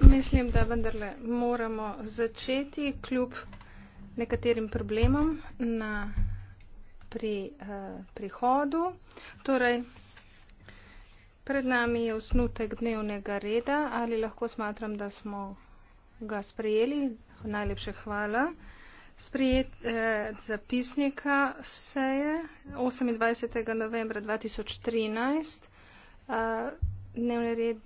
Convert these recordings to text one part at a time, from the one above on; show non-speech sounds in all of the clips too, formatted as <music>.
mislim da vendarle moramo začeti kljub nekaterim problemom na pri uh, prihodu torej pred nami je osnutek dnevnega reda ali lahko smatram da smo ga sprejeli najlepše hvala sprejet eh, zapisnika seje 28. novembra 2013 Dnevne red,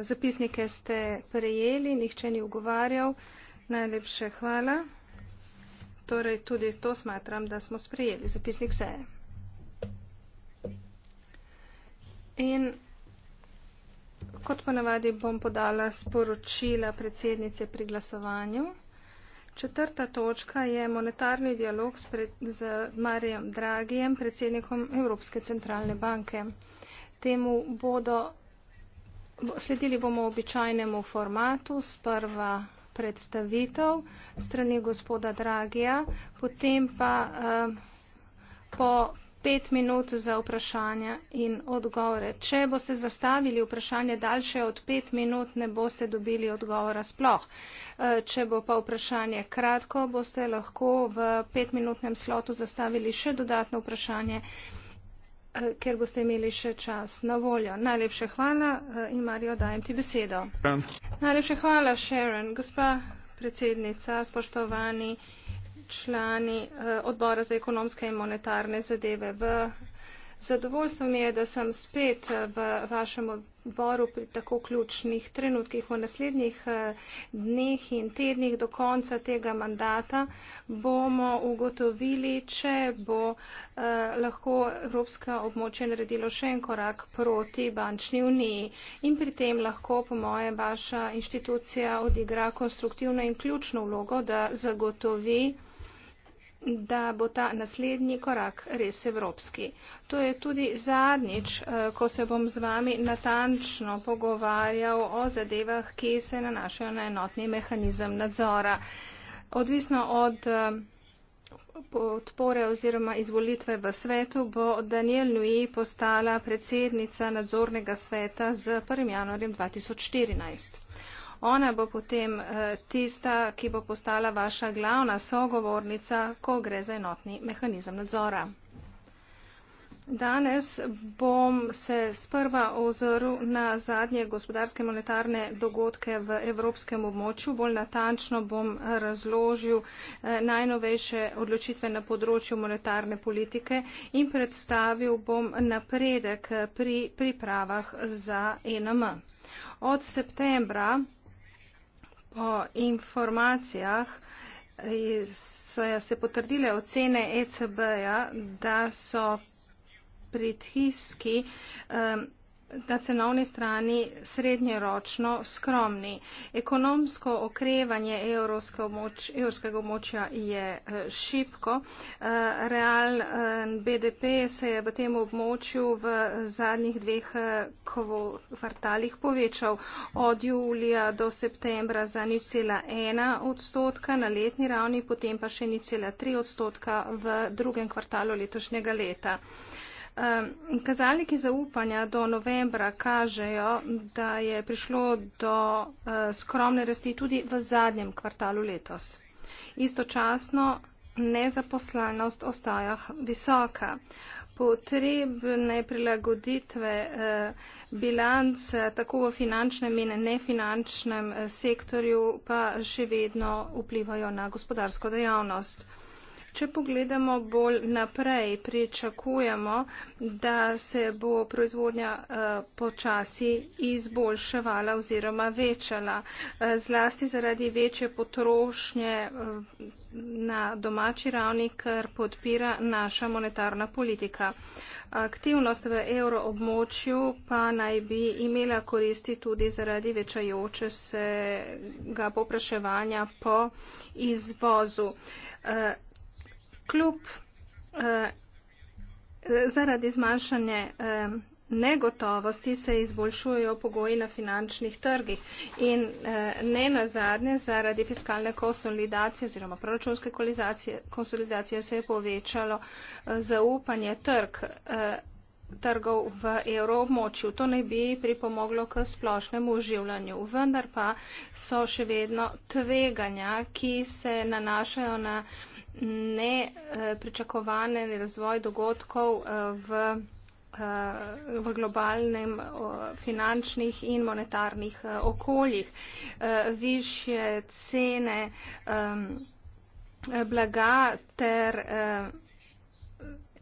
zapisnike ste prejeli, nihče ni ugovarjal. Najlepše hvala. Torej, tudi to smatram, da smo sprejeli zapisnik seje. In kot ponavadi bom podala sporočila predsednice pri glasovanju. Četrta točka je monetarni dialog z, pred, z Marijem Dragijem, predsednikom Evropske centralne banke temu bodo sledili bomo običajnemu formatu sprva predstavitev strani gospoda Dragija, potem pa eh, po pet minut za vprašanja in odgovore. Če boste zastavili vprašanje daljše od pet minut, ne boste dobili odgovora sploh. Eh, če bo pa vprašanje kratko, boste lahko v petminutnem slotu zastavili še dodatno vprašanje. Eh, ker boste imeli še čas na voljo. Najlepše hvala eh, in Marijo, dajem ti besedo. Najlepše hvala, Sharon. Gospa predsednica, spoštovani člani eh, odbora za ekonomske in monetarne zadeve. V zadovoljstvo mi je, da sem spet v vašem odboru dvoru pri tako ključnih trenutkih v naslednjih eh, dneh in tednih do konca tega mandata bomo ugotovili, če bo eh, lahko Evropska območje naredilo še en korak proti bančni uniji in pri tem lahko, po moje, vaša inštitucija odigra konstruktivno in ključno vlogo, da zagotovi da bo ta naslednji korak res evropski. To je tudi zadnjič, eh, ko se bom z vami natančno pogovarjal o zadevah, ki se nanašajo na enotni mehanizem nadzora. Odvisno od eh, podpore oziroma izvolitve v svetu bo Daniel Nui postala predsednica nadzornega sveta z 1. januarjem 2014 ona bo potem eh, tista, ki bo postala vaša glavna sogovornica, ko gre za enotni mehanizem nadzora. Danes bom se sprva ozrl na zadnje gospodarske monetarne dogodke v evropskem območju. Bolj natančno bom razložil eh, najnovejše odločitve na področju monetarne politike in predstavil bom napredek pri pripravah za e NM. Od septembra Po informacijah eh, so ja se potrdile ocene ECB-ja, da so pritiski um, na cenovni strani srednjeročno skromni. Ekonomsko okrevanje evropskega območja je eh, šipko. Eh, real eh, BDP se je v tem območju v zadnjih dveh kvartalih povečal od julija do septembra za nič cela ena odstotka na letni ravni, potem pa še nič cela tri odstotka v drugem kvartalu letošnjega leta. Kazalniki zaupanja do novembra kažejo, da je prišlo do eh, skromne rasti tudi v zadnjem kvartalu letos. Istočasno nezaposlenost ostaja visoka. Potrebne prilagoditve eh, bilance tako v finančnem in nefinančnem eh, sektorju pa še vedno vplivajo na gospodarsko dejavnost. Če pogledamo bolj naprej, pričakujemo, da se bo proizvodnja eh, počasi izboljševala oziroma večala, eh, zlasti zaradi večje potrošnje eh, na domači ravni, kar podpira naša monetarna politika. Aktivnost v evroobmočju pa naj bi imela koristi tudi zaradi večajoče se ga popraševanja po izvozu kljub eh, eh, zaradi zmanjšanja eh, negotovosti se izboljšujejo pogoji na finančnih trgih in eh, ne nazadnje zaradi fiskalne konsolidacije oziroma proračunske konsolidacije se je povečalo eh, zaupanje trg. Eh, trgov v evroobmočju. To ne bi pripomoglo k splošnemu uživljanju. Vendar pa so še vedno tveganja, ki se nanašajo na eh, ne pričakovane razvoj dogodkov eh, v, eh, v globalnem finančnih in monetarnih eh, okoljih. Višje cene blaga ter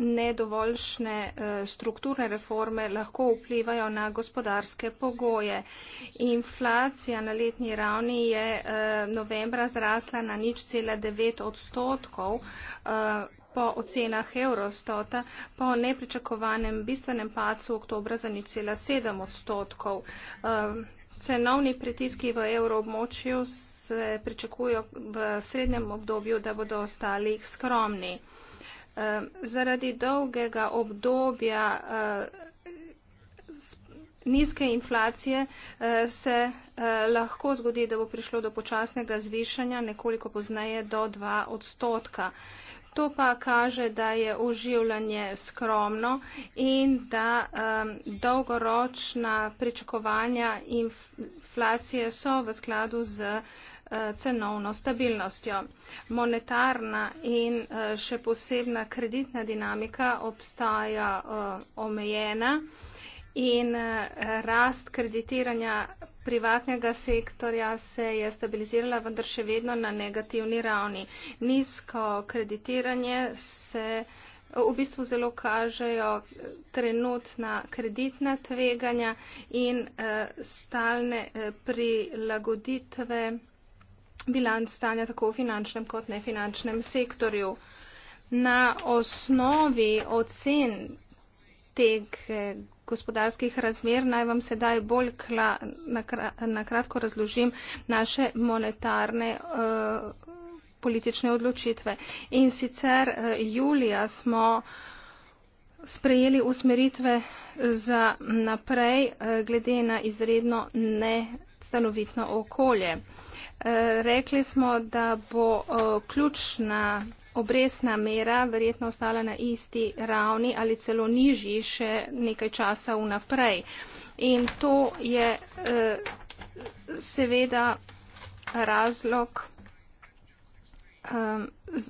nedovoljšne eh, strukturne reforme lahko vplivajo na gospodarske pogoje. Inflacija na letni ravni je eh, novembra zrasla na nič cela devet odstotkov eh, po ocenah Eurostota, po nepričakovanem bistvenem pacu oktobra za nič cela sedem odstotkov. Cenovni pritiski v evroobmočju se pričakujo v srednjem obdobju, da bodo ostali skromni zaradi dolgega obdobja eh, nizke inflacije eh, se eh, lahko zgodi, da bo prišlo do počasnega zvišanja nekoliko pozneje do 2 odstotka. To pa kaže, da je oživljanje skromno in da um, dolgoročna pričakovanja inflacije so v skladu z uh, cenovno stabilnostjo. Monetarna in eh, še posebna kreditna dinamika obstaja eh, omejena in eh, rast kreditiranja privatnega sektorja se je stabilizirala, vendar še vedno na negativni ravni. Nizko kreditiranje se v bistvu zelo kažejo trenutna kreditna tveganja in stalne prilagoditve bilanc stanja tako v finančnem kot nefinančnem sektorju. Na osnovi ocen teh eh, gospodarskih razmer naj vam sedaj bolj na kratko razložim naše monetarne eh, politične odločitve. In sicer eh, julija smo sprejeli usmeritve za naprej glede na izredno nestanovitno okolje. Eh, rekli smo, da bo eh, ključna obrestna mera verjetno ostala na isti ravni ali celo nižji še nekaj časa vnaprej. In to je eh, seveda razlog,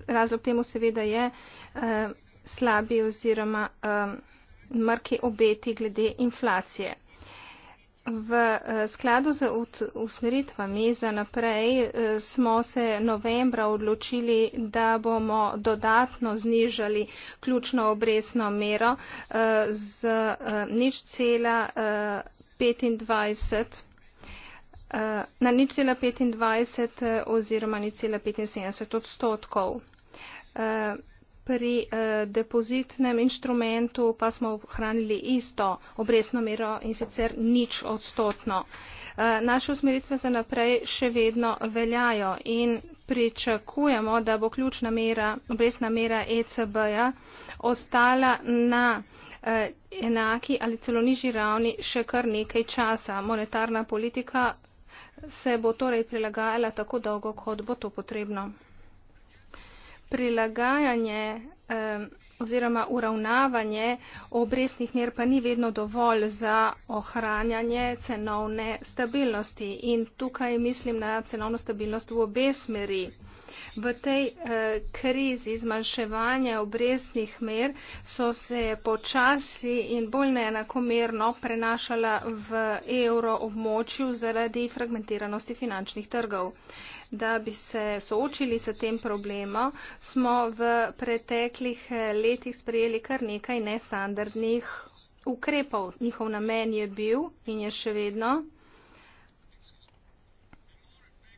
razlog temu seveda je slabi oziroma mrki obeti glede inflacije v eh, skladu z usmeritvami za naprej eh, smo se novembra odločili, da bomo dodatno znižali ključno obresno mero eh, z nič cela 25 na nič cela 25 oziroma nič cela 75 odstotkov pri eh, depozitnem inštrumentu pa smo ohranili isto obresno mero in sicer nič odstotno. Eh, naše usmeritve za naprej še vedno veljajo in pričakujemo, da bo ključna mera, obresna mera ECB-ja ostala na eh, enaki ali celo nižji ravni še kar nekaj časa. Monetarna politika se bo torej prilagajala tako dolgo, kot bo to potrebno prilagajanje oziroma uravnavanje obrestnih mer pa ni vedno dovolj za ohranjanje cenovne stabilnosti. In tukaj mislim na cenovno stabilnost v obe smeri. V tej eh, krizi zmanjševanja obrestnih mer so se počasi in bolj neenakomerno prenašala v evro območju zaradi fragmentiranosti finančnih trgov da bi se soočili s tem problemom, smo v preteklih eh, letih sprejeli kar nekaj nestandardnih ukrepov. Njihov namen je bil in je še vedno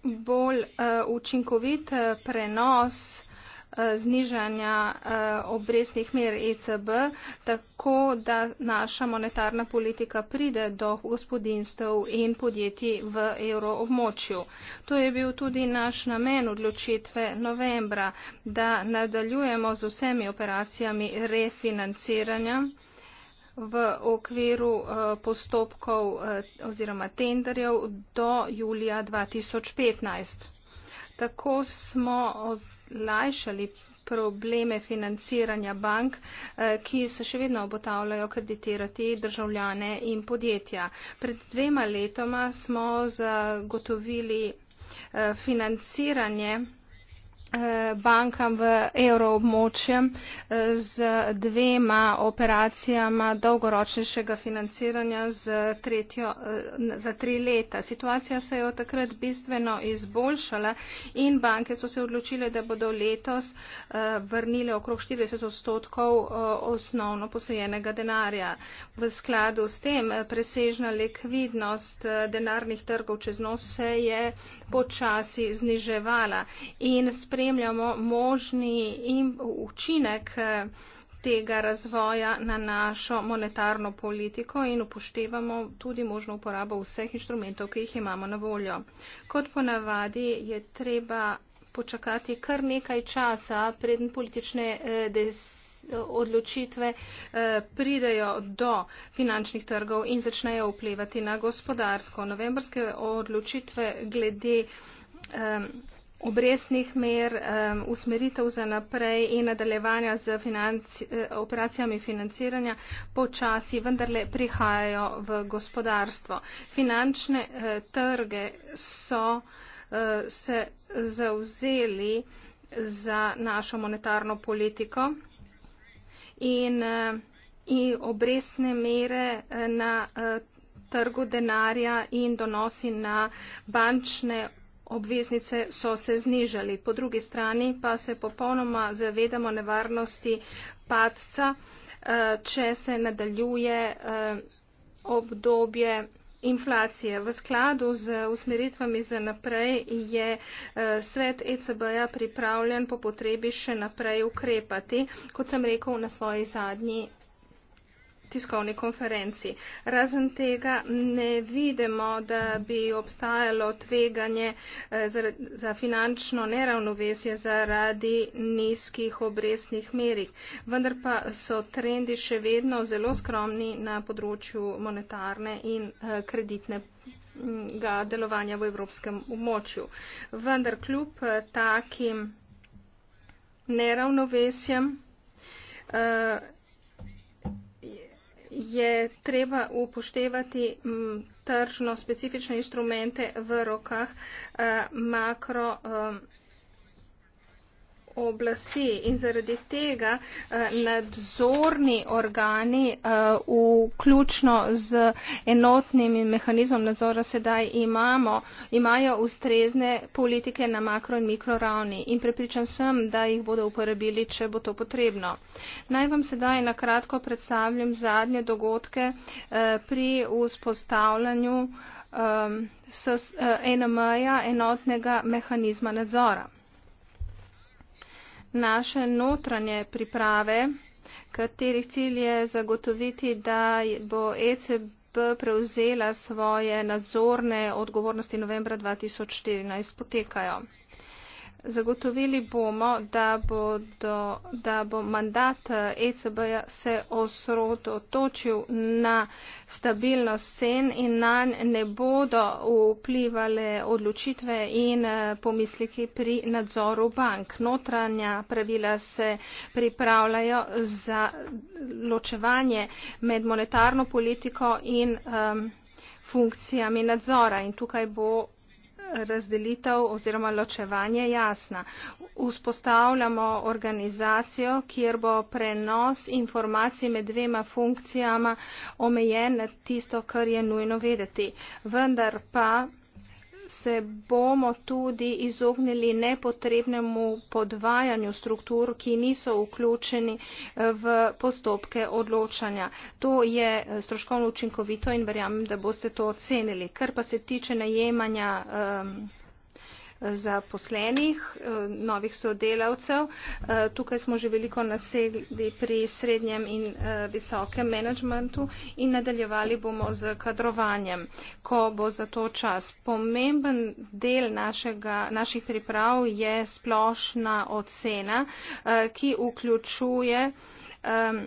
bolj uh, učinkovit uh, prenos uh, znižanja eh, obrestnih mer ECB, tako da naša monetarna politika pride do gospodinstv in podjetij v evroobmočju. To je bil tudi naš namen odločitve novembra, da nadaljujemo z vsemi operacijami refinanciranja v okviru eh, postopkov eh, oziroma tenderjev do julija 2015. Tako smo lajšali probleme financiranja bank, eh, ki se še vedno obotavljajo kreditirati državljane in podjetja. Pred dvema letoma smo zagotovili eh, financiranje Eh, bankam v evroobmočju eh, z dvema operacijama dolgoročnejšega financiranja za, tretjo, eh, za tri leta. Situacija se je od takrat bistveno izboljšala in banke so se odločile, da bodo letos vrnile okrog 40 odstotkov osnovno posojenega denarja. V skladu s tem presežna likvidnost denarnih trgov čez nos se je počasi zniževala in spremljala spremljamo možni in učinek eh, tega razvoja na našo monetarno politiko in upoštevamo tudi možno uporabo vseh inštrumentov, ki jih imamo na voljo. Kot ponavadi je treba počakati kar nekaj časa, preden politične eh, odločitve eh, pridejo do finančnih trgov in začnejo vplivati na gospodarsko. Novembrske odločitve glede obresnih mer, um, usmeritev za naprej in nadaljevanja z financ, eh, operacijami financiranja počasi vendarle prihajajo v gospodarstvo. Finančne uh, trge so uh, se zauzeli za našo monetarno politiko in, uh, in obresne mere na uh, trgu denarja in donosi na bančne obveznice so se znižali. Po drugi strani pa se popolnoma zavedamo nevarnosti padca, eh, če se nadaljuje eh, obdobje inflacije. V skladu z usmeritvami za naprej je eh, svet ECB-ja pripravljen po potrebi še naprej ukrepati, kot sem rekel na svoji zadnji tiskovni konferenci. Razen tega ne vidimo, da bi obstajalo tveganje eh, za, za finančno neravnovesje zaradi nizkih obresnih merih. Vendar pa so trendi še vedno zelo skromni na področju monetarne in eh, kreditne delovanja v evropskem območju. Vendar kljub eh, takim neravnovesjem, je treba upoštevati mm, tržno specifične inštrumente v rokah eh, makro eh, oblasti in zaradi tega eh, nadzorni organi eh, vključno z enotnim mehanizmom nadzora sedaj imamo, imajo ustrezne politike na makro in mikro ravni in prepričan sem, da jih bodo uporabili, če bo to potrebno. Naj vam sedaj nakratko predstavljam zadnje dogodke eh, pri vzpostavljanju NMA-ja enotnega mehanizma nadzora naše notranje priprave, katerih cilj je zagotoviti, da bo ECB prevzela svoje nadzorne odgovornosti novembra 2014, potekajo. Zagotovili bomo, da, bodo, da bo mandat ECB eh, e -ja se osrotočil na stabilnost cen in na ne bodo vplivale odločitve in eh, pomisliki pri nadzoru bank. Notranja pravila se pripravljajo za ločevanje med monetarno politiko in um, funkcijami nadzora in tukaj bo razdelitev oziroma ločevanje jasna. Vzpostavljamo organizacijo, kjer bo prenos informacij med dvema funkcijama omejen na tisto, kar je nujno vedeti. Vendar pa se bomo tudi izognili nepotrebnemu podvajanju struktur, ki niso vključeni eh, v postopke odločanja. To je eh, stroškovno učinkovito in verjamem, da boste to ocenili. Kar pa se tiče najemanja um, zaposlenih, eh, novih sodelavcev. Eh, tukaj smo že veliko nasedli pri srednjem in eh, visokem menedžmentu in nadaljevali bomo z kadrovanjem, ko bo za to čas. Pomemben del našega, naših priprav je splošna ocena, ki vključuje um,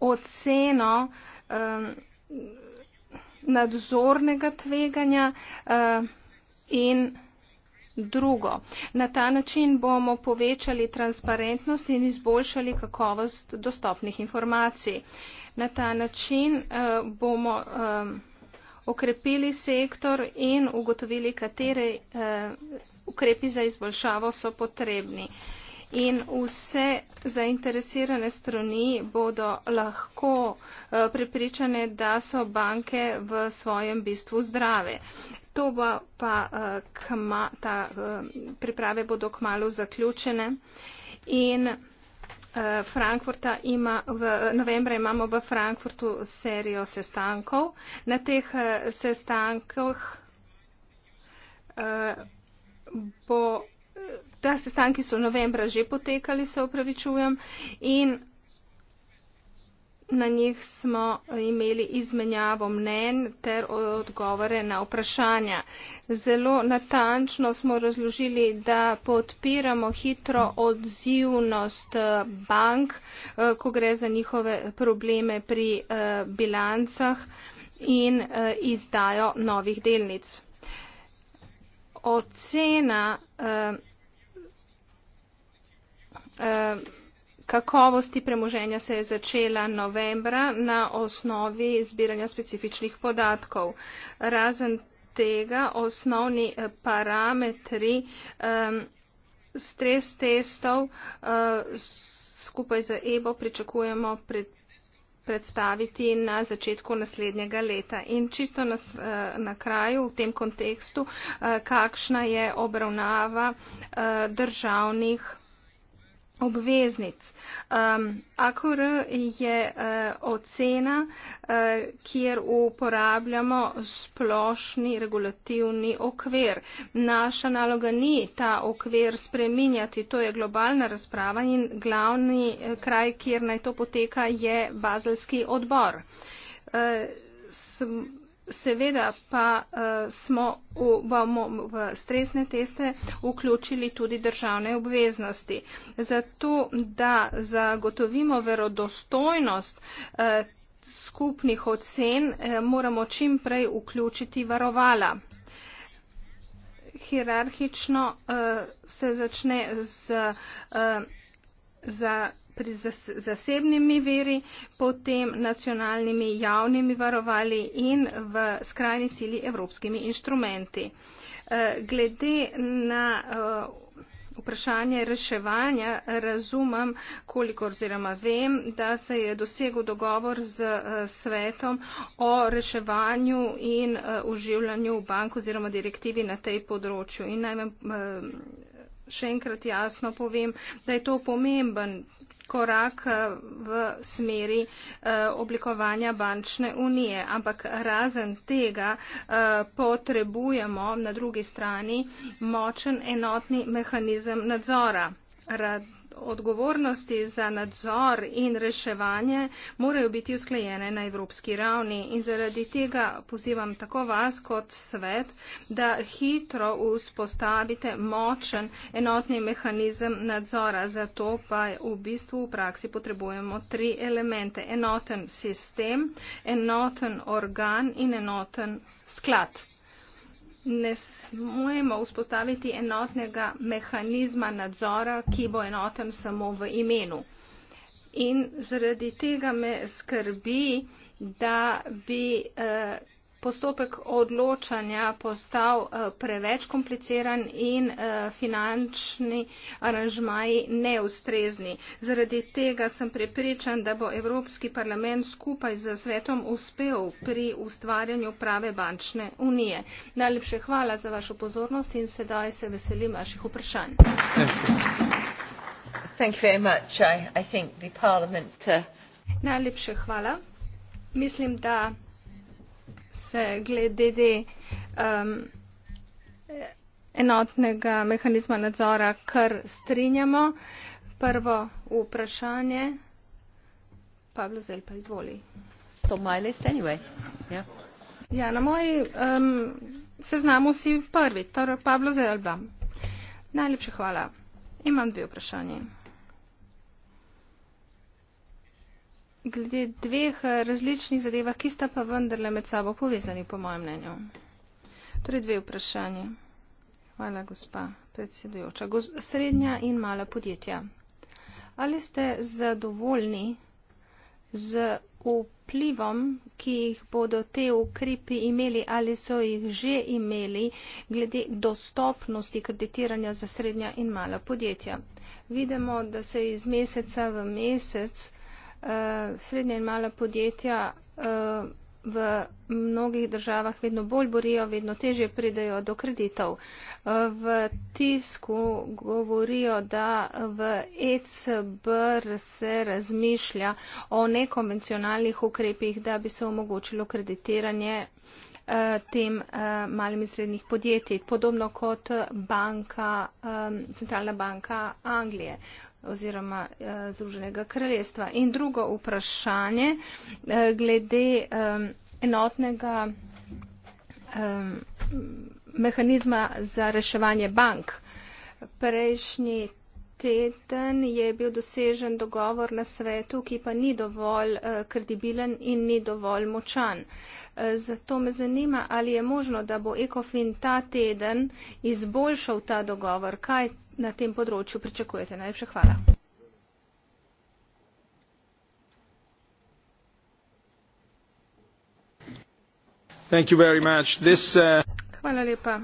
oceno um, nadzornega tveganja uh, in Drugo, na ta način bomo povečali transparentnost in izboljšali kakovost dostopnih informacij. Na ta način uh, bomo um, okrepili sektor in ugotovili, katere uh, ukrepi za izboljšavo so potrebni. In vse zainteresirane strani bodo lahko uh, prepričane, da so banke v svojem bistvu zdrave to bo pa eh, kma, ta, eh, priprave bodo kmalo zaključene. In eh, Frankfurta ima, v novembra imamo v Frankfurtu serijo sestankov. Na teh sestankih bo, ta sestanki so novembra že potekali, se upravičujem, in Na njih smo imeli izmenjavo mnen ter odgovore na vprašanja. Zelo natančno smo razložili, da podpiramo hitro odzivnost eh, bank, eh, ko gre za njihove probleme pri eh, bilancah in izdajo novih delnic. Ocena kakovosti premoženja se je začela novembra na osnovi zbiranja specifičnih podatkov. Razen tega osnovni eh, parametri um, stres testov uh, skupaj z EBO pričakujemo pred predstaviti na začetku naslednjega leta. In čisto na, eh, na kraju v tem kontekstu, kakšna je obravnava državnih obveznic. Um, AKR je uh, ocena, uh, kjer uporabljamo splošni regulativni okvir. Naša naloga ni ta okvir spreminjati, to je globalna razprava in glavni uh, kraj, kjer naj to poteka, je bazalski odbor. Uh, sm, Seveda pa uh, smo v, bomo v stresne teste vključili tudi državne obveznosti. Zato, da zagotovimo verodostojnost uh, skupnih ocen, uh, moramo čim prej vključiti varovala. Hierarhično uh, se začne z. Uh, za pri zas, zasebnimi veri, potem nacionalnimi javnimi varovali in v skrajni sili evropskimi inštrumenti. Eh, glede na eh, vprašanje reševanja razumem, koliko oziroma vem, da se je dosegel dogovor z eh, svetom o reševanju in oživljanju bank oziroma direktivi na tej področju. In naj vam še enkrat jasno povem, da je to pomemben korak eh, v smeri eh, oblikovanja bančne unije. Ampak razen tega eh, potrebujemo na drugi strani močen enotni mehanizem nadzora. Rad odgovornosti za nadzor in reševanje morajo biti usklajene na evropski ravni in zaradi tega pozivam tako vas kot svet, da hitro vzpostavite močen enotni mehanizem nadzora. Zato pa v bistvu v praksi potrebujemo tri elemente. Enoten sistem, enoten organ in enoten sklad ne smemo vzpostaviti enotnega mehanizma nadzora, ki bo enoten samo v imenu. In zaradi tega me skrbi, da bi eh, postopek odločanja postal eh, preveč kompliciran in eh, finančni aranžmaji neustrezni. Zaradi tega sem prepričan, da bo Evropski parlament skupaj z svetom uspel pri ustvarjanju prave bančne unije. Najlepše hvala za vašo pozornost in sedaj se veselim vaših vprašanj. Uh, Najlepše hvala. Mislim, da se glede um, enotnega mehanizma nadzora kar strinjamo. Prvo vprašanje. Pablo Zel pa izvoli. To my list anyway. Yeah. Ja. ja, na moji um, seznamu si prvi, torej Pablo Zelba. Najlepša hvala. Imam dve vprašanje. glede dveh eh, različnih zadevah, ki sta pa vendarle med sabo povezani, po mojem mnenju. Torej dve vprašanje. Hvala, gospa predsedujoča. Srednja in mala podjetja. Ali ste zadovoljni z vplivom, ki jih bodo te ukrepi imeli ali so jih že imeli glede dostopnosti kreditiranja za srednja in mala podjetja? Vidimo, da se iz meseca v mesec Eh, srednje in mala podjetja eh, v mnogih državah vedno bolj borijo, vedno težje pridejo do kreditov. Eh, v tisku govorijo, da v ECBR se razmišlja o nekonvencionalnih ukrepih, da bi se omogočilo kreditiranje Eh, tem eh, malim in srednjih podjetij, podobno kot banka, eh, centralna banka Anglije oziroma Združenega kraljestva. In drugo vprašanje glede enotnega mehanizma za reševanje bank. Prejšnji teden je bil dosežen dogovor na svetu, ki pa ni dovolj kredibilen in ni dovolj močan zato me zanima, ali je možno, da bo ECOFIN ta teden izboljšal ta dogovor. Kaj na tem področju pričakujete? Najlepša hvala. Uh, hvala lepa.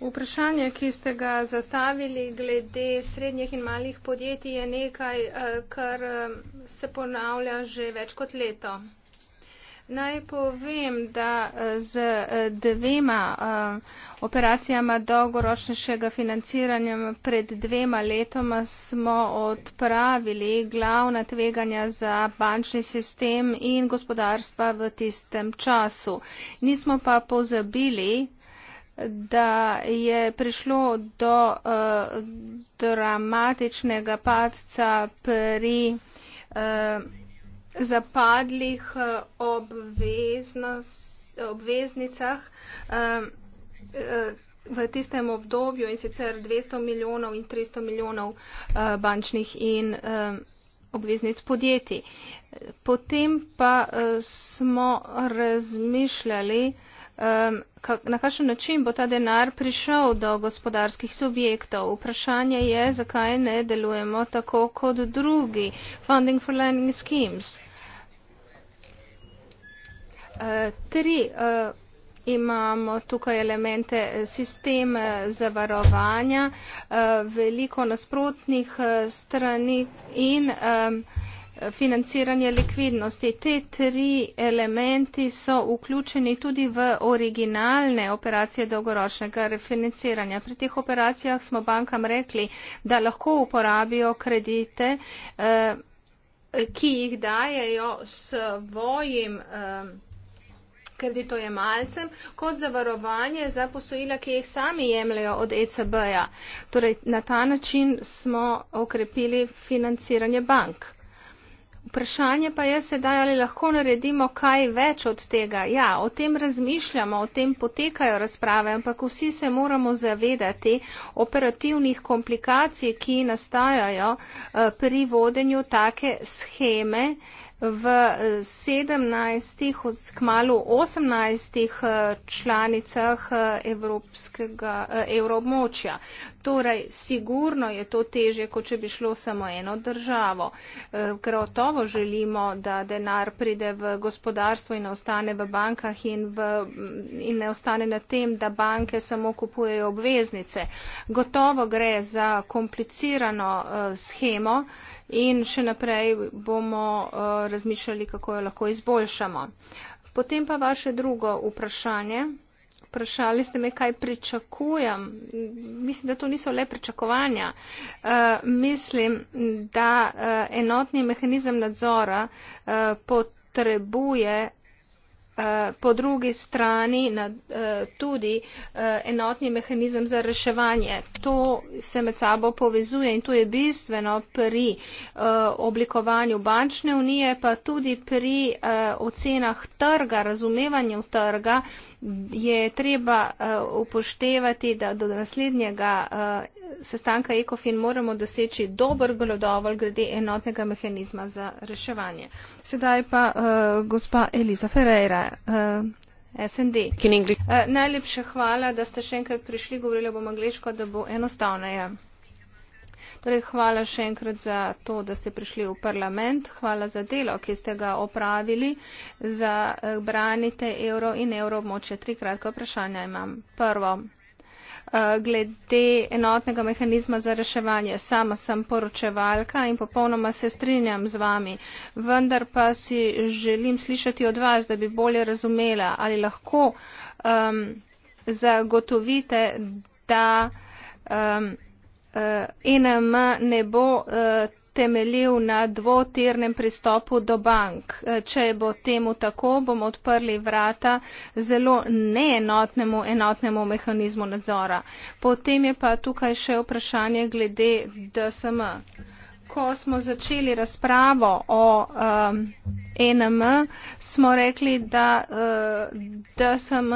Vprašanje, ki ste ga zastavili glede srednjih in malih podjetij, je nekaj, eh, kar eh, se ponavlja že več kot leto. Naj povem, da eh, z eh, dvema eh, operacijama dolgoročnega financiranja pred dvema letoma smo odpravili glavna tveganja za bančni sistem in gospodarstva v tistem času. Nismo pa pozabili, da je prišlo do dramatičnega padca pri zapadlih eh, obveznicah eh, eh, v tistem obdobju in sicer 200 milijonov in 300 milijonov bančnih in obveznic podjetij. Potem pa smo razmišljali, na kakšen način bo ta denar prišel do gospodarskih subjektov. Vprašanje je, zakaj ne delujemo tako kot drugi funding for learning schemes. Tri imamo tukaj elemente eh, sisteme zavarovanja, eh, veliko nasprotnih eh, strani in financiranje likvidnosti. Te tri elementi so vključeni tudi v originalne operacije dolgoročnega refinanciranja. Pri teh operacijah smo bankam rekli, da lahko uporabijo kredite, eh, ki jih dajejo svojim eh, kreditojemalcem kot zavarovanje za posojila, ki jih sami jemljajo od ECB-ja. Torej, na ta način smo okrepili financiranje bank. Vprašanje pa je sedaj, ali lahko naredimo kaj več od tega. Ja, o tem razmišljamo, o tem potekajo razprave, ampak vsi se moramo zavedati operativnih komplikacij, ki nastajajo eh, pri vodenju take scheme v eh, sedemnajstih, k malu osemnajstih eh, članicah eh, evromočja. Torej, sigurno je to teže, kot če bi šlo samo eno državo. Krotovo želimo, da denar pride v gospodarstvo in ne ostane v bankah in, v, mm, in ne ostane na tem, da banke samo kupujejo obveznice. Gotovo gre za komplicirano schemo, in še naprej bomo eh, razmišljali, kako jo lahko izboljšamo. Potem pa vaše drugo vprašanje. Vprašali ste me, kaj pričakujem. Mislim, da to niso le pričakovanja. E, mislim, da eh, enotni mehanizem nadzora potrebuje Eh, po drugi strani na, eh, tudi eh, enotni mehanizem za reševanje. To se med sabo povezuje in to je bistveno pri oblikovanju bančne unije, pa tudi pri ocenah trga, razumevanju trga je treba upoštevati, da do naslednjega sestanka ecofin moramo doseči dober glodovol glede enotnega mehanizma za reševanje. sedaj pa eh, gospa elisa ferreira eh, snd eh, najlepša hvala da ste še enkrat prišli govorila bom angliško da bo enostavneje. Torej, hvala še enkrat za to, da ste prišli v parlament, hvala za delo, ki ste ga opravili, za branite evro in evro območje. Tri kratke vprašanja imam. Prvo glede enotnega mehanizma za reševanje. Sama sem poročevalka in popolnoma se strinjam z vami, vendar pa si želim slišati od vas, da bi bolje razumela, ali lahko um, zagotovite, da um, uh, e NM ne bo uh, temeljil na dvotirnem pristopu do bank. E, če bo temu tako, bomo odprli vrata zelo neenotnemu enotnemu mehanizmu nadzora. Potem je pa tukaj še vprašanje glede DSM. Ko smo začeli razpravo o um, e NM, smo rekli, da uh, e, DSM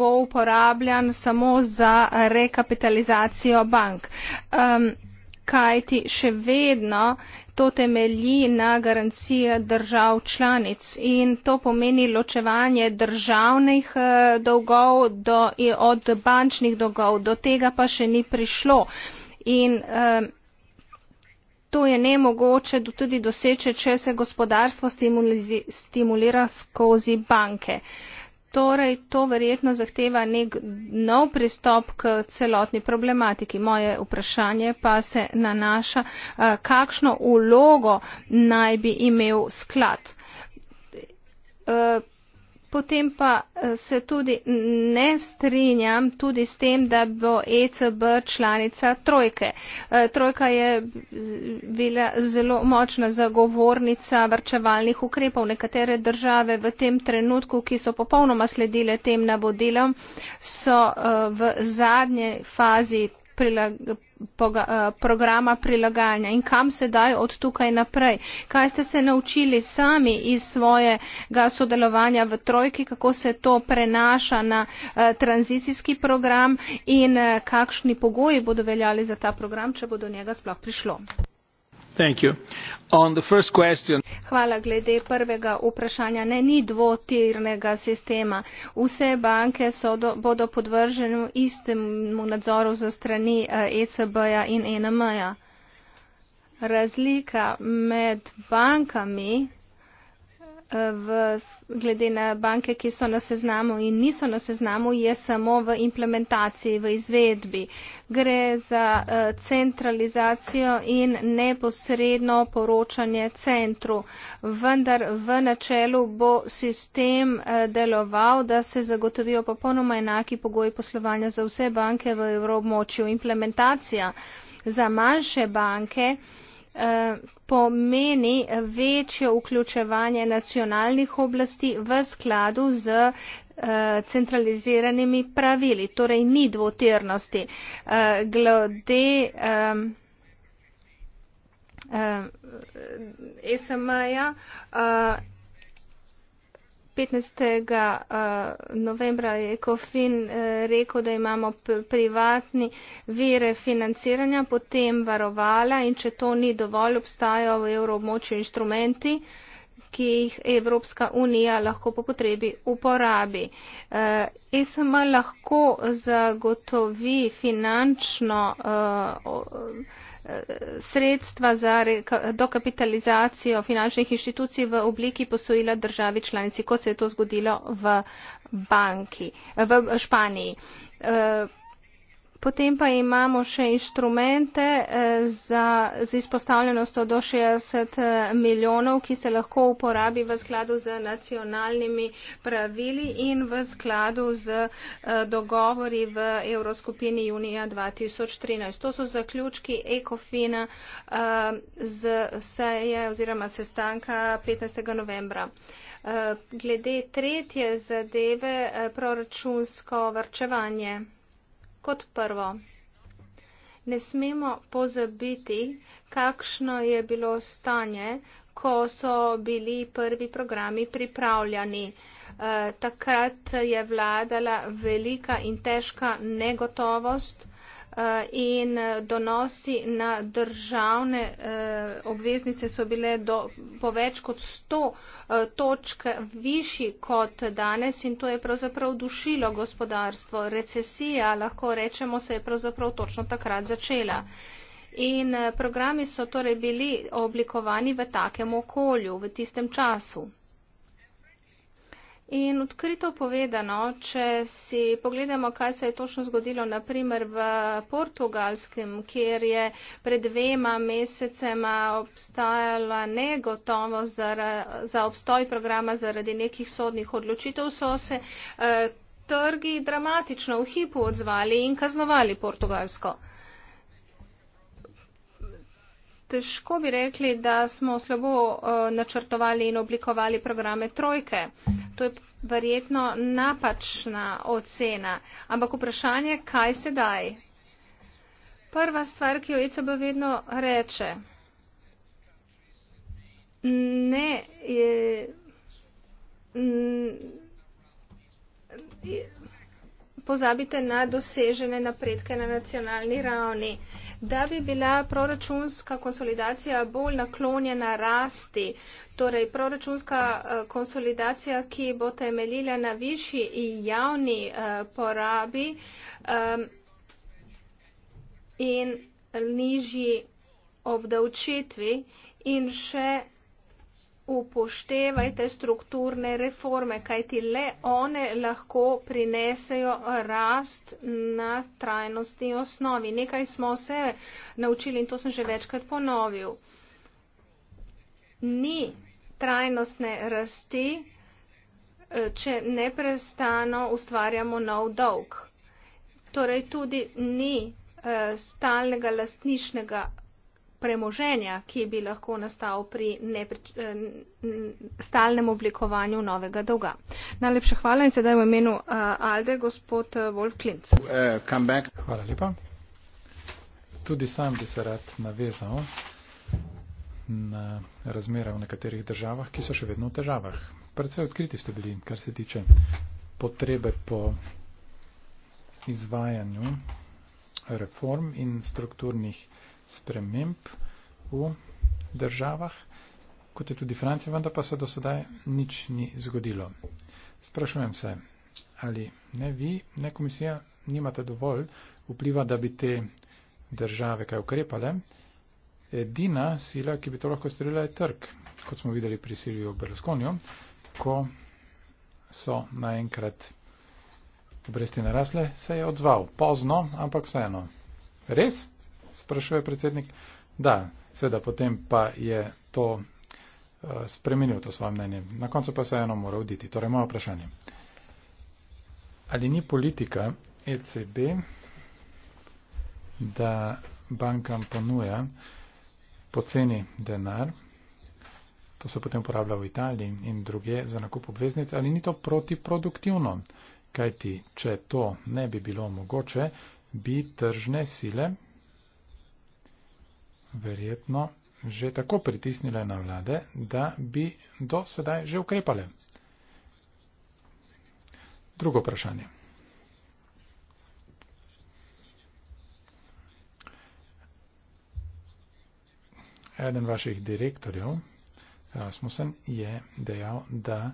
bo uporabljan samo za rekapitalizacijo bank. Um, kajti še vedno to temelji na garancije držav članic in to pomeni ločevanje državnih eh, dolgov do, eh, od bančnih dolgov. Do tega pa še ni prišlo. In, eh, To je nemogoče tudi doseče, če se gospodarstvo stimulira skozi banke. Uh, Torej, to verjetno zahteva nek nov pristop k celotni problematiki. Moje vprašanje pa se nanaša, eh, kakšno ulogo naj bi imel sklad. Eh, Potem pa eh, se tudi ne strinjam tudi s tem, da bo ECB članica trojke. Eh, trojka je bila zelo močna zagovornica vrčevalnih ukrepov. Nekatere države v tem trenutku, ki so popolnoma sledile tem navodilom, so eh, v zadnji fazi Eh, programa prilagajanja in kam sedaj od tukaj naprej. Kaj ste se naučili sami iz svojega sodelovanja v trojki, kako se to prenaša na eh, tranzicijski program in eh, kakšni pogoji bodo veljali za ta program, če bo do njega sploh prišlo? glede prvega vprašanja ne ni dvotirnega sistema vse banke bodo podvržene istemu nadzoru s strani ecb eh, e ja in enm ja. razlika med bankami v, glede na banke, ki so na seznamu in niso na seznamu, je samo v implementaciji, v izvedbi. Gre za eh, centralizacijo in neposredno poročanje centru. Vendar v načelu bo sistem eh, deloval, da se zagotovijo popolnoma enaki pogoji poslovanja za vse banke v evromočju. Implementacija za manjše banke pomeni večje vključevanje nacionalnih oblasti v skladu z eh, centraliziranimi pravili. Torej ni dvotirnosti. Eh, glede ESM-ja 15. Eh, novembra je Kofin eh, rekel, da imamo privatni vire financiranja, potem varovala in če to ni dovolj, obstajajo v evroobmočju inštrumenti ki jih Evropska unija lahko po potrebi uporabi. ESM eh, lahko zagotovi finančno sredstva za dokapitalizacijo finančnih inštitucij v obliki posojila državi članici, kot se je to zgodilo v, banki, v Španiji. Uh, Potem pa imamo še inštrumente eh, za, za izpostavljenost do 60 eh, milijonov, ki se lahko uporabi v skladu z nacionalnimi pravili in v skladu z eh, dogovori v Evroskupini junija 2013. To so zaključki ECOFIN-a z seje oziroma sestanka 15. novembra. Glede tretje zadeve, proračunsko vrčevanje. Kot prvo, ne smemo pozabiti, kakšno je bilo stanje, ko so bili prvi programi pripravljani. Eh, takrat je vladala velika in težka negotovost Eh, in eh, donosi na državne eh, obveznice so bile do, po več kot 100 točk višji kot danes in to je pravzaprav dušilo gospodarstvo. Recesija, lahko rečemo, se je pravzaprav točno takrat začela. In programi so torej bili oblikovani v takem okolju, v tistem času. In odkrito povedano, če si pogledamo, kaj se je točno zgodilo, naprimer v Portugalskem, kjer je pred dvema mesecema obstajala negotovost za, za obstoj programa zaradi nekih sodnih odločitev, so se eh, trgi dramatično v hipu odzvali in kaznovali Portugalsko težko bi rekli, da smo slabo eh, načrtovali in oblikovali programe trojke. To je verjetno napačna ocena. Ampak vprašanje, kaj sedaj? Prva stvar, ki jo ECB vedno reče, ne, je, je, pozabite na dosežene napredke na nacionalni ravni da bi bila proračunska konsolidacija bolj naklonjena rasti, torej proračunska eh, konsolidacija, ki bo temeljila na višji javni eh, porabi ehm, in nižji obdavčitvi in še upoštevajte strukturne reforme, kajti le one lahko prinesejo rast na trajnosti osnovi. Nekaj smo se naučili in to sem že večkrat ponovil. Ni trajnostne rasti, eh, če neprestano ustvarjamo nov dolg. Torej tudi ni eh, stalnega lastnišnega premoženja, ki bi lahko nastal pri eh, stalnem oblikovanju novega dolga. Najlepša hvala in sedaj v imenu uh, Alde, gospod eh, uh, Wolf Klinc. Uh, hvala lepa. Tudi sam bi se rad navezal na razmera v nekaterih državah, ki so še vedno v težavah. Predvsej odkriti ste bili, kar se tiče potrebe po izvajanju reform in strukturnih uh, sprememb v državah, kot je tudi Francija, vendar pa se do sedaj nič ni zgodilo. Sprašujem se, ali ne vi, ne komisija, nimate dovolj vpliva, da bi te države kaj ukrepale. Edina sila, ki bi to lahko storila, je trg, kot smo videli pri Silviju Berlusconiju, ko so naenkrat obresti narasle, se je odzval. Pozno, ampak vseeno. Res? sprašuje predsednik. Da, seveda potem pa je to uh, spremenil to svoje mnenje. Na koncu pa se eno mora oditi. Torej, moje vprašanje. Ali ni politika ECB, da bankam ponuja poceni denar, to se potem uporablja v Italiji in druge za nakup obveznic, ali ni to protiproduktivno? Kajti, če to ne bi bilo mogoče, bi tržne sile verjetno že tako pritisnile na vlade, da bi do sedaj že ukrepale. Drugo vprašanje. Eden vaših direktorjev, Rasmussen, je dejal, da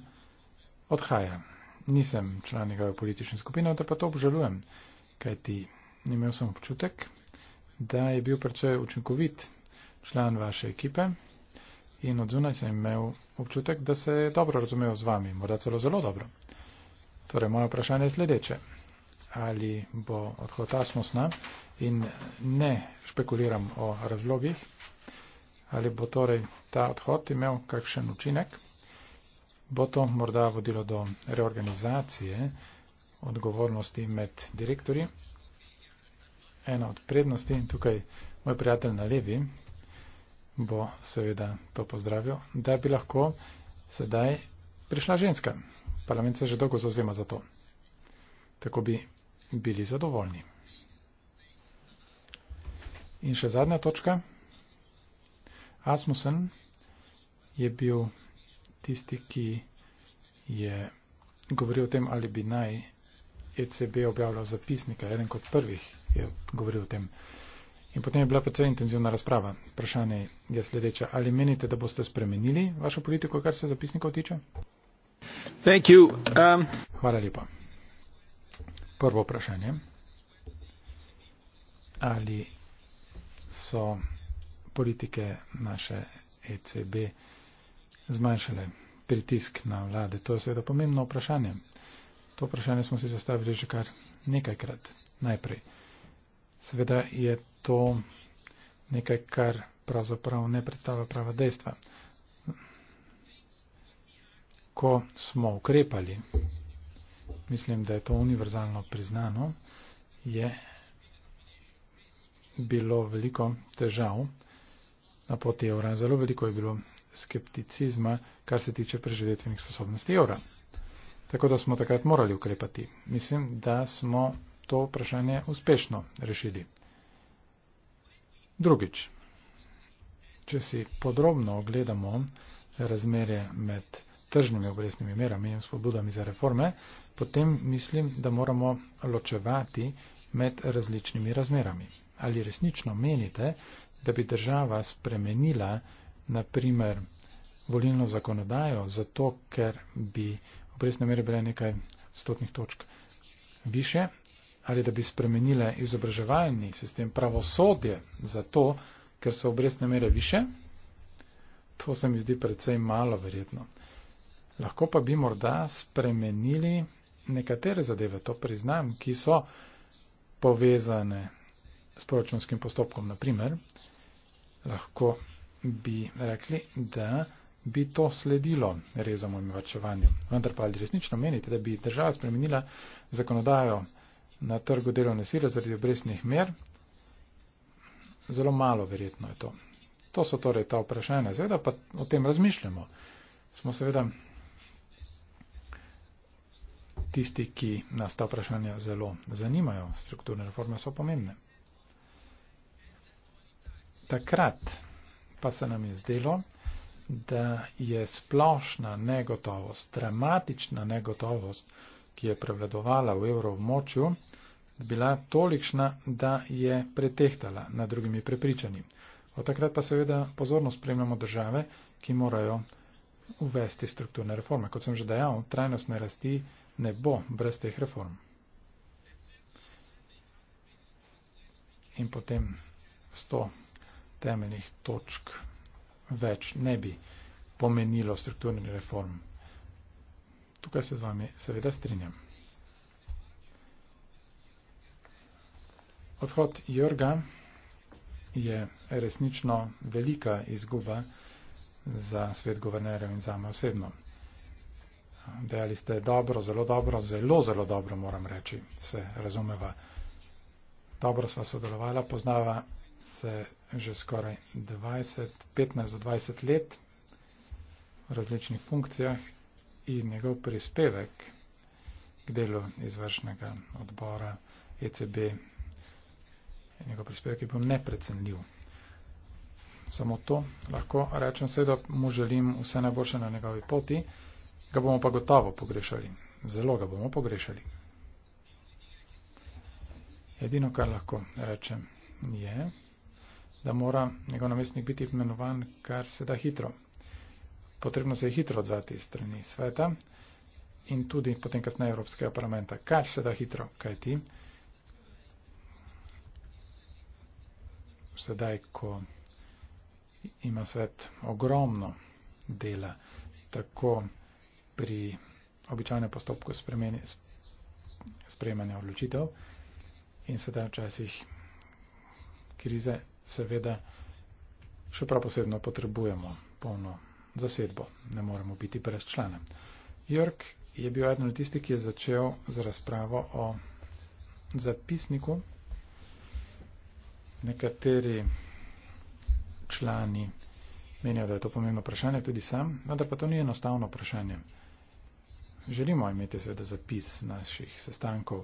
odhaja. Nisem član njegove politične skupine, da pa to obžalujem, kajti imel sem občutek, da je bil precej učinkovit član vaše ekipe in odzunaj sem imel občutek, da se je dobro razumel z vami, morda celo zelo dobro. Torej, moje vprašanje je sledeče. Ali bo odhod Asmusna in ne špekuliram o razlogih, ali bo torej ta odhod imel kakšen učinek, bo to morda vodilo do reorganizacije odgovornosti med direktorji ena od prednosti in tukaj moj prijatelj na levi bo seveda to pozdravil, da bi lahko sedaj prišla ženska. Parlament se že dolgo zauzema za to. Tako bi bili zadovoljni. In še zadnja točka. Asmussen je bil tisti, ki je govoril o tem, ali bi naj ECB objavljal zapisnika, eden kot prvih je govoril o tem. In potem je bila precej intenzivna razprava. Vprašanje je sledeče. Ali menite, da boste spremenili vašo politiko, kar se zapisnikov tiče? Um... Hvala lepa. Prvo vprašanje. Ali so politike naše ECB zmanjšale pritisk na vlade? To je seveda pomembno vprašanje. To vprašanje smo si zastavili že kar nekajkrat najprej. Seveda je to nekaj, kar pravzaprav ne predstavlja prava dejstva. Ko smo ukrepali, mislim, da je to univerzalno priznano, je bilo veliko težav na poti evra. Zelo veliko je bilo skepticizma, kar se tiče preživetvenih sposobnosti evra. Tako da smo takrat morali ukrepati. Mislim, da smo to vprašanje uspešno rešili. Drugič, če si podrobno ogledamo razmerje med tržnimi obrestnimi merami in spodbudami za reforme, potem mislim, da moramo ločevati med različnimi razmerami. Ali resnično menite, da bi država spremenila, na primer, volilno zakonodajo, zato ker bi obrestne mere bile nekaj stotnih točk više ali da bi spremenile izobraževalni sistem pravosodje zato, ker so obrestne mere više, to se mi zdi predvsej malo verjetno. Lahko pa bi morda spremenili nekatere zadeve, to priznam, ki so povezane s proračunskim postopkom. Naprimer, lahko bi rekli, da bi to sledilo rezom in vačevanju. Vendar pa ali resnično menite, da bi država spremenila zakonodajo na trgu delovne sile zaradi obresnih mer? Zelo malo verjetno je to. To so torej ta vprašanja. Zveda pa o tem razmišljamo. Smo seveda tisti, ki nas ta vprašanja zelo zanimajo. Strukturne reforme so pomembne. Takrat pa se nam je zdelo, da je splošna negotovost, dramatična negotovost, ki je prevladovala v evroobmočju, bila tolikšna, da je pretehtala nad drugimi prepričani. Od takrat pa seveda pozorno spremljamo države, ki morajo uvesti strukturne reforme. Kot sem že dejal, trajnostne rasti ne bo brez teh reform. In potem sto temeljnih točk več ne bi pomenilo strukturnih reform. Tukaj se z vami seveda strinjam. Odhod Jorga je resnično velika izguba za svet guvernerjev in za me osebno. Dejali ste dobro, zelo dobro, zelo, zelo dobro, moram reči, se razumeva. Dobro sva sodelovala, poznava se že skoraj 20, 15 do 20 let v različnih funkcijah in njegov prispevek k delu izvršnega odbora ECB. Njegov prispevek je bil neprecenljiv. Samo to lahko rečem se, da mu želim vse najboljše na njegovi poti, ga bomo pa gotovo pogrešali. Zelo ga bomo pogrešali. Edino, kar lahko rečem, je, da mora njegov namestnik biti imenovan kar se da hitro potrebno se je hitro odzvati strani sveta in tudi potem kasneje Evropskega parlamenta. Kaj se da hitro, kaj ti? Sedaj, ko ima svet ogromno dela, tako pri običajnem postopku sprejemanja odločitev in sedaj včasih krize, seveda, še prav posebno potrebujemo polno zasedbo. Ne moremo biti brez člana. Jörg je bil eden od tistih, ki je začel z razpravo o zapisniku. Nekateri člani menijo, da je to pomembno vprašanje, tudi sam, vendar pa to ni enostavno vprašanje. Želimo imeti seveda zapis naših sestankov,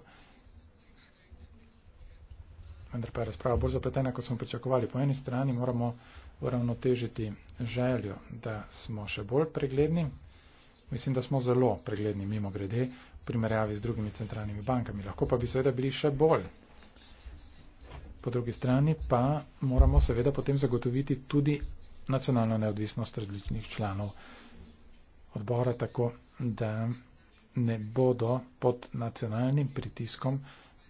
vendar pa je razprava bolj zapletena, kot smo pričakovali. Po eni strani moramo uravnotežiti željo, da smo še bolj pregledni. Mislim, da smo zelo pregledni mimo grede v primerjavi z drugimi centralnimi bankami. Lahko pa bi seveda bili še bolj. Po drugi strani pa moramo seveda potem zagotoviti tudi nacionalno neodvisnost različnih članov odbora, tako da ne bodo pod nacionalnim pritiskom,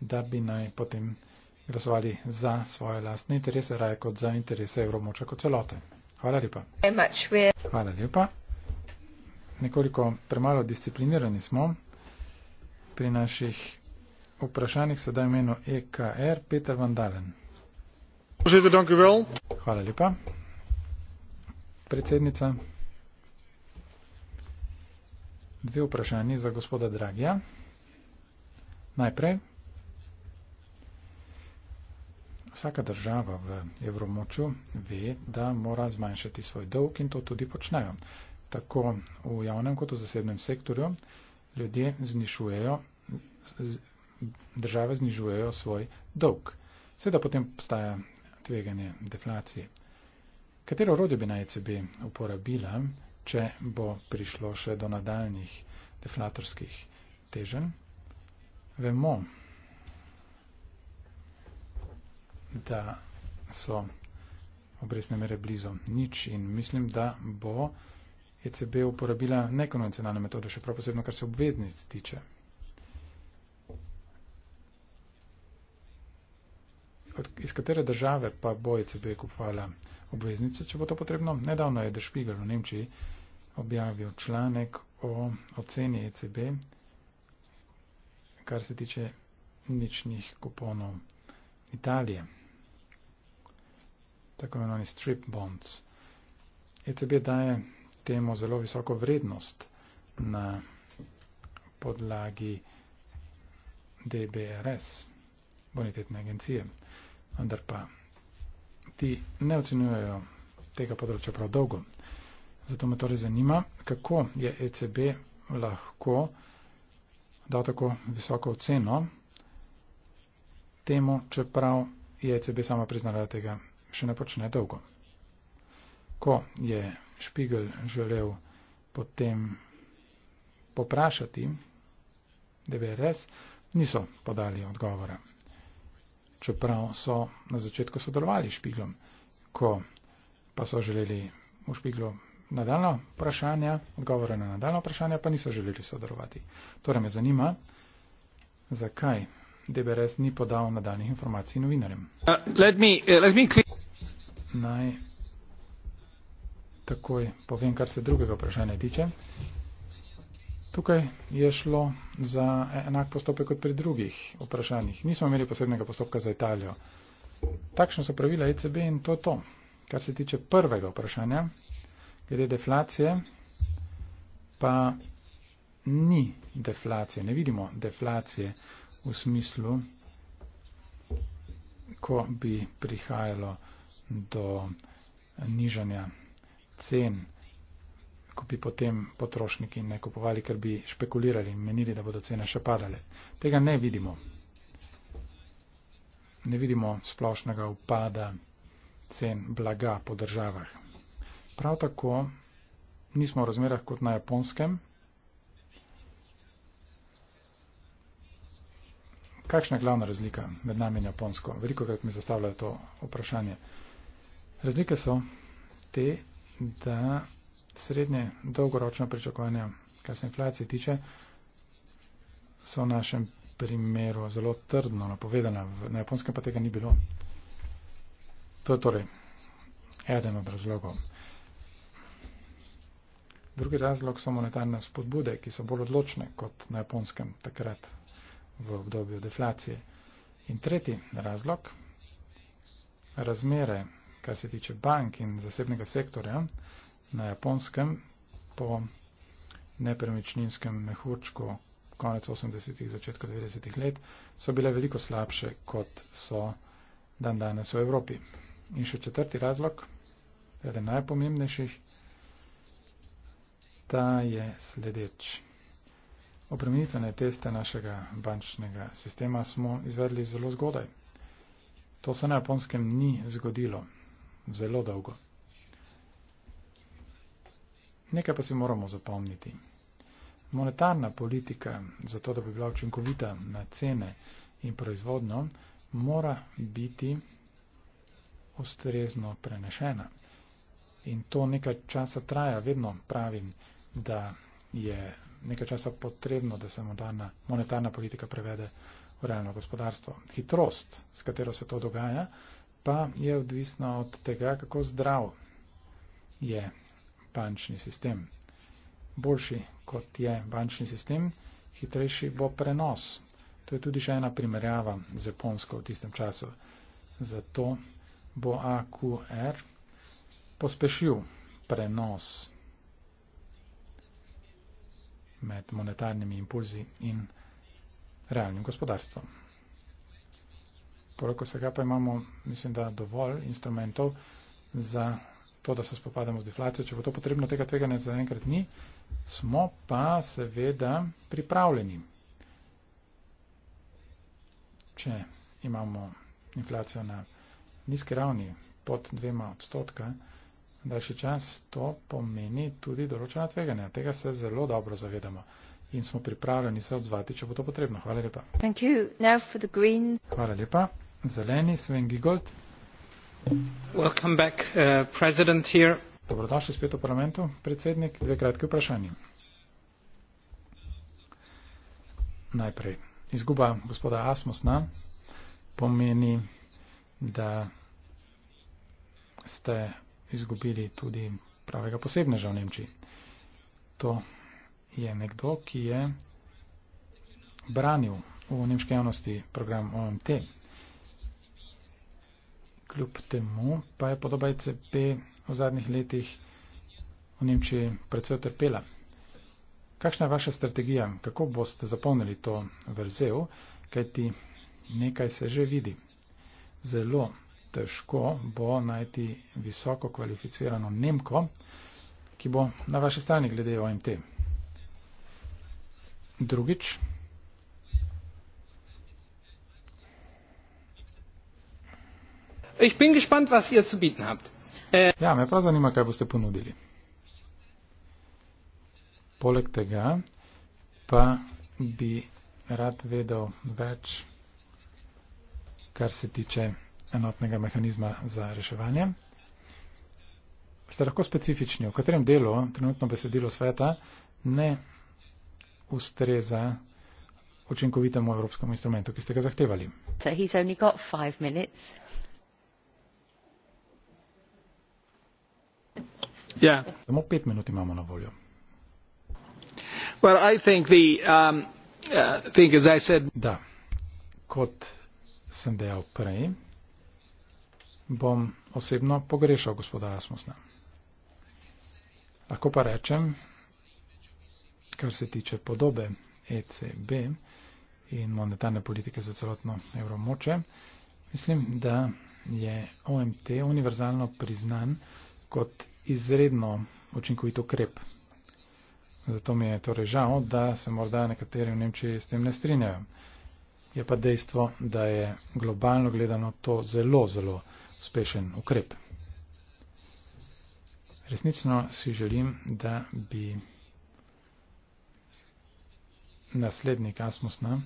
da bi naj potem glasovali za svoje lastne interese, raje kot za interese evromoča kot celote. Hvala lepa. Hvala lepa. Nekoliko premalo disciplinirani smo pri naših vprašanjih, sedaj imeno EKR, Peter Vandalen. Hvala lepa. Predsednica. Dve vprašanje za gospoda Dragija. Najprej vsaka država v evromoču ve, da mora zmanjšati svoj dolg in to tudi počnejo. Tako v javnem kot v zasebnem sektorju ljudje znišujejo, države znižujejo svoj dolg. Seveda potem postaja tveganje deflacije. Katero orodje bi naj ECB uporabila, če bo prišlo še do nadaljnih deflatorskih teženj? Vemo, da so obresne mere blizu nič in mislim, da bo ECB uporabila nekonvencionalne metode, še prav posebno, kar se obveznic tiče. Od, iz katere države pa bo ECB kupovala obveznice, če bo to potrebno? Nedavno je Der Spiegel v Nemčiji objavil članek o oceni ECB, kar se tiče ničnih kuponov Italije tako imenovani strip bonds. ECB daje temu zelo visoko vrednost na podlagi DBRS, bonitetne agencije, vendar pa ti ne ocenjujejo tega področja prav dolgo. Zato me torej zanima, kako je ECB lahko dal tako visoko oceno temu, čeprav je ECB sama priznala, da tega še ne počne dolgo. Ko je Špigel želel potem poprašati DVRS, niso podali odgovora. Čeprav so na začetku sodelovali s Špiglom, ko pa so želeli v Špiglu nadaljno vprašanje, odgovore na nadaljno vprašanje, pa niso želeli sodelovati. Torej me zanima, zakaj DBRS ni podal nadaljnih informacij novinarjem. Uh, let me, uh, let me naj takoj povem, kar se drugega vprašanja tiče. Tukaj je šlo za enak postopek kot pri drugih vprašanjih. Nismo imeli posebnega postopka za Italijo. Takšno so pravila ECB in to je to. Kar se tiče prvega vprašanja, glede deflacije, pa ni deflacije. Ne vidimo deflacije v smislu, ko bi prihajalo do nižanja cen, ko bi potem potrošniki ne kupovali, ker bi špekulirali in menili, da bodo cene še padale. Tega ne vidimo. Ne vidimo splošnega upada cen blaga po državah. Prav tako nismo v razmerah kot na japonskem. Kakšna je glavna razlika med nami in Japonsko? Veliko krat mi zastavljajo to vprašanje. Uh, Razlike so te, da srednje dolgoročno pričakovanja, kar se inflacije tiče, so v našem primeru zelo trdno napovedana, na japonskem pa tega ni bilo. To je torej eden od razlogov. Drugi razlog so monetarne spodbude, ki so bolj odločne kot na japonskem takrat v obdobju deflacije. In tretji razlog, razmere kar se tiče bank in zasebnega sektorja na japonskem po nepremičninskem mehurčku konec 80-ih, začetka 90-ih let, so bile veliko slabše, kot so dan danes v Evropi. In še četrti razlog, eden najpomembnejših, ta je sledeč. Obremenitvene teste našega bančnega sistema smo izvedli zelo zgodaj. To se na japonskem ni zgodilo zelo dolgo. Nekaj pa si moramo zapomniti. Monetarna politika, zato da bi bila učinkovita na cene in proizvodno, mora biti ustrezno prenešena. In to nekaj časa traja, vedno pravim, da je nekaj časa potrebno, da se moderna, monetarna politika prevede v realno gospodarstvo. Hitrost, s katero se to dogaja, pa je odvisno od tega, kako zdrav je bančni sistem. Boljši kot je bančni sistem, hitrejši bo prenos. To je tudi še ena primerjava z Japonsko v tistem času. Zato bo AQR pospešil prenos med monetarnimi impulzi in realnim gospodarstvom. Poleg vsega pa imamo, mislim, da dovolj instrumentov za to, da se spopademo z deflacijo. Če bo to potrebno, tega tvega ne zaenkrat ni. Smo pa seveda pripravljeni. Če imamo inflacijo na nizki ravni pod dvema odstotka, daljši čas to pomeni tudi določena tveganja. Tega se zelo dobro zavedamo in smo pripravljeni se odzvati, če bo to potrebno. Hvala lepa. Hvala lepa. Zeleni, Sven Gigold. Welcome back, uh, president here. Dobrodošli spet v parlamentu, predsednik. Dve kratke vprašanje. Najprej, izguba gospoda Asmusna pomeni, da ste izgubili tudi pravega posebneža v Nemčiji. To je nekdo, ki je branil v nemške javnosti program OMT kljub temu pa je podoba ECB v zadnjih letih v Nemčiji predvsej trpela. Kakšna je vaša strategija? Kako boste zapolnili to vrzel? Kajti nekaj se že vidi. Zelo težko bo najti visoko kvalificirano Nemko, ki bo na vaši strani glede OMT. Drugič, Ich bin gespannt, was ihr zu bieten habt. Äh, ja, me prav zanima, kaj boste ponudili. Poleg tega pa bi rad vedel več, kar se tiče enotnega mehanizma za reševanje. Ste lahko specifični, v katerem delu trenutno besedilo sveta ne ustreza učinkovitemu evropskemu instrumentu, ki ste ga zahtevali. So Ja. Samo pet minut imamo na voljo. Well, the, um, uh, said... Da, kot sem dejal prej, bom osebno pogrešal gospoda Asmusna. Lahko pa rečem, kar se tiče podobe ECB in monetarne politike za celotno evromoče, mislim, da je OMT univerzalno priznan kot izredno učinkovito ukrep. Zato mi je torej žal, da se morda nekateri v Nemčiji s tem ne strinjajo. Je pa dejstvo, da je globalno gledano to zelo, zelo uspešen ukrep. Resnično si želim, da bi naslednik Asmusna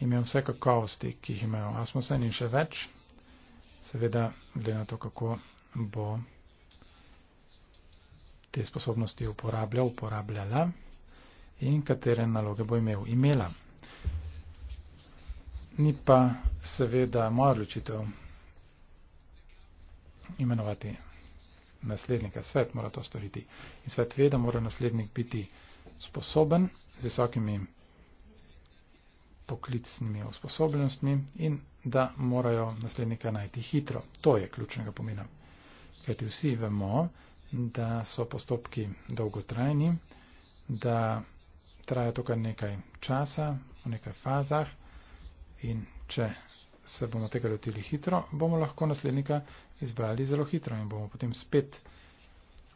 imel vse kakovosti, ki jih imajo Asmusen in še več, seveda glede na to, kako bo te sposobnosti uporabljal, uporabljala in katere naloge bo imel, imela. Ni pa seveda moja odločitev imenovati naslednika. Svet mora to storiti. In svet ve, da mora naslednik biti sposoben z visokimi poklicnimi usposobljenostmi in da morajo naslednika najti hitro. To je ključnega pomena. Kajti vsi vemo, da so postopki dolgotrajni, da traja to kar nekaj časa, v nekaj fazah in če se bomo tega lotili hitro, bomo lahko naslednika izbrali zelo hitro in bomo potem spet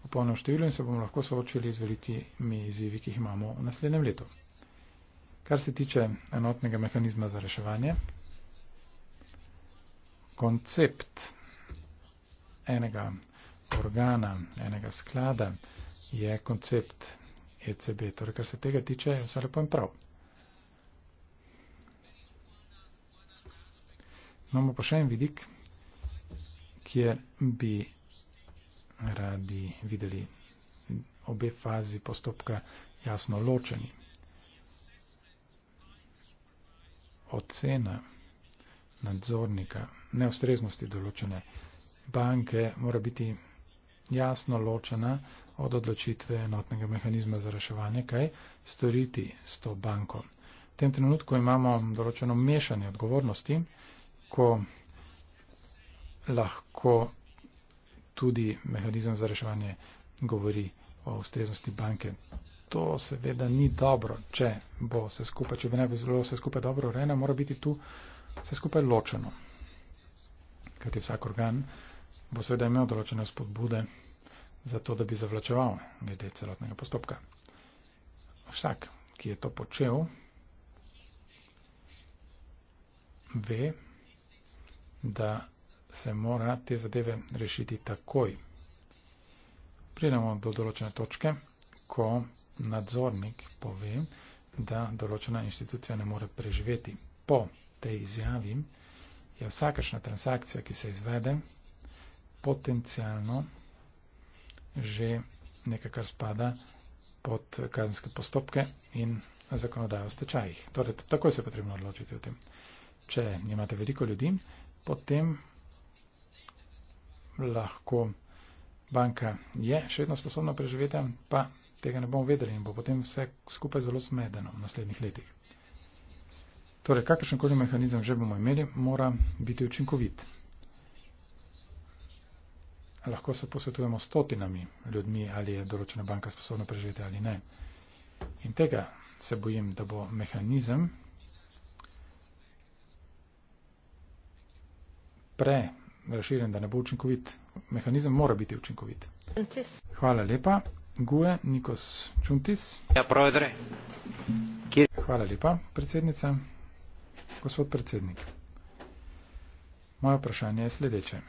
v polnem številu in se bomo lahko soočili z velikimi izzivi, ki jih imamo v naslednjem letu. Kar se tiče enotnega mehanizma za reševanje, koncept enega organa, enega sklada, je koncept ECB. Torej, kar se tega tiče, vse lepo in prav. Imamo pa še en vidik, kjer bi radi videli obe fazi postopka jasno ločeni. Ocena nadzornika neustreznosti določene banke mora biti jasno ločena od odločitve enotnega mehanizma za reševanje, kaj storiti s to banko. V tem trenutku imamo določeno mešanje odgovornosti, ko lahko tudi mehanizem za reševanje govori o ustreznosti banke. To seveda ni dobro, če bo vse skupaj, če bi ne bi bilo vse skupaj dobro urejeno, mora biti tu vse skupaj ločeno. Kajti vsak organ bo seveda imel določene spodbude za to, da bi zavlačeval glede celotnega postopka. Vsak, ki je to počel, ve, da se mora te zadeve rešiti takoj. Pridemo do določene točke, ko nadzornik pove, da določena institucija ne more preživeti. Po tej izjavi je vsakašna transakcija, ki se izvede, potencijalno že nekaj, kar spada pod kazenske postopke in zakonodajo v stečajih. Torej, tako se je potrebno odločiti o tem. Če imate veliko ljudi, potem lahko banka je še vedno sposobna preživeti, pa tega ne bomo vedeli in bo potem vse skupaj zelo smedeno v naslednjih letih. Torej, kakršen koli mehanizem že bomo imeli, mora biti učinkovit lahko se posvetujemo stotinami ljudmi, ali je določena banka sposobna preživeti ali ne. In tega se bojim, da bo mehanizem pre razširjen, da ne bo učinkovit. Mehanizem mora biti učinkovit. Hvala lepa. Gue Nikos Čuntis. Ja, provedre. Hvala lepa, predsednica. Gospod predsednik, moje vprašanje je sledeče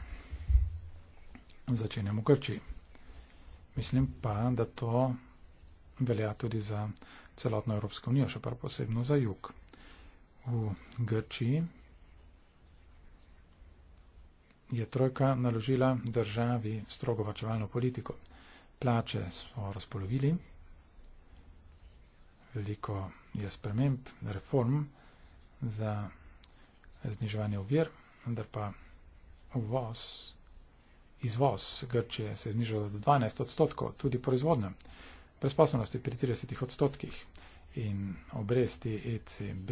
začenjamo krči. Mislim pa, da to velja tudi za celotno Evropsko unijo, še prav posebno za jug. V Grčiji je trojka naložila državi strogo vačevalno politiko. Plače so razpolovili, veliko je sprememb, reform za zniževanje uvir, vendar pa uvoz izvoz Grčije se je znižal za 12 odstotkov, tudi proizvodnja. Presposobnosti pri 30 odstotkih in obresti ECB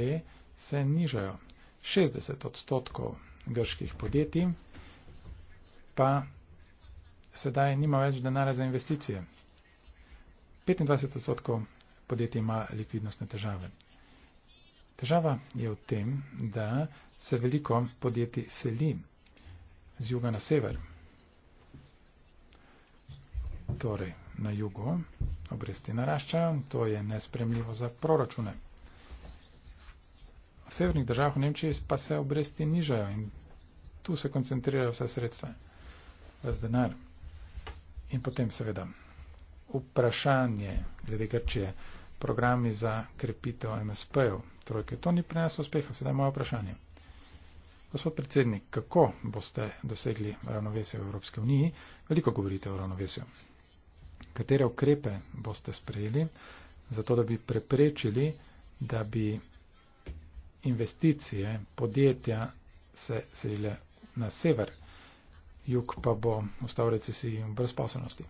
se nižajo. 60 odstotkov grških podjetij pa sedaj nima več denarja za investicije. 25 odstotkov podjetij ima likvidnostne težave. Težava je v tem, da se veliko podjetij seli z juga na sever. Torej, na jugu obresti naraščajo, to je nespremljivo za proračune. V severnih državah v Nemčiji pa se obresti nižajo in tu se koncentrirajo vse sredstva, vas denar. In potem seveda vprašanje glede Grčije, programi za krepitev MSP-ev, trojke, to ni prineslo uspeha, sedaj moje vprašanje. Gospod predsednik, kako boste dosegli ravnovesje v Evropske uniji? Veliko govorite o ravnovesju katere ukrepe boste sprejeli, zato da bi preprečili, da bi investicije podjetja se selile na sever, jug pa bo ostal recesiji in brezposobnosti.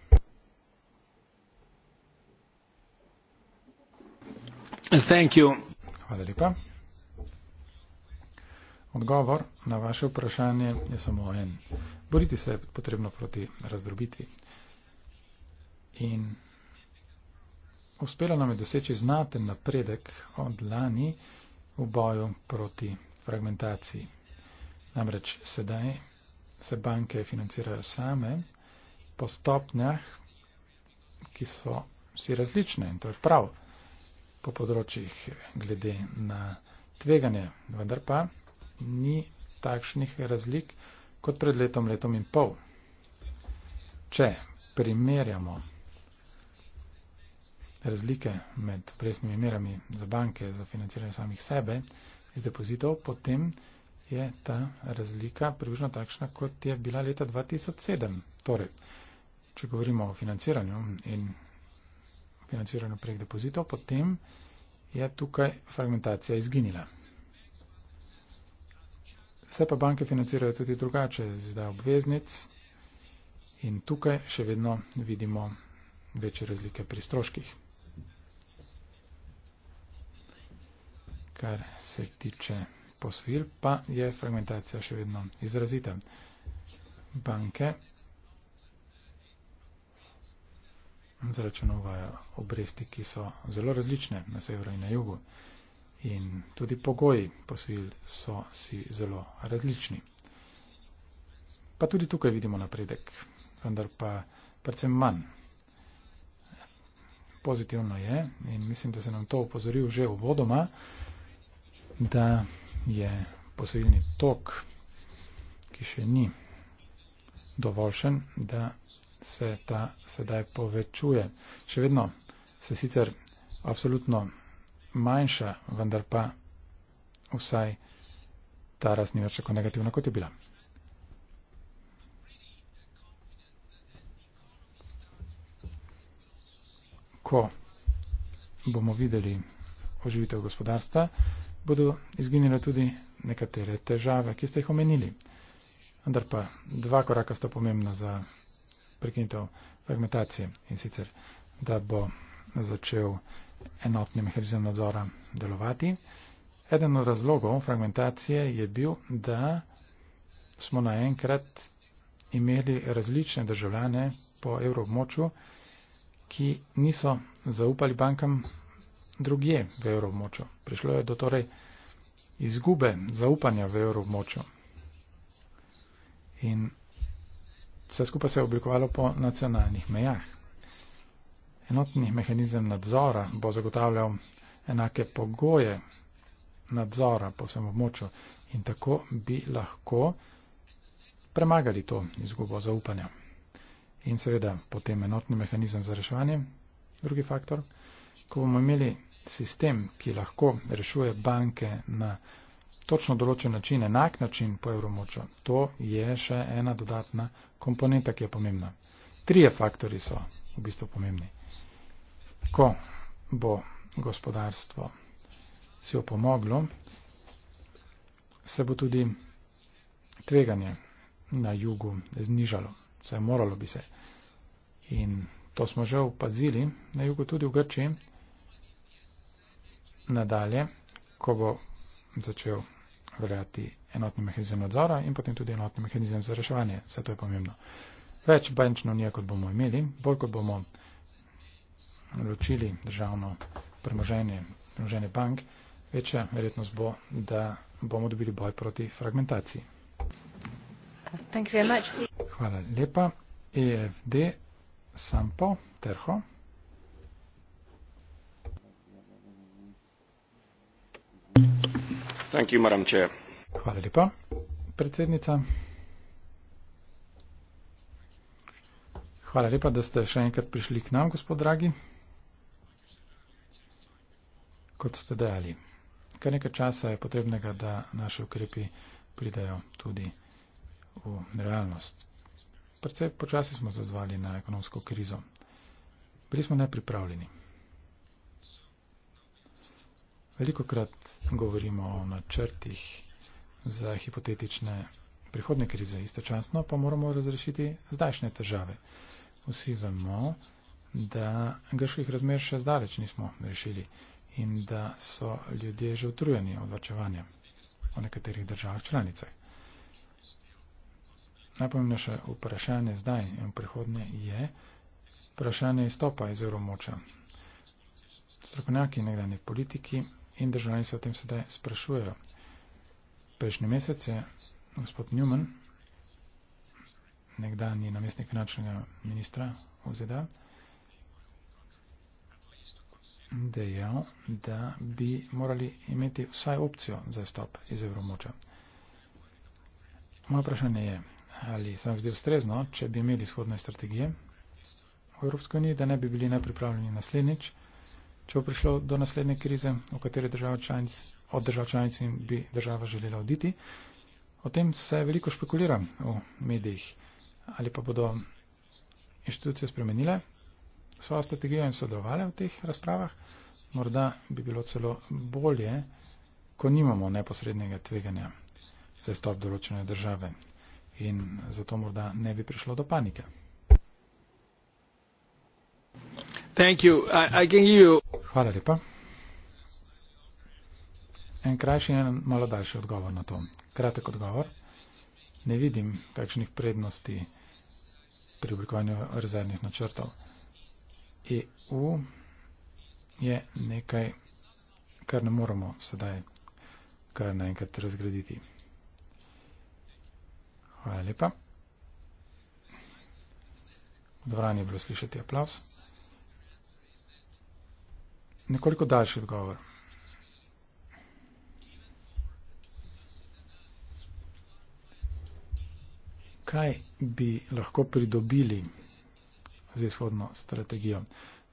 Hvala lepa. Odgovor na vaše vprašanje je samo en. Boriti se je potrebno proti razdrobitvi in uspelo nam je doseči znaten napredek od lani v boju proti fragmentaciji. Namreč sedaj se banke financirajo same po stopnjah, ki so vsi različne in to je prav po področjih glede na tveganje, vendar pa ni takšnih razlik kot pred letom, letom in pol. Če primerjamo razlike med obrestnimi merami za banke za financiranje samih sebe iz depozitov, potem je ta razlika približno takšna, kot je bila leta 2007. Torej, če govorimo o financiranju in financiranju prek depozitov, potem je tukaj fragmentacija izginila. Vse pa banke financirajo tudi drugače, zdaj obveznic in tukaj še vedno vidimo večje razlike pri stroških. kar se tiče posvir, pa je fragmentacija še vedno izrazita. Banke zračunovajo obresti, ki so zelo različne na severu in na jugu. In tudi pogoji posvil so si zelo različni. Pa tudi tukaj vidimo napredek, vendar pa predvsem manj. Pozitivno je in mislim, da se nam to opozoril že uvodoma. vodoma da je posojilni tok, ki še ni dovoljšen, da se ta sedaj povečuje. Še vedno se sicer absolutno manjša, vendar pa vsaj ta rast ni več tako negativna, kot je bila. Ko bomo videli oživitev gospodarstva, bodo izginile tudi nekatere težave, ki ste jih omenili. Vendar pa dva koraka sta pomembna za prekinitev fragmentacije in sicer, da bo začel enotni mehanizem nadzora delovati. Eden od razlogov fragmentacije je bil, da smo naenkrat imeli različne državljane po evroobmočju, ki niso zaupali bankam drugje v evromočo. Prišlo je do torej izgube zaupanja v evromočo. In vse skupaj se je oblikovalo po nacionalnih mejah. Enotni mehanizem nadzora bo zagotavljal enake pogoje nadzora po vsem območju in tako bi lahko premagali to izgubo zaupanja. In seveda potem enotni mehanizem za reševanje, drugi faktor, ko bomo imeli sistem, ki lahko rešuje banke na točno določen način, enak način po evromočju, to je še ena dodatna komponenta, ki je pomembna. Trije faktori so v bistvu pomembni. Ko bo gospodarstvo si opomoglo, se bo tudi tveganje na jugu znižalo. Vse moralo bi se. In to smo že opazili na jugu, tudi v Grčiji nadalje, ko bo začel veljati enotni mehanizem nadzora in potem tudi enotni mehanizem za reševanje. Vse to je pomembno. Več bančno nije, kot bomo imeli, bolj kot bomo ločili državno premoženje, premoženje bank, večja verjetnost bo, da bomo dobili boj proti fragmentaciji. Hvala lepa. EFD Sampo Terho. You, Hvala lepa, predsednica. Hvala lepa, da ste še enkrat prišli k nam, gospod Dragi. Kot ste dejali, kar nekaj časa je potrebnega, da naše ukrepi pridejo tudi v realnost. Predvsej počasi smo zazvali na ekonomsko krizo. Bili smo nepripravljeni. Veliko krat govorimo o načrtih za hipotetične prihodne krize, istočasno pa moramo razrešiti zdajšnje težave. Vsi vemo, da grških razmer še zdaleč nismo rešili in da so ljudje že utrujeni od vrčevanja v nekaterih državah članicah. Najpomembnejše vprašanje zdaj in v prihodnje je vprašanje izstopa iz evromoča. Strokovnjaki, nekdani politiki in državljani se o tem sedaj sprašujejo. Prejšnji mesec je gospod Newman, nekdani namestnik finančnega ministra v ZDA, dejal, da bi morali imeti vsaj opcijo za stop iz evromoča. Moje vprašanje je, ali se vam zdi ustrezno, če bi imeli shodne strategije v Evropski uniji, da ne bi bili najpripravljeni naslednjič, če bo prišlo do naslednje krize, v kateri država članic, od držav članic bi država želela oditi. O tem se veliko špekulira v medijih. Ali pa bodo inštitucije spremenile svojo strategijo in sodelovali v teh razpravah, morda bi bilo celo bolje, ko nimamo neposrednega tveganja za stop določene države in zato morda ne bi prišlo do panike. Thank you. I, I can give you Hvala lepa. En krajši in en malo daljši odgovor na to. Kratek odgovor. Ne vidim kakšnih prednosti pri oblikovanju rezervnih načrtov. EU je nekaj, kar ne moramo sedaj kar naenkrat razgraditi. Hvala lepa. V dvorani je bilo slišati aplaus nekoliko daljši odgovor. Kaj bi lahko pridobili z izhodno strategijo?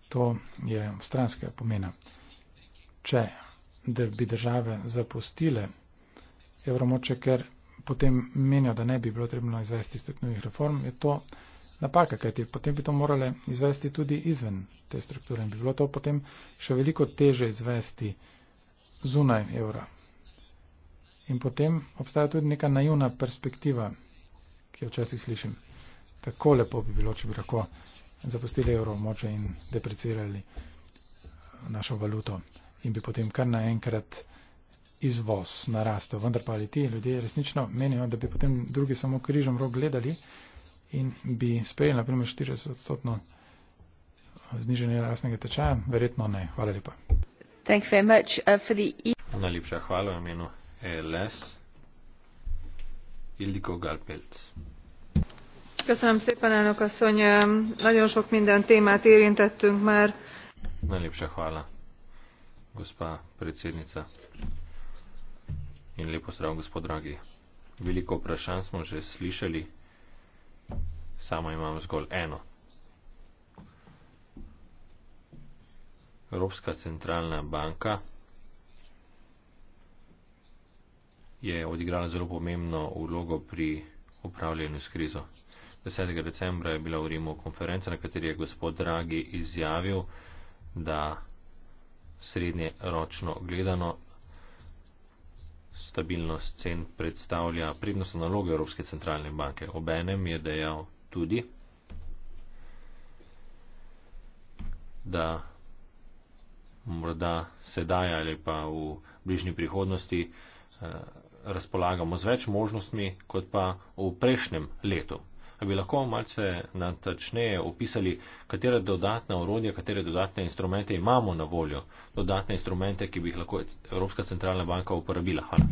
To je stranskega pomena. Če da bi države zapustile evromoče, ker potem menijo, da ne bi bilo trebno izvesti strukturnih reform, je to napaka, kajti potem bi to morali izvesti tudi izven te strukture in bi bilo to potem še veliko teže izvesti zunaj evra. In potem obstaja tudi neka naivna perspektiva, ki jo včasih slišim. Tako lepo bi bilo, če bi lahko zapustili evro moče in deprecirali uh, našo valuto in bi potem kar naenkrat izvoz narastel. Vendar pa ali ti ljudje resnično menijo, da bi potem drugi samo križem rok gledali in bi sprejeli naprimer 40 odstotno zniženje rasnega tečaja? Verjetno ne. Hvala lepa. Uh, the... E- Najlepša hvala v imenu ELS. Ildiko Galpelc. Köszönöm szépen, elnök asszony. Nagyon sok minden témát érintettünk már. Nagyon se hála, Gospa Precédnica. Én lépok rá, Gospodragi. Viliko Prasánsz, most ezt samo imam zgolj eno. Evropska centralna banka je odigrala zelo pomembno vlogo pri upravljanju s krizo. 10. decembra je bila v Rimu konferenca, na kateri je gospod Dragi izjavil, da srednje ročno gledano stabilnost cen predstavlja prednostno nalogo Evropske centralne banke. Obenem je dejal tudi, da morda sedaj ali pa v bližnji prihodnosti eh, razpolagamo z več možnostmi kot pa v prejšnjem letu bi lahko malce natačneje opisali, katere dodatne orodje, katere dodatne instrumente imamo na voljo, dodatne instrumente, ki bi jih lahko Evropska centralna banka uporabila. Hvala.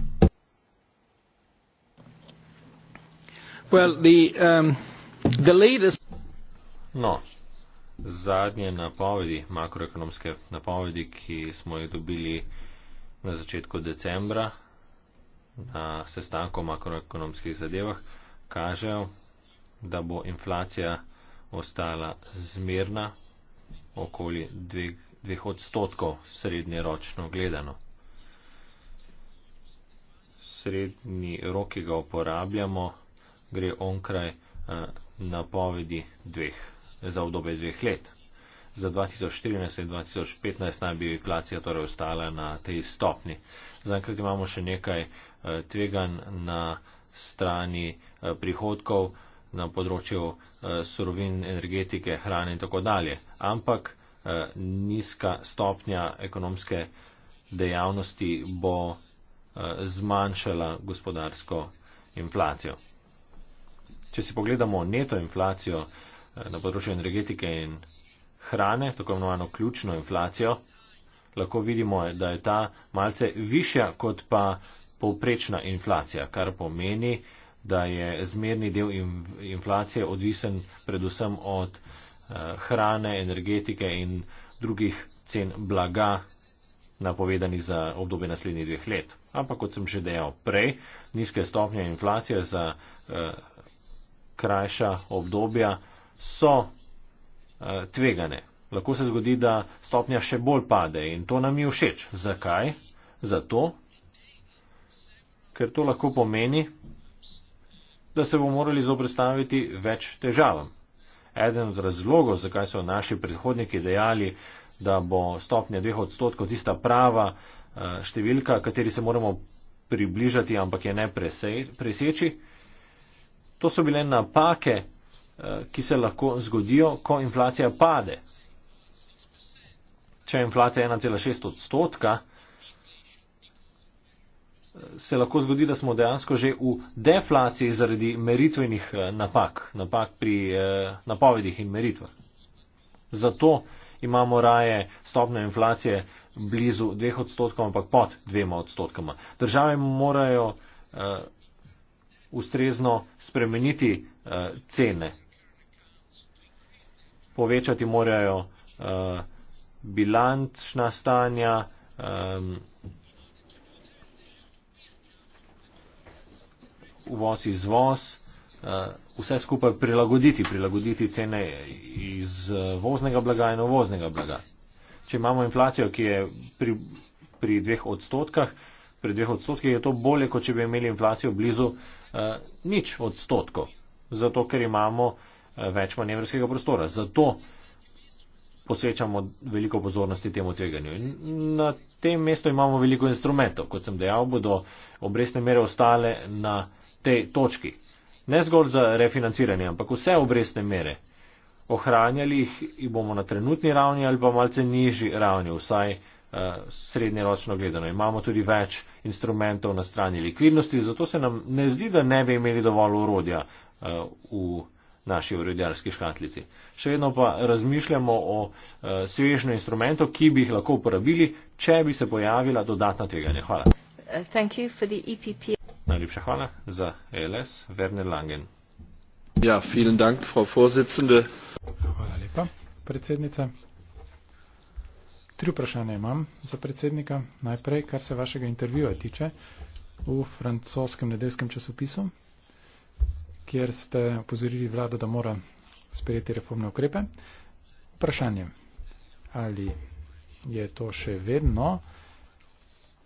Well, the, um, the latest... No, zadnje napovedi, makroekonomske napovedi, ki smo jih dobili na začetku decembra na sestanku o makroekonomskih zadevah, kažejo, da bo inflacija ostala zmerna, okoli dveh, dveh odstotkov srednje ročno gledano. Srednji rok, ki ga uporabljamo, gre onkraj eh, napovedi dveh, za obdobje dveh let. Za 2014 in 2015 naj bi inflacija torej ostala na tej stopni. Zaenkrat imamo še nekaj eh, tvegan na strani eh, prihodkov na področju eh, surovin, energetike, hrane in tako dalje. Ampak eh, nizka stopnja ekonomske dejavnosti bo eh, zmanjšala gospodarsko inflacijo. Če si pogledamo neto inflacijo eh, na področju energetike in hrane, tako imenovano ključno inflacijo, lahko vidimo, da je ta malce višja kot pa povprečna inflacija, kar pomeni, da je zmerni del inflacije odvisen predvsem od eh, hrane, energetike in drugih cen blaga napovedanih za obdobje naslednjih dveh let. Ampak, kot sem že dejal prej, nizke stopnje inflacije za eh, krajša obdobja so eh, tvegane. Lahko se zgodi, da stopnja še bolj pade in to nam je všeč. Zakaj? Zato, ker to lahko pomeni, da se bomo morali zoprestaviti več težavam. Eden od razlogov, zakaj so naši predhodniki dejali, da bo stopnja dveh odstotkov tista prava eh, številka, kateri se moramo približati, ampak je ne preseči, to so bile napake, eh, ki se lahko zgodijo, ko inflacija pade. Če je inflacija 1,6 odstotka, se lahko zgodi, da smo dejansko že v deflaciji zaradi meritvenih eh, napak, napak pri eh, napovedih in meritvah. Zato imamo raje stopno inflacije blizu dveh odstotkov, ampak pod dvema odstotkama. Države morajo uh, ustrezno spremeniti uh, cene, povečati morajo uh, bilančna stanja, um, uvoz, izvoz, eh, vse skupaj prilagoditi, prilagoditi cene iz eh, voznega blaga in uvoznega blaga. Če imamo inflacijo, ki je pri, pri dveh odstotkah, pri dveh odstotkih je to bolje, kot če bi imeli inflacijo blizu eh, nič odstotkov, zato ker imamo eh, več manevrskega prostora. Zato posvečamo veliko pozornosti temu tveganju. In na tem mestu imamo veliko instrumentov. Kot sem dejal, bodo obrestne mere ostale na te točki. Ne zgolj za refinanciranje, ampak vse obrestne mere. Ohranjali jih bomo na trenutni ravni ali pa malce nižji ravni, vsaj uh, srednjeročno gledano. Imamo tudi več instrumentov na strani likvidnosti, zato se nam ne zdi, da ne bi imeli dovolj urodja uh, eh, v naši urodjarski škatlici. Še vedno pa razmišljamo o uh, svežnju instrumentov, ki bi jih lahko uporabili, če bi se pojavila dodatna tveganja. Hvala. Uh, Najlepša hvala za e LS Werner Langen. Ja, vielen Dank, Frau Vorsitzende. Hvala lepa, predsednica. Tri vprašanja imam za predsednika. Najprej, kar se vašega intervjuja tiče v francoskem nedeljskem časopisu, kjer ste opozorili vlado, da mora sprejeti reformne ukrepe. Vprašanje, ali je to še vedno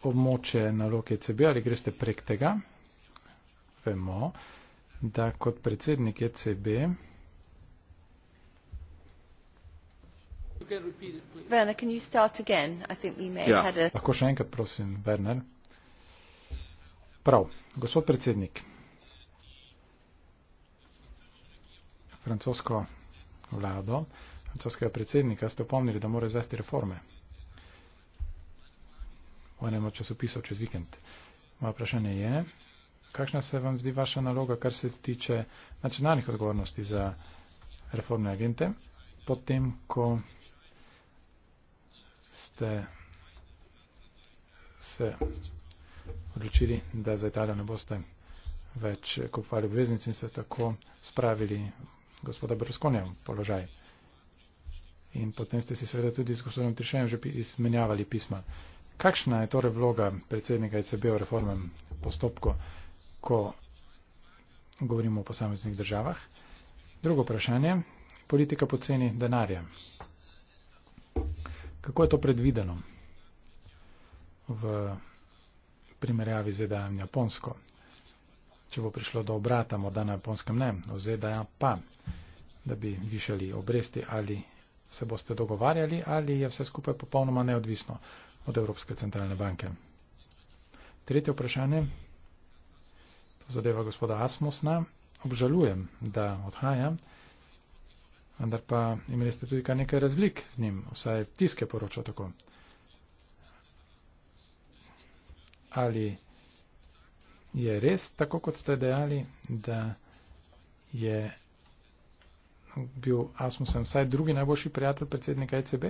območje naloge ECB ali greste prek tega, vemo, da kot predsednik ECB. Werner, can you start again? I think we may yeah. have had a... Lahko še enkrat prosim, Werner. Prav, gospod predsednik. Francosko vlado, francoskega predsednika ste opomnili, da mora izvesti reforme v enem od časopisov čez vikend. Moje vprašanje je, kakšna se vam zdi vaša naloga, kar se tiče nacionalnih odgovornosti za reformne agente, potem, ko ste se odločili, da za Italijo ne boste več kupovali obveznic in se tako spravili gospoda Brusconja v položaj. In potem ste si seveda tudi s gospodom Trišenjem že izmenjavali pisma. Kakšna je torej vloga predsednika ECB v reformem postopku, ko govorimo o posameznih državah? Drugo vprašanje. Politika poceni denarja. Kako je to predvideno v primerjavi z EDA in Japonsko? Če bo prišlo do obrata, morda na Japonskem ne, v ZDA pa, da bi višali obresti ali se boste dogovarjali ali je vse skupaj popolnoma neodvisno od Evropske centralne banke. Tretje vprašanje, to zadeva gospoda Asmosna. Obžalujem, da odhaja, vendar pa imeli ste tudi kar nekaj razlik z njim, vsaj tiske poroča tako. Ali je res tako, kot ste dejali, da je bil Asmusen vsaj drugi najboljši prijatelj predsednika ECB?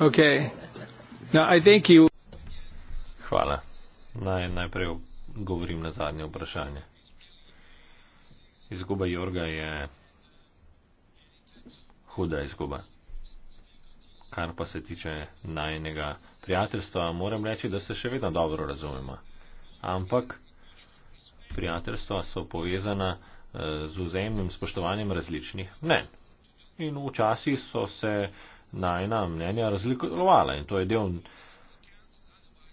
Okay. No, I think you... Hvala. Naj, najprej govorim na zadnje vprašanje. Izguba Jorga je huda izguba. Kar pa se tiče najnega prijateljstva, moram reči, da se še vedno dobro razumemo. Ampak prijateljstva so povezana eh, z vzemnim spoštovanjem različnih mnen. In včasih so se uh, najna mnenja razlikovala in to je del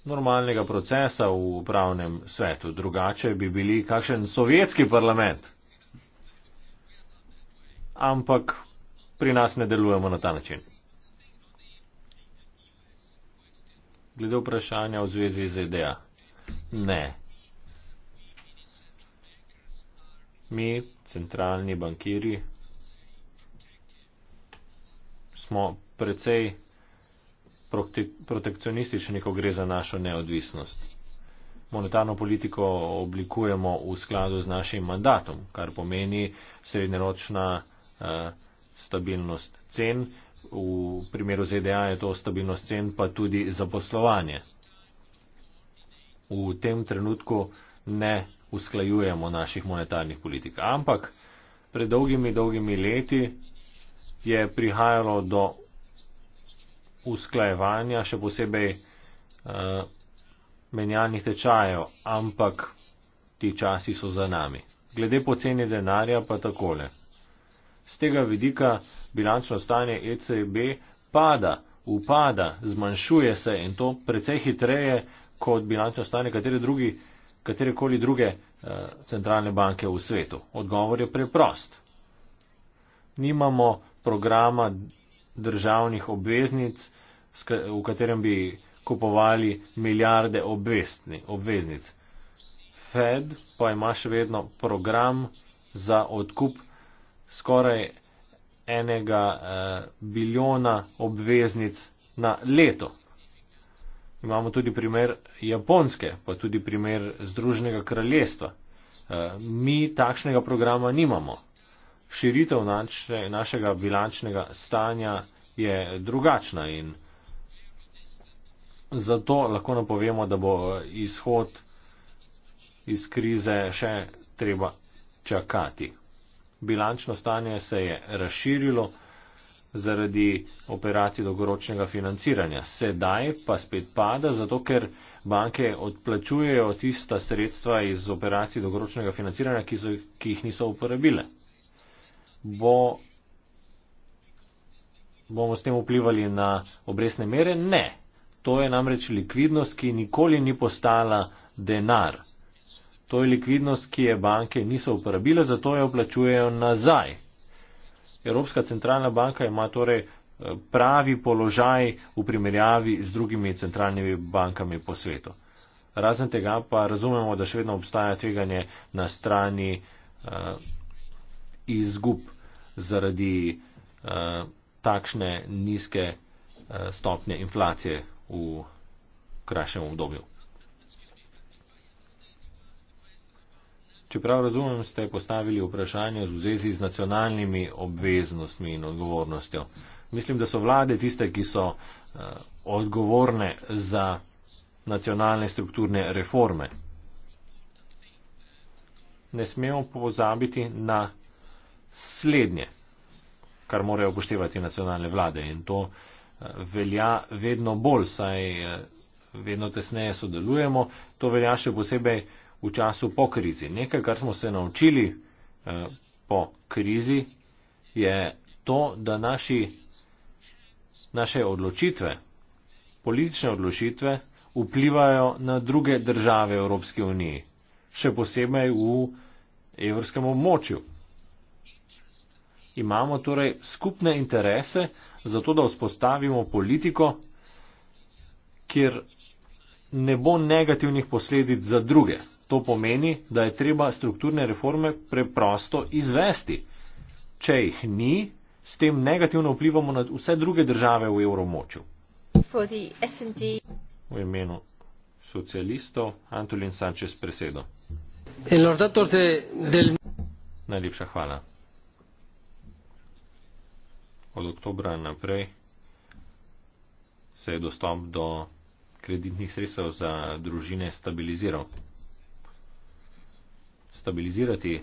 normalnega procesa v pravnem svetu. Drugače bi bili kakšen sovjetski parlament. Ampak pri nas ne delujemo na ta način. Glede vprašanja v zvezi z ideja. E ne. Mi, centralni bankiri, smo precej protekcionistični, ko gre za našo neodvisnost. Monetarno politiko oblikujemo v skladu z našim mandatom, kar pomeni srednjeročna uh, stabilnost cen. V primeru ZDA je to stabilnost cen, pa tudi zaposlovanje. V tem trenutku ne usklajujemo naših monetarnih politik. Ampak pred dolgimi, dolgimi leti je prihajalo do usklajevanja, še posebej uh, menjalnih tečajev, ampak ti časi so za nami. Glede poceni denarja pa takole. Z tega vidika bilančno stanje ECB pada, upada, zmanjšuje se in to precej hitreje kot bilančno stanje katere, drugi, katere koli druge uh, centralne banke v svetu. Odgovor je preprost. Nimamo programa državnih obveznic, v katerem bi kupovali milijarde obvestni, obveznic. Fed pa ima še vedno program za odkup skoraj enega eh, biliona obveznic na leto. Imamo tudi primer Japonske, pa tudi primer Združenega kraljestva. Eh, mi takšnega programa nimamo. Širitev naše, našega bilančnega stanja je drugačna in Zato lahko napovemo, da bo izhod iz krize še treba čakati. Bilančno stanje se je razširilo zaradi operacij dolgoročnega financiranja. Sedaj pa spet pada, zato ker banke odplačujejo tista sredstva iz operacij dolgoročnega financiranja, ki, so, ki jih niso uporabile. Bo, bomo s tem vplivali na obresne mere? Ne. To je namreč likvidnost, ki nikoli ni postala denar. To je likvidnost, ki je banke niso uporabile, zato jo plačujejo nazaj. Evropska centralna banka ima torej eh, pravi položaj v primerjavi z drugimi centralnimi bankami po svetu. Razen tega pa razumemo, da še vedno obstaja tveganje na strani uh, izgub zaradi uh, takšne nizke uh, stopnje inflacije v krajšem obdobju. Čeprav razumem, ste postavili vprašanje v zvezi z nacionalnimi obveznostmi in odgovornostjo. Mislim, da so vlade tiste, ki so uh, odgovorne za nacionalne strukturne reforme. Ne smemo pozabiti na slednje, kar morajo upoštevati nacionalne vlade in to uh, velja vedno bolj, saj eh, vedno tesneje sodelujemo. To velja še posebej v času po krizi. Nekaj, kar smo se naučili eh, po krizi, je to, da naši, naše odločitve, politične odločitve, vplivajo na druge države Evropske unije, še posebej v evropskem območju imamo torej skupne interese za to, da vzpostavimo politiko, kjer ne bo negativnih posledic za druge. To pomeni, da je treba strukturne reforme preprosto izvesti. Če jih ni, s tem negativno vplivamo na vse druge države v evromoču. V imenu socialistov Antolin Sanchez presedo. Najlepša hvala od oktobra naprej se je dostop do kreditnih sredstev za družine stabiliziral. Stabilizirati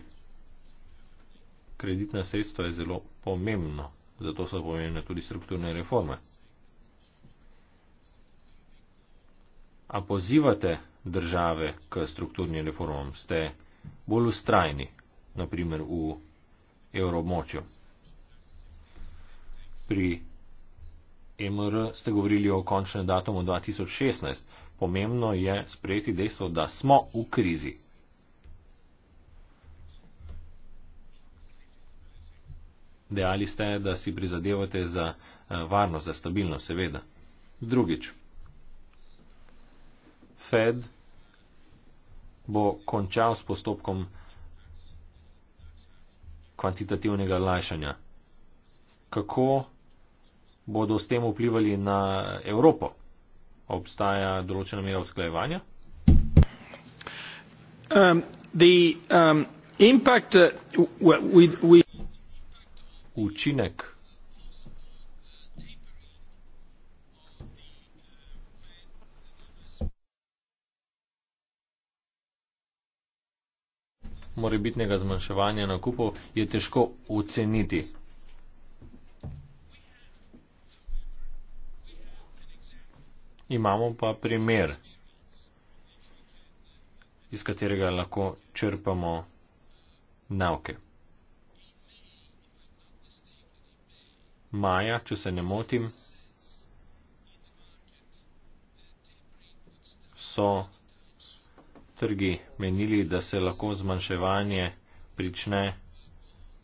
kreditna sredstva je zelo pomembno, zato so pomembne tudi strukturne reforme. A pozivate države k strukturnim reformam, ste bolj ustrajni, naprimer v evromočju pri MR ste govorili o končnem datumu 2016. Pomembno je sprejeti dejstvo, da smo v krizi. Dejali ste, da si prizadevate za eh, varnost, za stabilnost, seveda. Drugič. Fed bo končal s postopkom kvantitativnega lajšanja. Kako bodo s tem vplivali na Evropo? Obstaja določena mera usklajevanja? Um, um uh, Učinek. Morebitnega zmanjševanja nakupov je težko oceniti. imamo pa primer, iz katerega lahko črpamo nauke. Maja, če se ne motim, so trgi menili, da se lahko zmanjševanje prične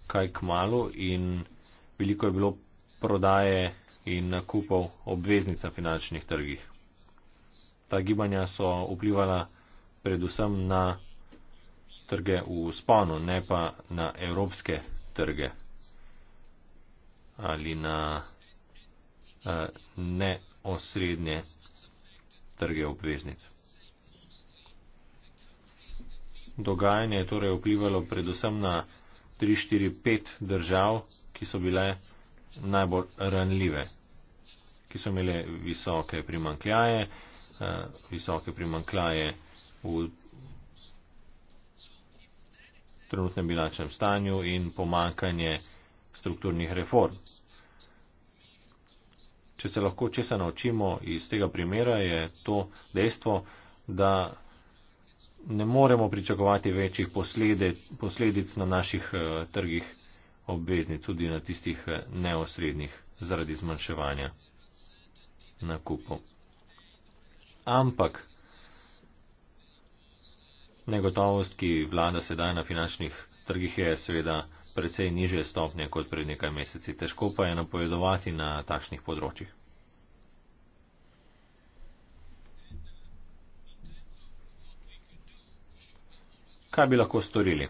kaj k malu in veliko je bilo prodaje in nakupov obveznica finančnih trgih ta gibanja so vplivala predvsem na trge v sponu, ne pa na evropske trge ali na eh, ne osrednje trge obveznic. Dogajanje je torej vplivalo predvsem na 3, 4, 5 držav, ki so bile najbolj ranljive, ki so imele visoke primankljaje, Eh, visoke primankljaje v trenutnem bilančnem stanju in pomankanje strukturnih reform. Če se lahko česa naučimo iz tega primera, je to dejstvo, da ne moremo pričakovati večjih posledic na naših eh, trgih obveznic, tudi na tistih eh, neosrednjih, zaradi zmanjševanja nakupov ampak negotovost, ki vlada sedaj na finančnih trgih, je seveda precej niže stopnje kot pred nekaj meseci. Težko pa je napovedovati na takšnih področjih. Kaj bi lahko storili?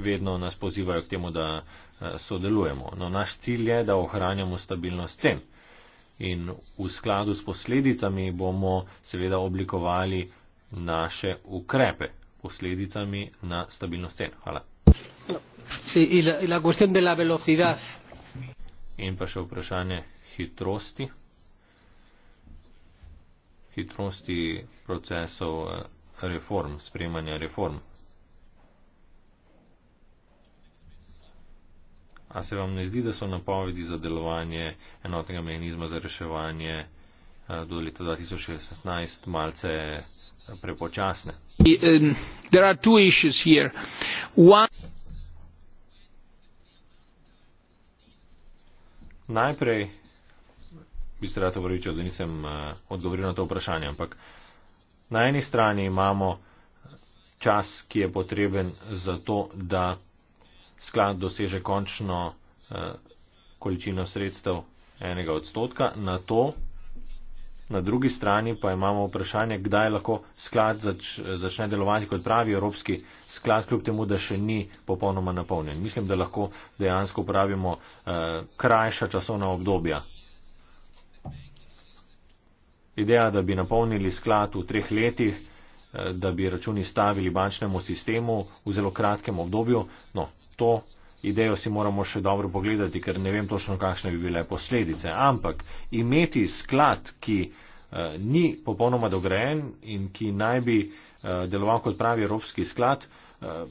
Vedno nas pozivajo k temu, da eh, sodelujemo. No, naš cilj je, da ohranjamo stabilnost cen in v skladu s posledicami bomo seveda oblikovali naše ukrepe posledicami na stabilnost cen. Hvala. In pa še vprašanje hitrosti. Hitrosti procesov eh, reform, sprejemanja reform. A se vam ne zdi, da so napovedi za delovanje enotnega mehanizma za reševanje eh, do leta 2016 malce prepočasne? Eh, Najprej bi se rad opravičil, da nisem eh, odgovoril na to vprašanje, ampak na eni strani imamo čas, ki je potreben za to, da sklad doseže končno eh, količino sredstev enega odstotka, na to, na drugi strani pa imamo vprašanje, kdaj lahko sklad zač, začne delovati kot pravi evropski sklad, kljub temu, da še ni popolnoma napolnjen. Mislim, da lahko dejansko uporabimo eh, krajša časovna obdobja. Ideja, da bi napolnili sklad v treh letih, eh, da bi računi stavili bančnemu sistemu v zelo kratkem obdobju, no, to idejo si moramo še dobro pogledati, ker ne vem točno, kakšne bi bile posledice. Ampak imeti sklad, ki uh, ni popolnoma dogrejen in ki naj bi uh, deloval kot pravi evropski sklad, uh,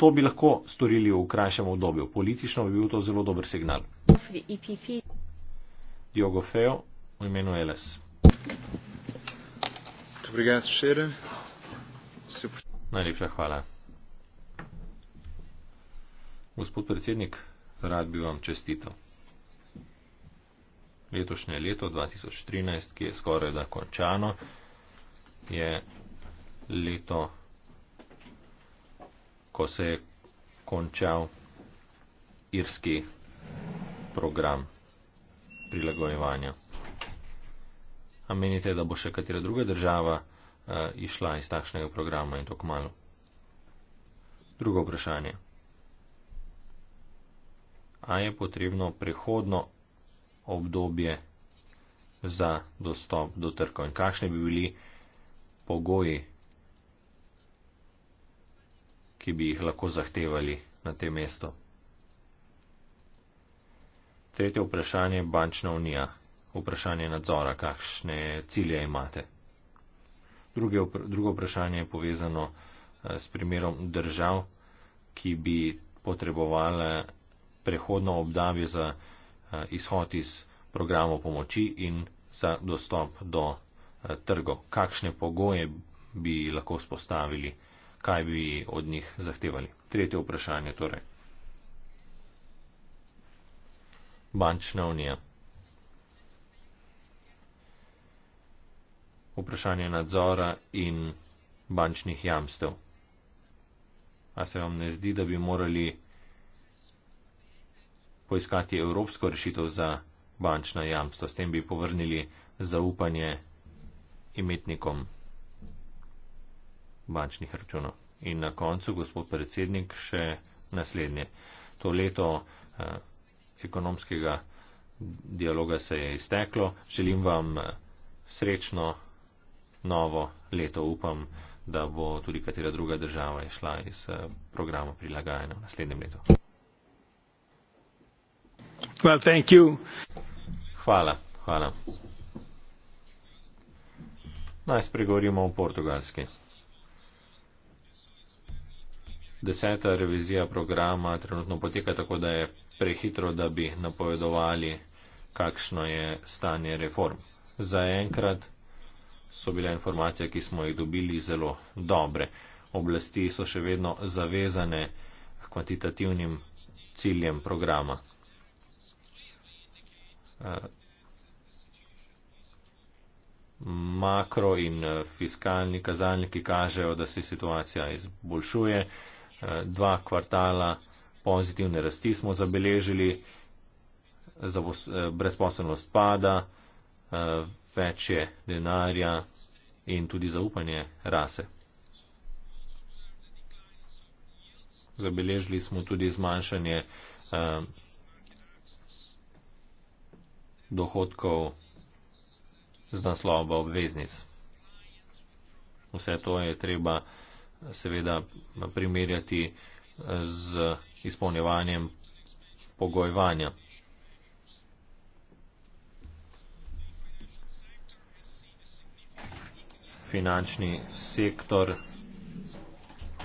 to bi lahko storili v krajšem obdobju. Politično bi bil to zelo dober signal. Diogo Feo, v imenu LS. Najlepša hvala. Gospod predsednik, rad bi vam čestital. Letošnje leto 2013, ki je skoraj da končano, je leto, ko se je končal irski program prilagojevanja. A menite, da bo še katera druga država uh, eh, išla iz takšnega programa in to kmalo? Drugo vprašanje a je potrebno prehodno obdobje za dostop do trkov in kakšne bi bili pogoji, ki bi jih lahko zahtevali na tem mestu. Tretje vprašanje je bančna unija, vprašanje nadzora, kakšne cilje imate. Druge, drugo vprašanje je povezano eh, s primerom držav, ki bi potrebovali prehodno obdavje za eh, izhod iz programov pomoči in za dostop do eh, trgov. Kakšne pogoje bi lahko spostavili, kaj bi od njih zahtevali? Tretje vprašanje torej. Bančna unija. Vprašanje nadzora in bančnih jamstev. A se vam ne zdi, da bi morali poiskati evropsko rešitev za bančna jamstva. S tem bi povrnili zaupanje imetnikom bančnih računov. In na koncu, gospod predsednik, še naslednje. To leto eh, ekonomskega dialoga se je izteklo. Želim vam eh, srečno novo leto. Upam, da bo tudi katera druga država išla iz eh, programa prilagajanja v naslednjem letu. Well, thank you. Hvala, hvala. Naj spregovorimo o portugalski. Deseta revizija programa trenutno poteka tako, da je prehitro, da bi napovedovali, kakšno je stanje reform. Zaenkrat so bile informacije, ki smo jih dobili, zelo dobre. Oblasti so še vedno zavezane kvantitativnim ciljem programa. Eh, makro in eh, fiskalni kazalniki kažejo, da se situacija izboljšuje. Eh, dva kvartala pozitivne rasti smo zabeležili, brezposobnost pada, več je denarja in tudi zaupanje rase. Zabeležili smo tudi zmanjšanje dohodkov z naslova obveznic. Vse to je treba seveda primerjati z izpolnjevanjem pogojevanja. Finančni sektor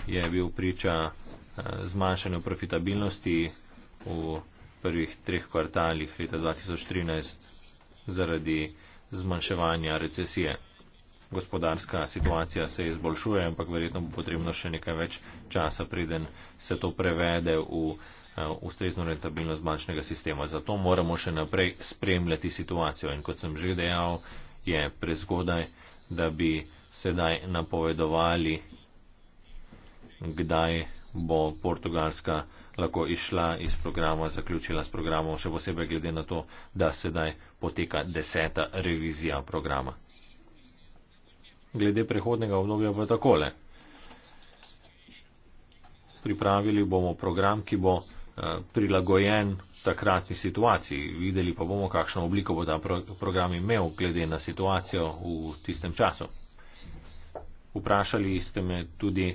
je bil priča eh, zmanjšanju profitabilnosti v prvih treh kvartalih leta 2013 zaradi zmanjševanja recesije. Gospodarska situacija se izboljšuje, ampak verjetno bo potrebno še nekaj več časa, preden se to prevede v eh, ustrezno rentabilnost bančnega sistema. Zato moramo še naprej spremljati situacijo. In kot sem že dejal, je prezgodaj, da bi sedaj napovedovali, kdaj bo Portugalska lahko išla iz programa, zaključila s programom, še posebej glede na to, da sedaj poteka deseta revizija programa. Glede prehodnega obdobja bo takole. Pripravili bomo program, ki bo eh, prilagojen takratni situaciji. Videli pa bomo, kakšno obliko bo ta program imel glede na situacijo v tistem času. Vprašali ste me tudi,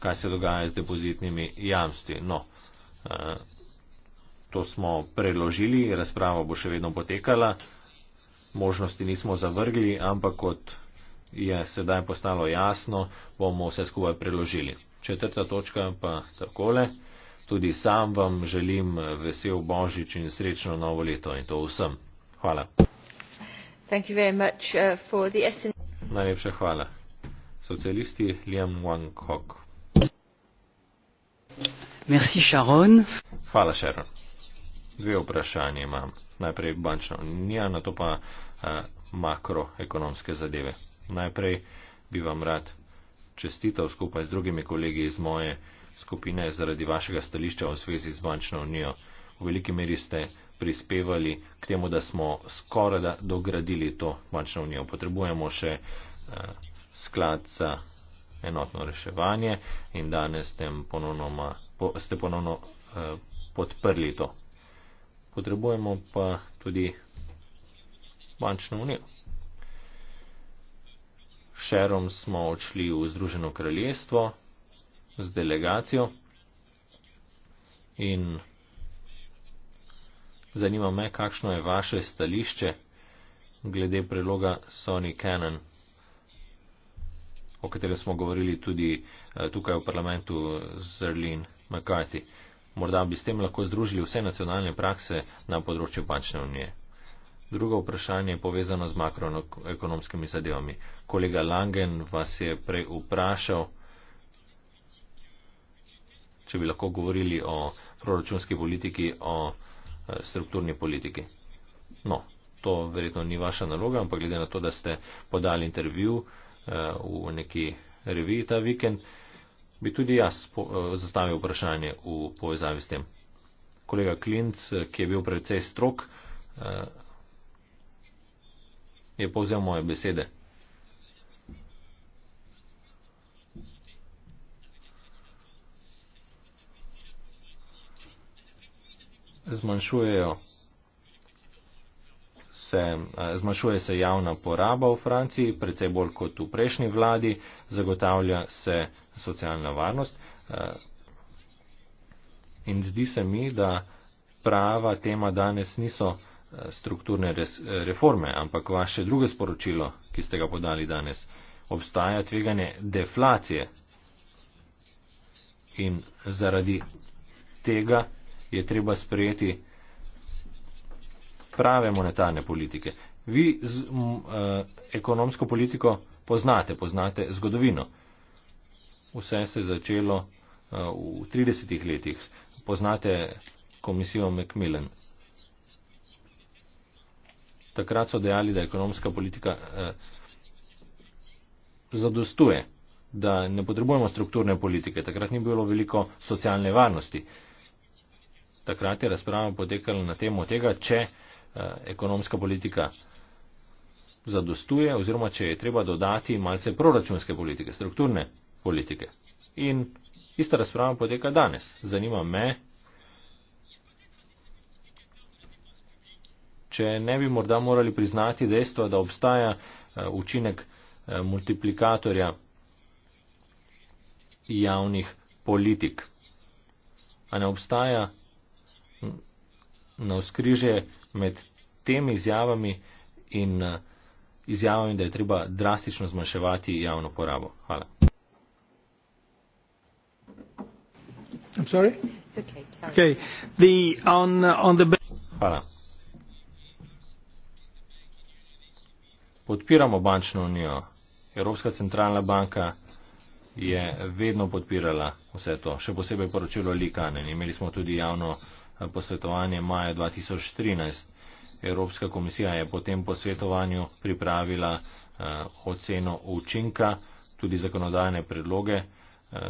kaj se dogaja z depozitnimi jamstvi. No, eh, to smo preložili, razprava bo še vedno potekala, možnosti nismo zavrgli, ampak kot je sedaj postalo jasno, bomo vse skupaj preložili. Četrta točka pa takole. Tudi sam vam želim eh, vesel božič in srečno novo leto in to vsem. Hvala. Eh, Najlepša hvala. Socialisti Liam Wang Kok. Merci, Sharon. Hvala, Sharon. Dve vprašanje imam. Najprej bančno unijo, na to pa uh, makroekonomske zadeve. Najprej bi vam rad čestital skupaj z drugimi kolegi iz moje skupine zaradi vašega stališča v zvezi z bančno unijo. V veliki meri ste prispevali k temu, da smo skorajda dogradili to bančno unijo. Potrebujemo še uh, sklad za enotno reševanje in danes po, ste ponovno eh, podprli to. Potrebujemo pa tudi bančno unijo. Šerom smo odšli v Združeno kraljestvo z delegacijo in zanima me, kakšno je vaše stališče glede preloga Sony Canon o katerem smo govorili tudi eh, tukaj v parlamentu z Erlin McCarthy. Morda bi s tem lahko združili vse nacionalne prakse na področju bančne unije. Drugo vprašanje je povezano z makroekonomskimi zadevami. Kolega Langen vas je prej vprašal, če bi lahko govorili o proračunski politiki, o eh, strukturni politiki. No, to verjetno ni vaša naloga, ampak glede na to, da ste podali intervju, v neki reviji ta vikend, bi tudi jaz eh, zastavil vprašanje v povezavi s tem. Kolega Klinc, eh, ki je bil predvsej strok, eh, je povzel moje besede. Zmanjšujejo se, zmanjšuje se javna poraba v Franciji, predvsej bolj kot v prejšnji vladi, zagotavlja se socialna varnost. In zdi se mi, da prava tema danes niso strukturne e, reforme, ampak vaše drugo sporočilo, ki ste ga podali danes, obstaja tveganje deflacije. In zaradi tega je treba sprejeti prave monetarne politike. Vi z m, eh, ekonomsko politiko poznate, poznate zgodovino. Vse se je začelo eh, v 30. letih. Poznate komisijo Macmillan. Takrat so dejali, da ekonomska politika eh, zadostuje, da ne potrebujemo strukturne politike. Takrat ni bilo veliko socialne varnosti. Takrat je razprava potekala na temo tega, če eh, Eh, ekonomska politika zadostuje oziroma če je treba dodati malce proračunske politike, strukturne politike. In ista razprava poteka danes. Zanima me, če ne bi morda morali priznati dejstvo, da obstaja eh, učinek eh, multiplikatorja javnih politik. A ne obstaja na vzkrižje med temi izjavami in eh, izjavami, da je treba drastično zmanjševati javno porabo. Hvala. Okay. Okay. The, on, on the... Hvala. Podpiramo bančno unijo. Evropska centralna banka je vedno podpirala vse to, še posebej poročilo Likanen. Imeli smo tudi javno posvetovanje maja 2013. Evropska komisija je po tem posvetovanju pripravila eh, oceno učinka, tudi zakonodajne predloge eh,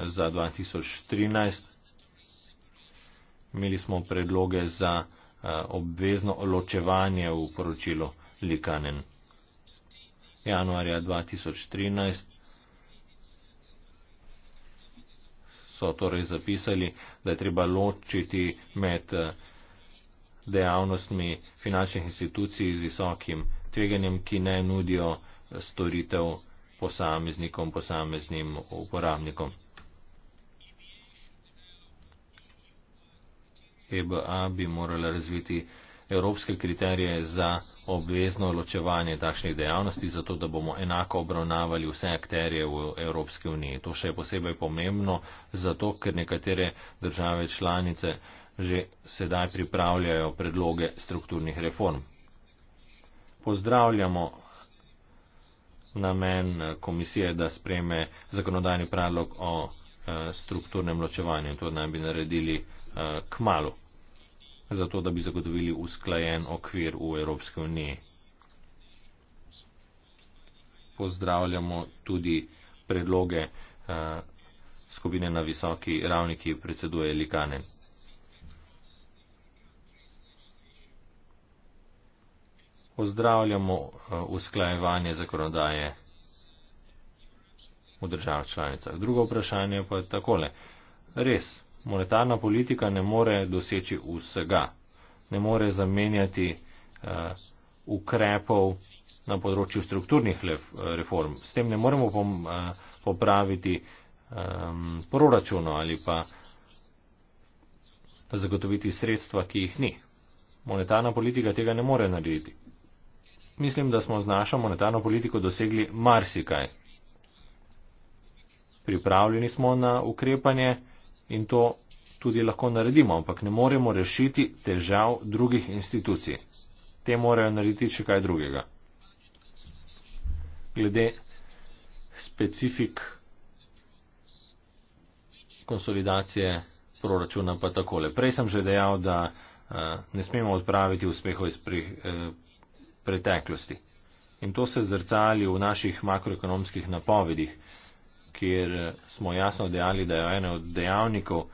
za 2013. Imeli smo predloge za eh, obvezno ločevanje v poročilu Likanen. Januarja 2013 so torej zapisali, da je treba ločiti med eh, dejavnostmi finančnih institucij z visokim tveganjem, ki ne nudijo eh, storitev posameznikom, posameznim uporabnikom. EBA bi morala razviti evropske kriterije za obvezno ločevanje takšnih dejavnosti, zato da bomo enako obravnavali vse akterje v Evropski uniji. To še je posebej pomembno, zato ker nekatere države članice že sedaj pripravljajo predloge strukturnih reform. Pozdravljamo namen komisije, da spreme zakonodajni predlog o eh, strukturnem ločevanju. To naj bi naredili eh, k malu zato da bi zagotovili usklajen okvir v Evropske unije. Pozdravljamo tudi predloge eh, skupine na visoki ravni, ki predseduje Likane. Pozdravljamo eh, usklajevanje zakonodaje v državah članicah. Drugo vprašanje pa je takole. Res monetarna politika ne more doseči vsega, ne more zamenjati uh, ukrepov na področju strukturnih lef, eh, reform. S tem ne moremo pom, uh, popraviti um, ehm, proračuno ali pa zagotoviti sredstva, ki jih ni. Monetarna politika tega ne more narediti. Mislim, da smo z našo monetarno politiko dosegli marsikaj. Pripravljeni smo na ukrepanje in to tudi lahko naredimo, ampak ne moremo rešiti težav drugih institucij. Te morajo narediti še kaj drugega. Glede specifik konsolidacije proračuna pa takole. Prej sem že dejal, da eh, ne smemo odpraviti uspehov iz pri, eh, preteklosti. In to se zrcali v naših makroekonomskih napovedih kjer eh, smo jasno dejali, da je ena od dejavnikov,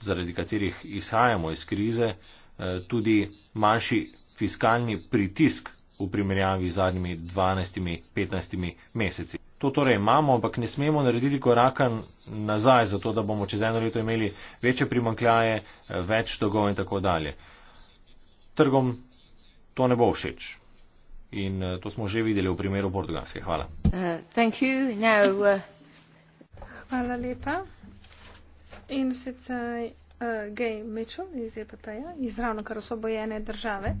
zaradi katerih izhajamo iz krize, eh, tudi manjši fiskalni pritisk v primerjavi z zadnjimi 12-15 meseci. To torej imamo, ampak ne smemo narediti koraka nazaj, zato da bomo čez eno leto imeli večje primankljaje, eh, več dolgov in tako dalje. Trgom to ne bo všeč. In to smo že videli v primeru Portugalske. Hvala. Uh, Hvala lepa. In sicer uh, Gay Mitchell iz EPP-ja, iz ravno kar osvobojene države.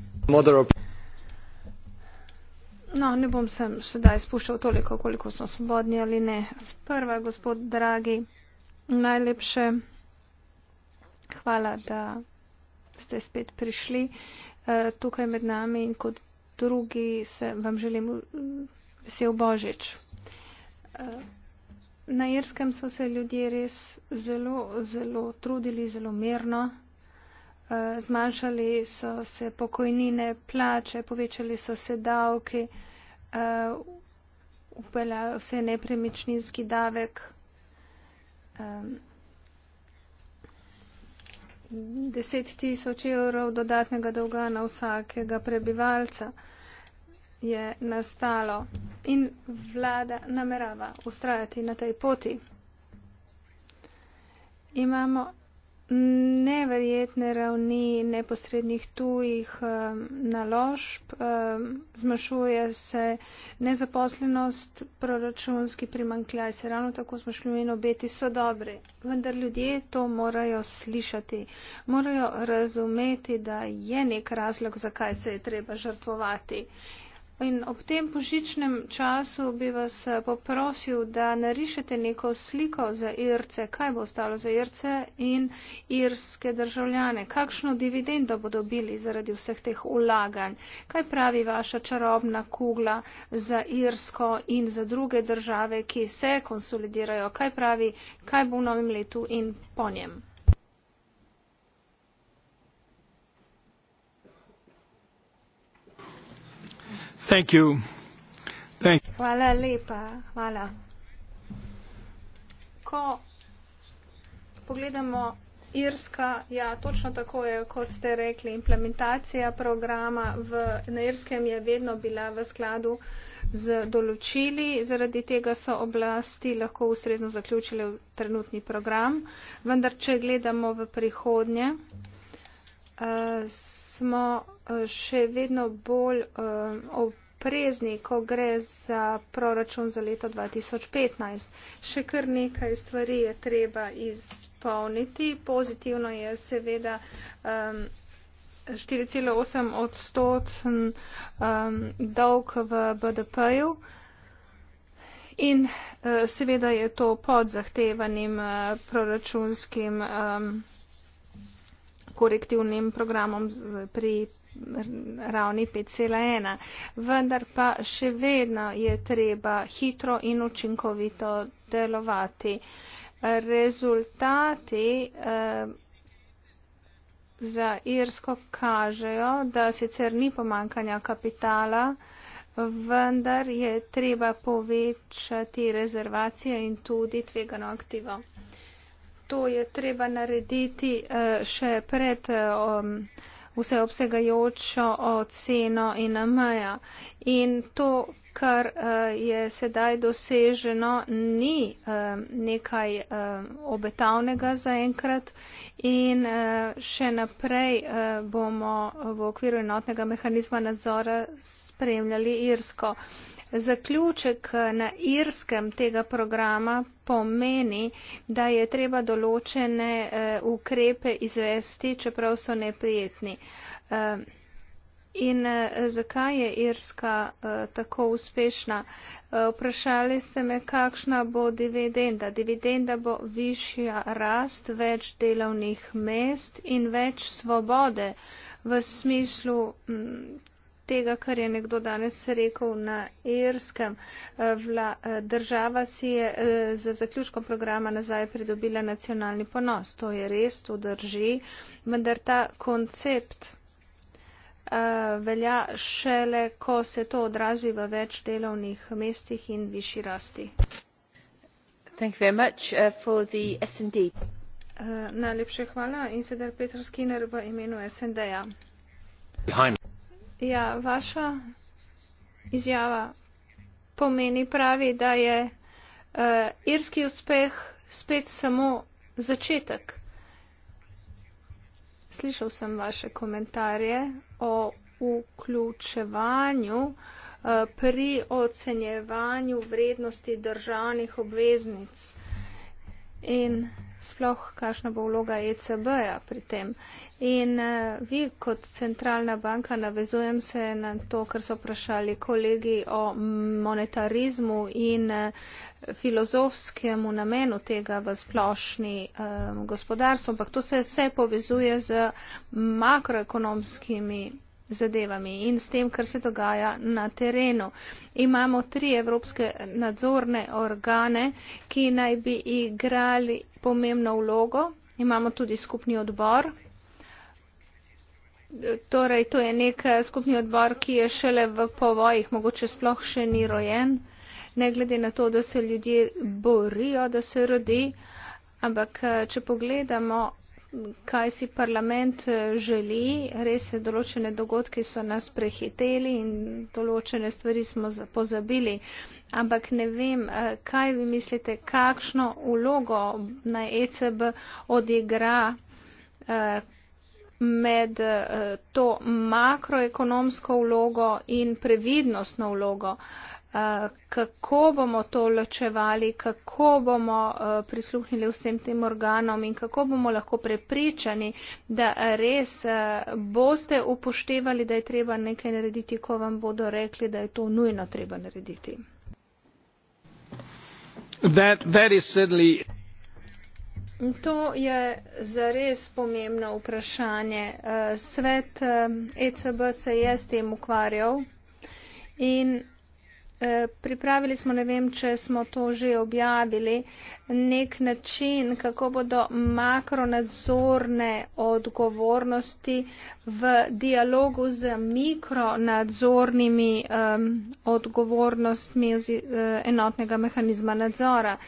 No, ne bom se sedaj spuščal toliko, koliko smo svobodni ali ne. Sprva, gospod dragi, najlepše hvala, da ste spet prišli uh, tukaj med nami in kot drugi se vam želim eh, vesel božič. Uh, na Irskem so se ljudje res zelo, zelo trudili, zelo mirno. Eh, zmanjšali so se pokojnine, plače, povečali so se davki, eh, upeljali se nepremičninski davek. Eh, deset tisoč evrov dodatnega dolga na vsakega prebivalca je nastalo in vlada namerava ustrajati na tej poti. Imamo neverjetne ravni neposrednih tujih um, naložb, um, zmanjšuje se nezaposlenost, proračunski primankljaj se ravno tako zmanjšuje in obeti so dobri. Vendar ljudje to morajo slišati, morajo razumeti, da je nek razlog, zakaj se je treba žrtvovati. In ob tem požičnem času bi vas eh, poprosil, da narišete neko sliko za Irce, kaj bo ostalo za Irce in irske državljane, kakšno dividendo bodo dobili zaradi vseh teh ulaganj, kaj pravi vaša čarobna kugla za Irsko in za druge države, ki se konsolidirajo, kaj pravi, kaj bo v novem letu in po njem. Thank you. Thank you. Hvala lepa, hvala. Ko pogledamo Irska, ja, točno tako je, kot ste rekli, implementacija programa v, na Irskem je vedno bila v skladu z določili, zaradi tega so oblasti lahko ustrezno zaključile trenutni program. Vendar, če gledamo v prihodnje, uh, smo eh, še vedno bolj eh, oprezni, ko gre za proračun za leto 2015. Še kar nekaj stvari je treba izpolniti. Pozitivno je seveda 4,8 odstotn dolg v BDP-ju. In eh, seveda je to pod zahtevanim proračunskim korektivnim programom pri ravni 5,1. Vendar pa še vedno je treba hitro in učinkovito delovati. Rezultati eh, za Irsko kažejo, da sicer ni pomankanja kapitala, vendar je treba povečati rezervacije in tudi tvegano aktivo to je treba narediti eh, še pred eh, um, vseobsegajočo oceno in meja. In to, kar eh, je sedaj doseženo, ni nekaj obetavnega zaenkrat in še naprej bomo v okviru enotnega mehanizma nadzora spremljali Irsko zaključek na irskem tega programa pomeni, da je treba določene eh, ukrepe izvesti, čeprav so neprijetni. Eh, in eh, zakaj je Irska tako uspešna? Vprašali ste me, kakšna bo dividenda. Dividenda bo višja rast, več delovnih mest in več svobode v smislu mm, tega, kar je nekdo danes rekel na irskem. Eh, vla, eh, država si je eh, za zaključkom programa nazaj pridobila nacionalni ponos. To je res, to drži, vendar ta koncept velja šele, ko se to odrazi v več delovnih mestih in višji rasti. Thank you very much uh, for the SND. Uh, najlepše hvala in sedaj Petr Skinner v imenu SND-ja. Behind. Ja, vaša izjava pomeni pravi, da je uh, irski uspeh spet samo začetek. Slišal sem vaše komentarje o vključevanju uh, pri ocenjevanju vrednosti državnih obveznic. In sploh kakšna bo vloga ECB-ja pri tem. In eh, vi kot centralna banka, navezujem se na to, kar so vprašali kolegi o monetarizmu in eh, filozofskemu namenu tega v splošni um, gospodarstvu, ampak to se vse povezuje z makroekonomskimi zadevami in s tem, kar se dogaja na terenu. Imamo tri evropske nadzorne organe, ki naj bi igrali pomembno vlogo. Imamo tudi skupni odbor. Torej, to je nek eh, skupni odbor, ki je šele v povojih, mogoče sploh še ni rojen, ne glede na to, da se ljudje borijo, da se rodi. Ampak, eh, če pogledamo kaj si parlament eh, želi. Res je, določene dogodki so nas prehiteli in določene stvari smo pozabili. Ampak ne vem, eh, kaj vi mislite, kakšno ulogo naj ECB odigra eh, med to makroekonomsko vlogo in previdnostno vlogo kako bomo to ločevali, kako bomo eh, prisluhnili vsem tem organom in kako bomo lahko prepričani, da res eh, boste upoštevali, da je treba nekaj narediti, ko vam bodo rekli, da je to nujno treba narediti. That, that certainly... To je zares pomembno vprašanje. Eh, svet ECB e se je s tem ukvarjal in pripravili smo, ne vem, če smo to že objavili, nek način, kako bodo makronadzorne odgovornosti v dialogu z mikronadzornimi um, odgovornostmi oz, uh, e, enotnega mehanizma nadzora. Uh,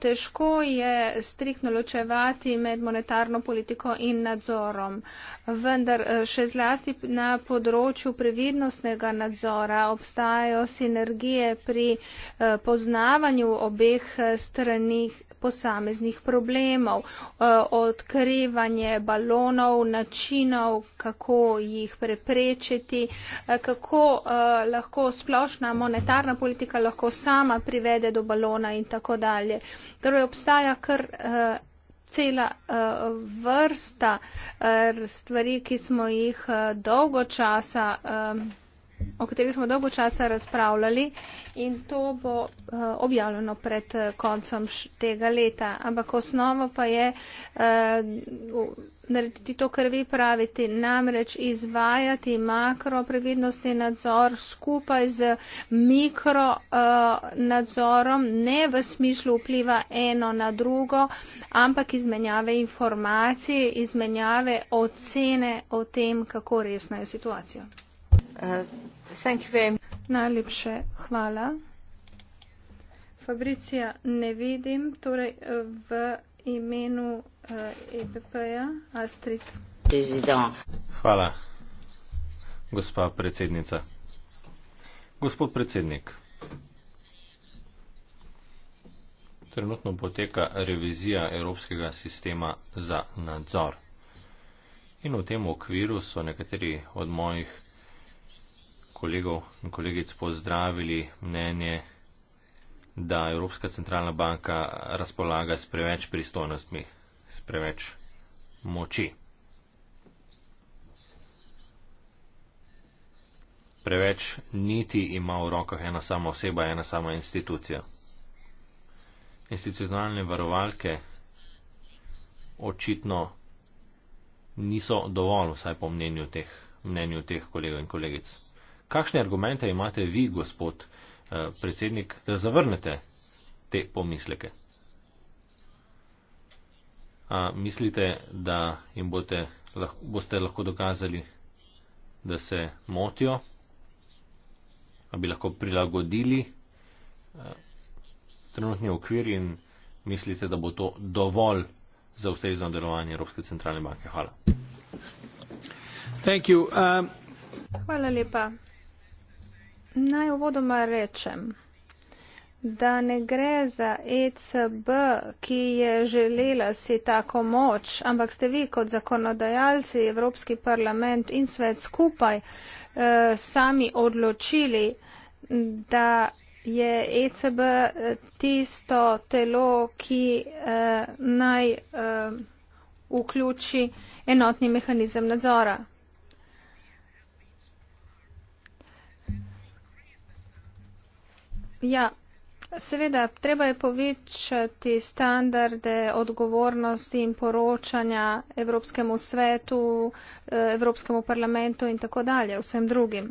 težko je striktno ločevati med monetarno politiko in nadzorom, vendar e, še zlasti na področju previdnostnega nadzora obstajajo sinergije energije pri eh, poznavanju obeh eh, stranih posameznih problemov, eh, odkrivanje balonov, načinov, kako jih preprečiti, kako lahko splošna monetarna politika lahko sama privede do balona in tako dalje. Torej obstaja kar cela vrsta stvari, ki smo jih dolgo časa o kateri smo dolgo časa razpravljali in to bo eh, objavljeno pred eh, koncem tega leta. Ampak osnova pa je eh, narediti to, kar vi pravite, namreč izvajati makroprevidnostni nadzor skupaj z mikro nadzorom, ne v smislu vpliva eno na drugo, ampak izmenjave informacije, izmenjave ocene o tem, kako resna je situacija. Najlepše hvala. Fabricija ne vidim, torej eh, v imenu EPP-ja eh, e Astrid. Hvala, gospa predsednica. Gospod predsednik, trenutno poteka revizija Evropskega sistema za nadzor. In v tem okviru so nekateri od mojih kolegov in kolegic pozdravili mnenje, da Evropska centralna banka razpolaga s preveč pristojnostmi, s preveč moči. Preveč niti ima v rokah ena sama oseba, ena sama institucija. Institucionalne varovalke očitno niso dovolj, vsaj po mnenju teh, mnenju teh kolegov in kolegic. Kakšne argumente imate vi, gospod eh, predsednik, da zavrnete te pomisleke? A mislite, da jim boste, boste lahko dokazali, da se motijo, da bi lahko prilagodili eh, trenutni okvir in mislite, da bo to dovolj za ustrezno delovanje Evropske centralne banke? Hvala. Um. Hvala lepa. Naj uvodoma rečem, da ne gre za ECB, ki je želela si tako moč, ampak ste vi kot zakonodajalci, Evropski parlament in svet skupaj eh, sami odločili, da je ECB tisto telo, ki eh, naj eh, vključi enotni mehanizem nadzora. Ja, seveda, treba je povečati standarde odgovornosti in poročanja Evropskemu svetu, eh, Evropskemu parlamentu in tako dalje, vsem drugim.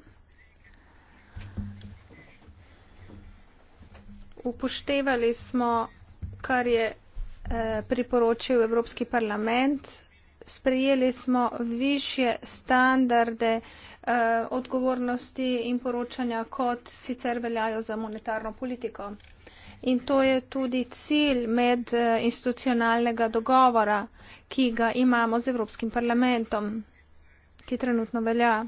Upoštevali smo, kar je eh, priporočil Evropski parlament, sprejeli smo više standarde eh, odgovornosti in poročanja, kot sicer veljajo za monetarno politiko. In to je tudi cilj medinstitucionalnega eh, dogovora, ki ga imamo z Evropskim parlamentom, ki trenutno velja.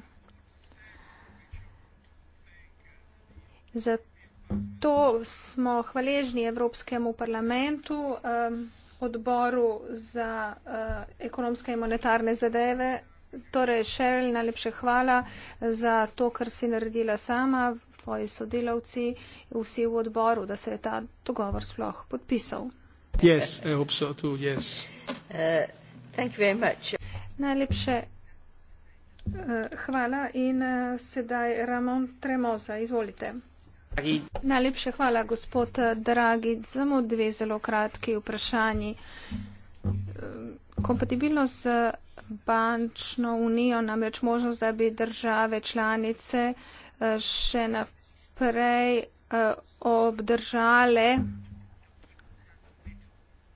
Zato smo hvaležni Evropskemu parlamentu. Eh, odboru za uh, ekonomske in monetarne zadeve. Torej, Sheryl, najlepše hvala za to, kar si naredila sama, tvoji sodelavci, vsi v odboru, da se je ta dogovor sploh podpisal. Yes, I hope so too, yes. Uh, thank you very much. Najlepše uh, hvala in uh, sedaj Ramon Tremoza, izvolite. Dragi. Najlepše hvala, gospod Dragi. Samo dve zelo kratki vprašanji. Kompatibilnost z bančno unijo namreč možnost, da bi države članice eh, še naprej eh, obdržale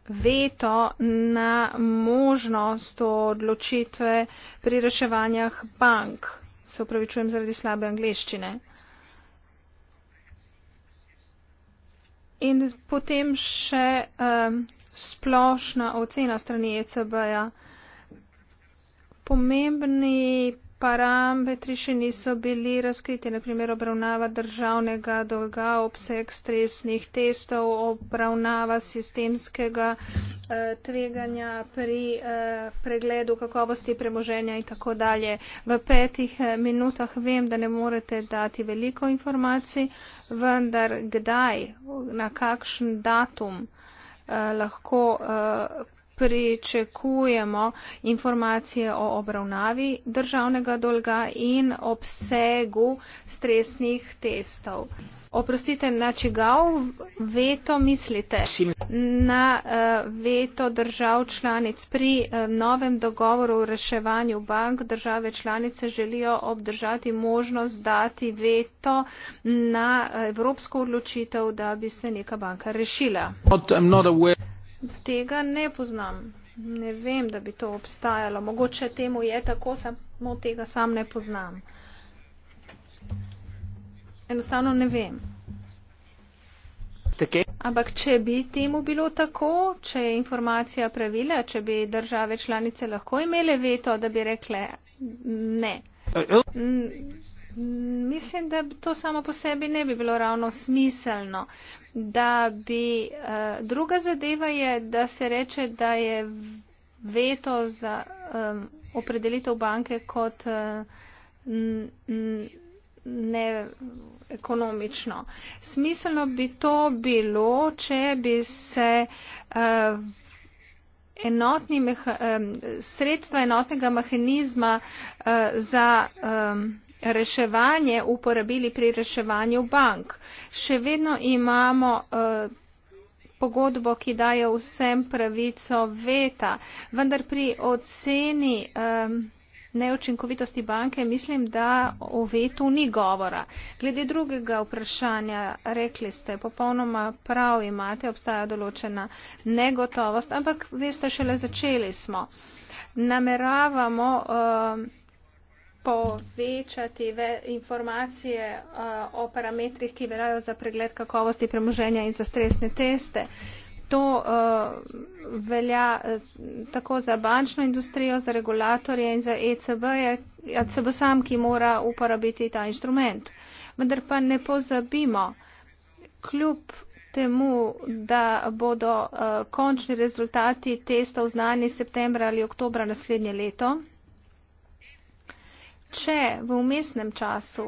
veto na možnost odločitve pri reševanjah bank. Se upravičujem zaradi slabe angliščine. In potem še um, splošna ocena strani ECB-ja. Pomembni parametri še niso bili razkriti, naprimer obravnava državnega dolga, obseg stresnih testov, obravnava sistemskega eh, tveganja pri eh, pregledu kakovosti premoženja in tako dalje. V petih eh, minutah vem, da ne morete dati veliko informacij, vendar kdaj, na kakšen datum eh, lahko eh, pričakujemo informacije o obravnavi državnega dolga in obsegu stresnih testov. Oprostite, na čigav veto mislite? Na eh, veto držav članic pri eh, novem dogovoru o reševanju bank države članice želijo obdržati možnost dati veto na eh, evropsko odločitev, da bi se neka banka rešila. Tega ne poznam. Ne vem, da bi to obstajalo. Mogoče temu je tako, samo tega sam ne poznam. Enostavno ne vem. Ampak, če bi temu bilo tako, če je informacija pravila, če bi države članice lahko imele veto, da bi rekle ne. Mislim, da to samo po sebi ne bi bilo ravno smiselno. Bi, uh, druga zadeva je, da se reče, da je veto za um, opredelitev banke kot uh, eh, neekonomično. Smiselno bi to bilo, če bi se uh, enotni meha, um, sredstva enotnega mehanizma uh, za um, reševanje uporabili pri reševanju bank. Še vedno imamo eh, pogodbo, ki daje vsem pravico veta, vendar pri oceni eh, neučinkovitosti banke mislim, da o vetu ni govora. Glede drugega vprašanja, rekli ste, popolnoma prav imate, obstaja določena negotovost, ampak veste, šele začeli smo. Nameravamo uh, povečati ve, informacije uh, o parametrih, ki veljajo za pregled kakovosti premoženja in za stresne teste. To uh, velja uh, tako za bančno industrijo, za regulatorje in za ECB, je ECB sam, ki mora uporabiti ta instrument. Vendar pa ne pozabimo, kljub temu, da bodo uh, končni rezultati testov znani septembra ali oktobra naslednje leto, če v umestnem času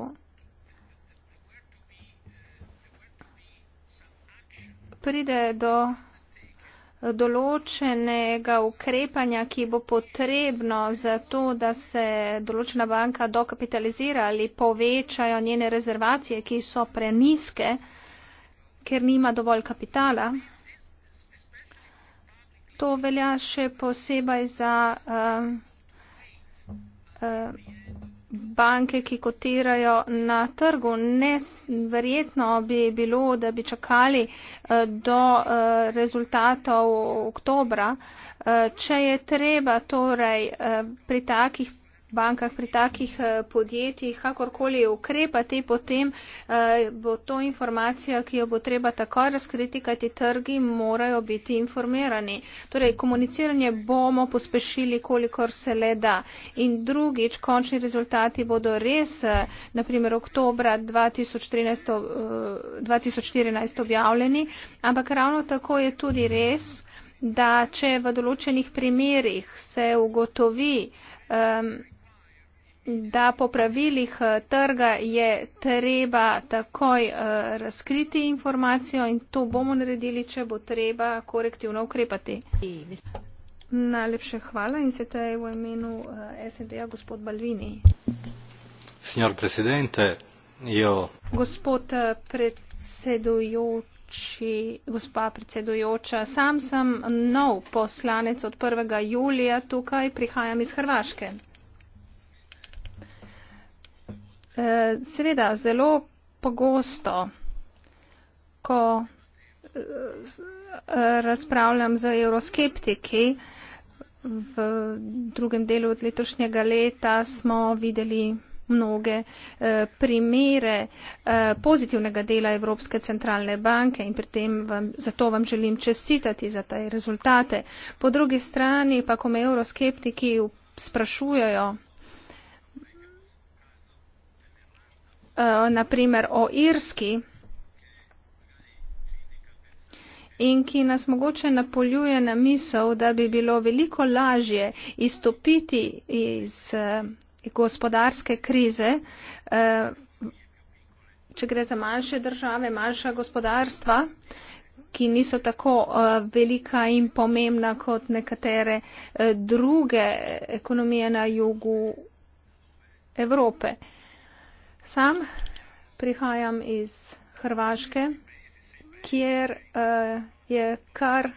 pride do določenega ukrepanja, ki bo potrebno za to, da se določena banka dokapitalizira ali povečajo njene rezervacije, ki so preniske, ker nima dovolj kapitala. To velja še posebej za um, um, banke, ki kotirajo na trgu. Neverjetno bi bilo, da bi čakali eh, do eh, rezultatov oktobra. Eh, če je treba torej pri takih bankah, pri takih eh, podjetjih, kakorkoli ukrepati, potem eh, bo to informacija, ki jo bo treba takoj razkriti, kajti trgi morajo biti informirani. Torej, komuniciranje bomo pospešili, kolikor se le da. In drugič, končni rezultati bodo res, eh, naprimer, oktobra 2013, 2014 objavljeni, ampak ravno tako je tudi res, da če v določenih primerjih se ugotovi, um, da po pravilih eh, trga je treba takoj eh, razkriti informacijo in to bomo naredili, če bo treba korektivno ukrepati. Najlepše hvala in se tudi v imenu eh, SND-a gospod Balvini. Gospod predsedujoči, gospa predsedujoča, sam sem nov poslanec od 1. julija tukaj, prihajam iz Hrvaške. Eh, seveda, zelo pogosto, ko eh, razpravljam z euroskeptiki, v drugem delu od letošnjega leta smo videli mnoge eh, primere pozitivnega dela Evropske centralne banke in pri tem vam, zato vam želim čestitati za te rezultate. Po drugi strani pa, ko me euroskeptiki sprašujejo, uh, eh, naprimer o Irski in ki nas mogoče napoljuje na misel, da bi bilo veliko lažje izstopiti iz uh, gospodarske krize, uh, če gre za manjše države, manjša gospodarstva ki niso tako uh, velika in pomembna kot nekatere uh, druge ekonomije na jugu Evrope. Uh, Sam prihajam iz Hrvaške, kjer uh, je kar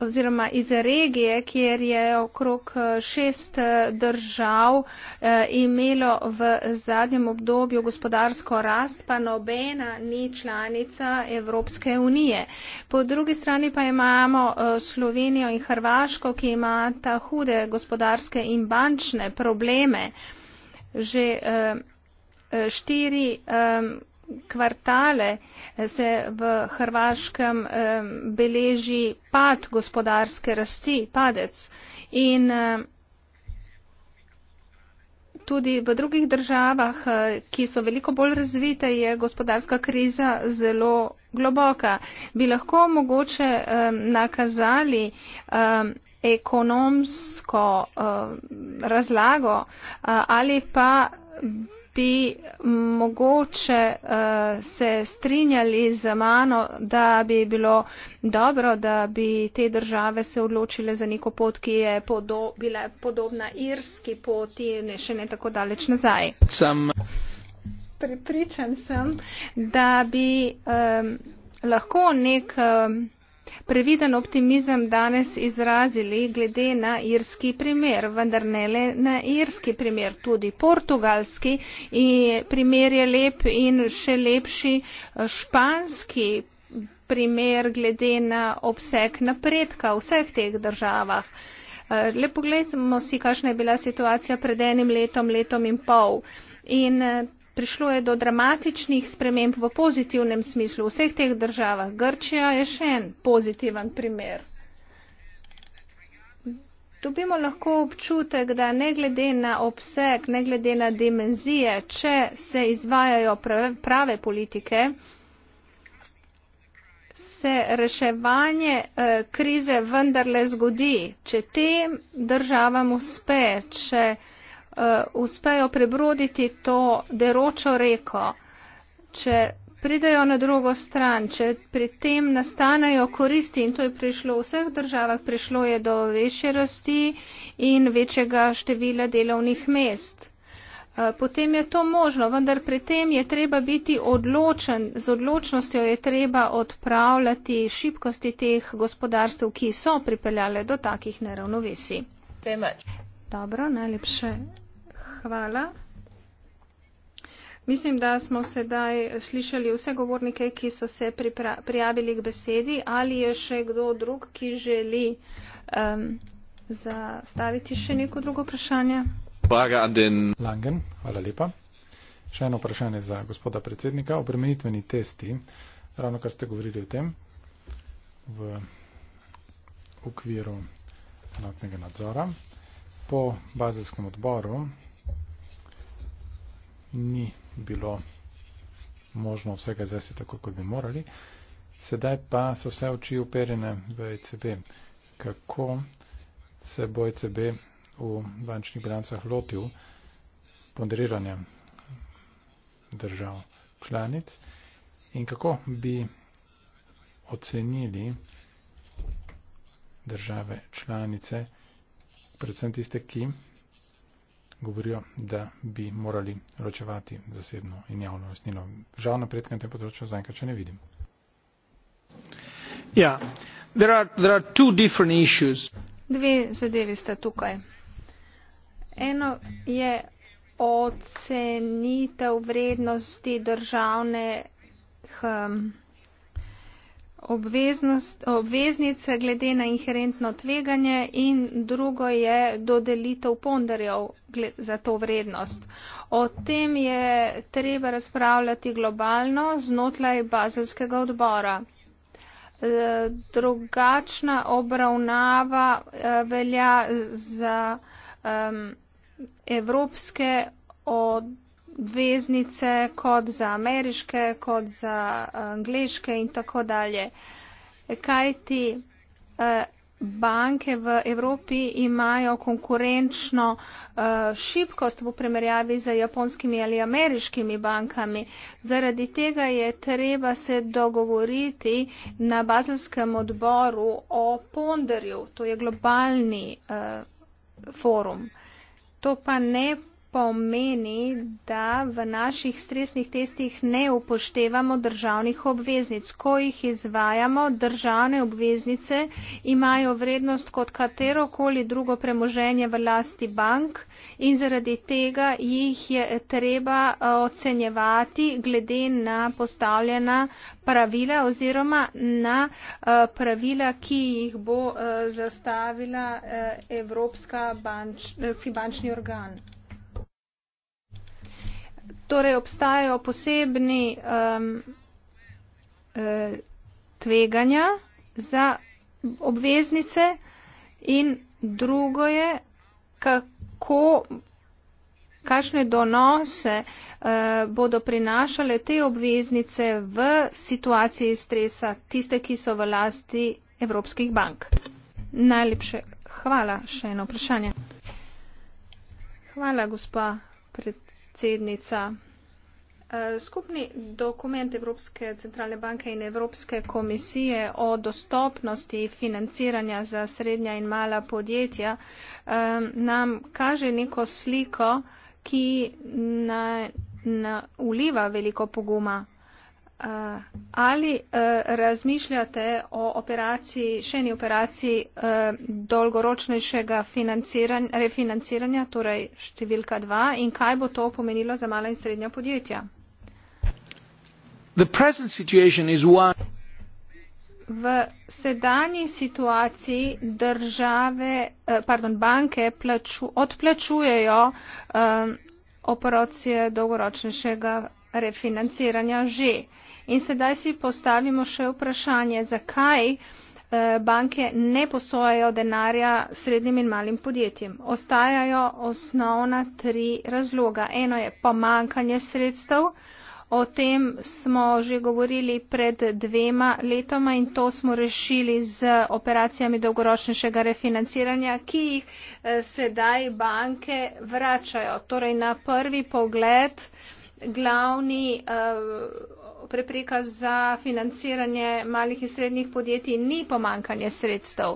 oziroma iz regije, kjer je okrog eh, šest eh, držav eh, imelo v zadnjem obdobju gospodarsko rast, pa nobena ni članica Evropske unije. Po drugi strani pa imamo Slovenijo in Hrvaško, ki imata hude gospodarske in bančne probleme. Že eh, štiri kvartale eh, se v Hrvaškem beleži pad gospodarske rasti, padec. In tudi v drugih državah, eh, ki so veliko bolj razvite, je gospodarska kriza zelo globoka. Bi lahko mogoče nakazali ekonomsko razlago eh, ali pa bi mogoče uh, se strinjali z mano, da bi bilo dobro, da bi te države se odločile za neko pot, ki je podo bila podobna irski poti ne, še ne tako daleč nazaj. Sem. Pripričan sem, da bi um, lahko nek. Um, previden optimizem danes izrazili glede na irski primer, vendar ne le na irski primer, tudi portugalski primer je lep in še lepši eh, španski primer glede na obseg napredka v vseh teh državah. Eh, le poglejmo si, kakšna je bila situacija pred enim letom, letom in pol. In eh, prišlo je do dramatičnih sprememb v pozitivnem smislu v vseh teh državah. Grčija je še en pozitiven primer. Dobimo lahko občutek, da ne glede na obseg, ne glede na dimenzije, če se izvajajo prave politike, se reševanje eh, krize vendarle zgodi, če tem državam uspe, če uh, uspejo prebroditi to deročo reko, če pridejo na drugo stran, če pri tem nastanejo koristi in to je prišlo v vseh državah, prišlo je do večje rasti in večjega števila delovnih mest. Eh, potem je to možno, vendar pri tem je treba biti odločen, z odločnostjo je treba odpravljati šibkosti teh gospodarstv, ki so pripeljale do takih neravnovesij. Dobro, najlepše hvala. Mislim, da smo sedaj slišali vse govornike, ki so se pripra, prijavili k besedi. Ali je še kdo drug, ki želi um, zastaviti še neko drugo vprašanje? Langen, hvala lepa. Še eno vprašanje za gospoda predsednika. Obremenitveni testi, ravno kar ste govorili o tem, v okviru enotnega nadzora. Po bazilskem odboru ni bilo možno vsega zvesti tako, kot bi morali. Sedaj pa so vse oči uperjene v ECB. Kako se bo ECB v bančnih bilancah lotil ponderiranja držav članic in kako bi ocenili države članice, predvsem tiste, ki govorijo, da bi morali ločevati zasebno in javno lastnino. Žal napredka na tem področju zaenkrat še ne vidim. Ja, there are, there are two different issues. Dve zadevi sta tukaj. Eno je ocenitev vrednosti državnih um, obveznice glede na inherentno tveganje in drugo je dodelitev ponderjev za to vrednost. O tem je treba razpravljati globalno znotraj bazelskega odbora. E, drugačna obravnava e, velja za um, evropske odbore veznice kot za ameriške, kot za eh, angliške in tako dalje. Kaj ti eh, banke v Evropi imajo konkurenčno eh, šibkost v primerjavi z japonskimi ali ameriškimi bankami. Zaradi tega je treba se dogovoriti na bazilskem odboru o ponderju, to je globalni forum. To pa ne pomeni, da v naših stresnih testih ne upoštevamo državnih obveznic. Ko jih izvajamo, državne obveznice imajo vrednost kot katerokoli drugo premoženje v lasti bank in zaradi tega jih je treba eh, ocenjevati glede na postavljena pravila oziroma na eh, pravila, ki jih bo eh, zastavila Evropska bančni organ torej obstajajo posebni um, eh, tveganja za obveznice in drugo je, kako, kakšne donose uh, bodo prinašale te obveznice v situaciji stresa, tiste, ki so v lasti evropskih bank. Najlepše hvala, še eno vprašanje. Hvala, gospa pred, predsednica. E, skupni dokument Evropske centralne banke in Evropske komisije o dostopnosti financiranja za srednja in mala podjetja e, nam kaže neko sliko, ki na, na, uliva veliko poguma. Eh, ali eh, razmišljate o operaciji, še eni operaciji eh, dolgoročnejšega refinanciranja, torej številka 2, in kaj bo to pomenilo za mala in srednja podjetja? V sedanji situaciji države, pardon, banke odplačujejo operacije dolgoročnejšega refinanciranja že. In sedaj si postavimo še vprašanje, zakaj eh, banke ne posojajo denarja srednjim in malim podjetjem. Ostajajo osnovna tri razloga. Eno je pomankanje sredstev. O tem smo že govorili pred dvema letoma in to smo rešili z operacijami dolgoročnejšega refinanciranja, ki jih eh, sedaj banke vračajo. Torej na prvi pogled glavni eh, prepreka za financiranje malih in srednjih podjetij ni pomankanje sredstev.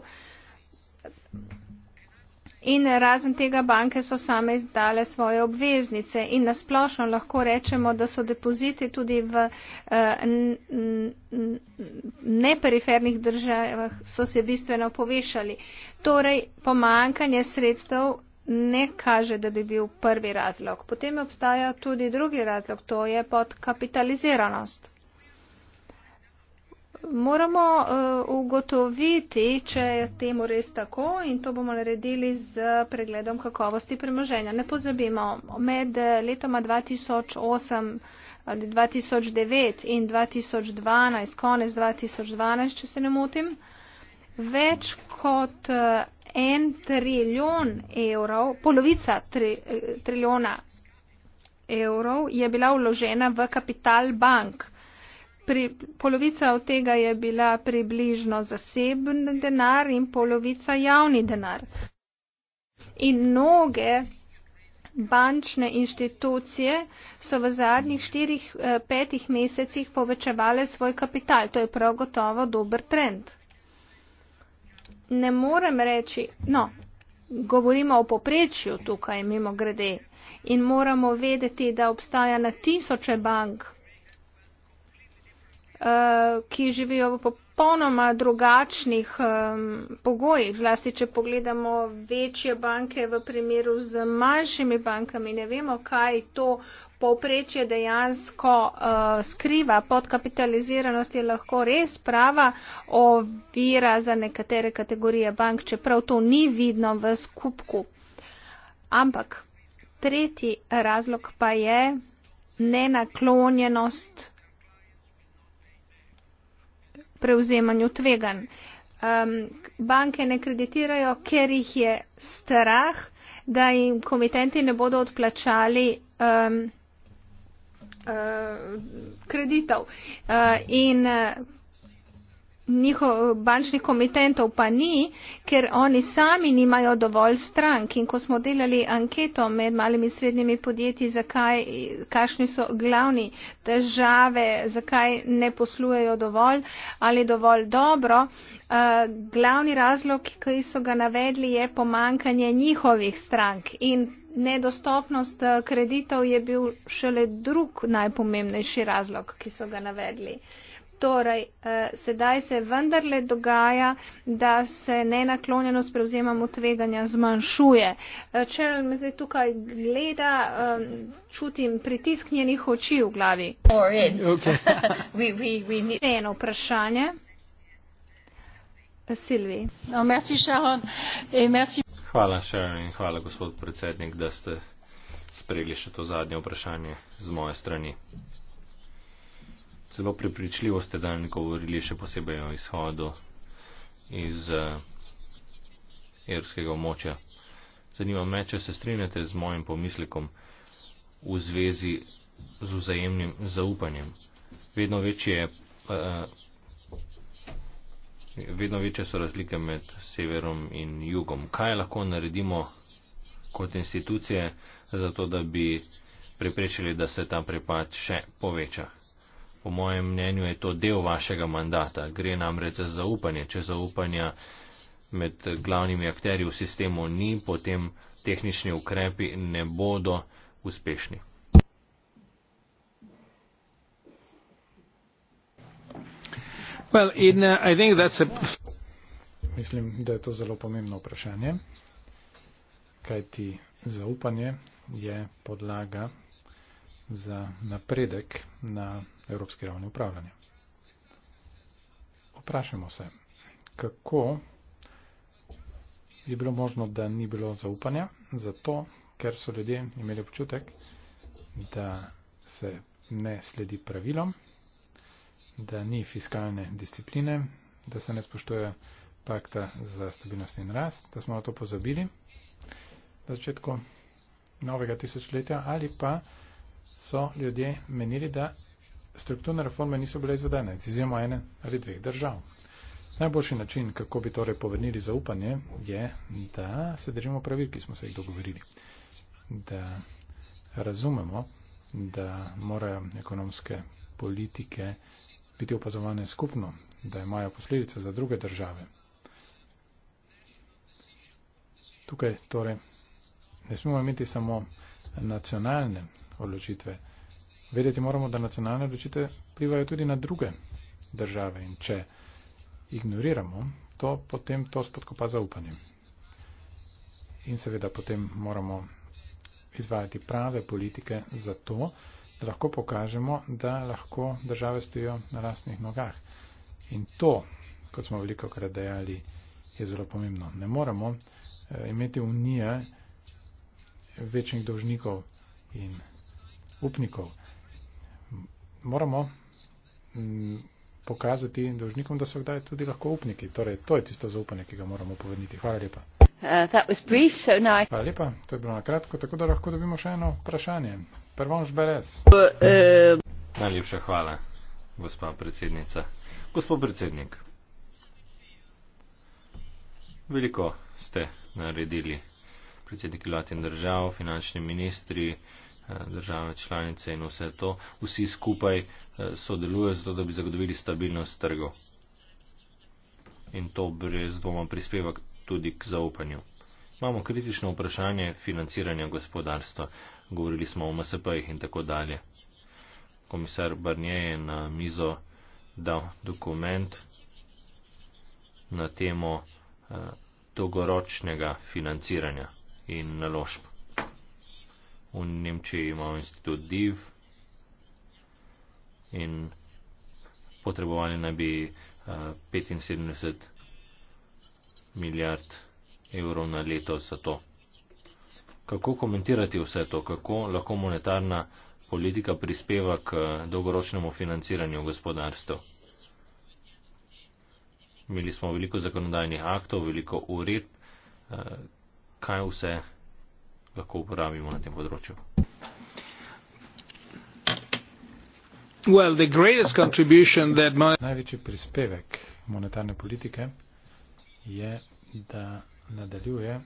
In razen tega banke so same izdale svoje obveznice in nasplošno lahko rečemo, da so depoziti tudi v eh, neperifernih državah so se bistveno povešali. Torej, pomankanje sredstev ne kaže, da bi bil prvi razlog. Potem obstaja tudi drugi razlog, to je podkapitaliziranost. Moramo uh, ugotoviti, če je temu res tako in to bomo naredili z pregledom kakovosti premoženja. Ne pozabimo, med eh, letoma 2008 ali 2009 in 2012, konec 2012, če se ne motim, več kot eh, en trilijon evrov, polovica tri, trilijona evrov je bila vložena v kapital bank. Pri, polovica od tega je bila približno zaseben denar in polovica javni denar. In mnoge bančne inštitucije so v zadnjih štirih, eh, petih mesecih povečevale svoj kapital. To je prav gotovo dober trend ne morem reči, no, govorimo o poprečju tukaj, mimo grede, in moramo vedeti, da obstaja na tisoče bank, uh, ki živijo v poprečju popolnoma drugačnih um, pogojih, zlasti če pogledamo večje banke v primeru z manjšimi bankami. Ne vemo, kaj to povprečje dejansko uh, skriva. Podkapitaliziranost je lahko res prava ovira za nekatere kategorije bank, čeprav to ni vidno v skupku. Ampak tretji razlog pa je nenaklonjenost prevzemanju tvegan. Um, banke ne kreditirajo, ker jih je strah, da jim komitenti ne bodo odplačali um, uh, kreditov. Uh, in, uh, njihov bančnih komitentov pa ni, ker oni sami nimajo dovolj strank. In ko smo delali anketo med malimi in srednjimi podjetji, zakaj, kakšni so glavni težave, zakaj ne poslujejo dovolj ali dovolj dobro, eh, glavni razlog, ki so ga navedli, je pomankanje njihovih strank. In nedostopnost eh, kreditov je bil šele drug najpomembnejši razlog, ki so ga navedli. Torej, eh, sedaj se vendarle dogaja, da se nenaklonjenost prevzemamo tveganja zmanjšuje. Eh, če me zdaj tukaj gleda, eh, čutim pritisk njenih oči v glavi. <laughs> Še eno vprašanje. Silvi. No, hvala, Sharon, in hvala, gospod predsednik, da ste sprejeli še to zadnje vprašanje z moje strani zelo prepričljivo ste dan govorili, še posebej o izhodu iz uh, eh, evropskega območja. Zanima me, če se strinjate z mojim pomislekom v zvezi z vzajemnim zaupanjem. Vedno večje. Uh, Vedno večje so razlike med severom in jugom. Kaj lahko naredimo kot institucije, zato da bi preprečili, da se ta prepad še poveča? Po mojem mnenju je to del vašega mandata. Gre namreč za zaupanje. Če zaupanja med glavnimi akterji v sistemu ni, potem tehnični ukrepi ne bodo uspešni. Well, in, uh, a... Mislim, da je to zelo pomembno vprašanje, kajti zaupanje je podlaga za napredek na evropski ravni upravljanja. Vprašajmo se, kako je bilo možno, da ni bilo zaupanja, zato ker so ljudje imeli občutek, da se ne sledi pravilom, da ni fiskalne discipline, da se ne spoštuje pakta za stabilnost in rast, da smo na to pozabili na začetku novega tisočletja ali pa so ljudje menili, da strukturne reforme niso bile izvedene, z izjemo ene ali dveh držav. Najboljši način, kako bi torej povrnili zaupanje, je, da se držimo pravil, ki smo se jih dogovorili. Da razumemo, da morajo ekonomske politike biti opazovane skupno, da imajo posledice za druge države. Tukaj torej ne smemo imeti samo nacionalne odločitve. Vedeti moramo, da nacionalne odločitve plivajo tudi na druge države in če ignoriramo, to potem to spodkopa zaupanje. In seveda potem moramo izvajati prave politike za to, da lahko pokažemo, da lahko države stojijo na lastnih nogah. In to, kot smo veliko krat dejali, je zelo pomembno. Ne moramo eh, imeti unije večjih dolžnikov in upnikov moramo mm, pokazati dožnikom, da so kdaj tudi lahko upniki. Torej, to je tisto zaupanje, ki ga moramo povedniti. Hvala lepa. Uh, brief, so I... Hvala lepa, to je bilo na kratko, tako da lahko dobimo še eno vprašanje. Prvonž Beres. Uh, uh... Najlepša hvala, gospod predsednica. Gospod predsednik, veliko ste naredili predsedniki latin držav, finančni ministri, države članice in vse to, vsi skupaj eh, sodelujejo zato, da bi zagotovili stabilnost trgov. In to brez dvoma prispeva tudi k zaupanju. Imamo kritično vprašanje financiranja gospodarstva, govorili smo o MSP-jih in tako dalje. Komisar Barnier je na mizo dal dokument na temo eh, dolgoročnega financiranja in naložb v Nemčiji imamo institut DIV in potrebovali naj bi 75 eh, milijard evrov na leto za to. Kako komentirati vse to? Kako lahko monetarna politika prispeva k eh, dolgoročnemu financiranju gospodarstva? Imeli smo veliko zakonodajnih aktov, veliko uredb, eh, kaj vse lahko uporabimo na tem področju. Well, Največji prispevek monetarne politike je, da nadaljuje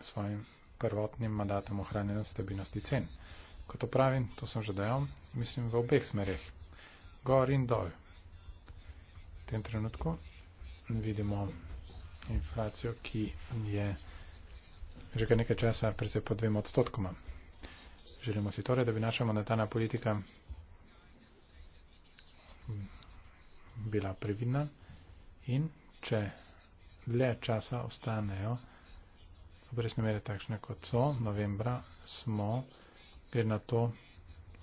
svojim prvotnim mandatom ohranjanja stabilnosti cen. Kot to pravim, to sem že dejal, mislim v obeh smerih, gor in dol. V tem trenutku vidimo inflacijo, ki je že kar nekaj časa predvsej pod dvema odstotkoma. Želimo si torej, da bi naša monetarna politika bila previdna in če dlje časa ostanejo obresne mere takšne kot so, novembra smo glede na to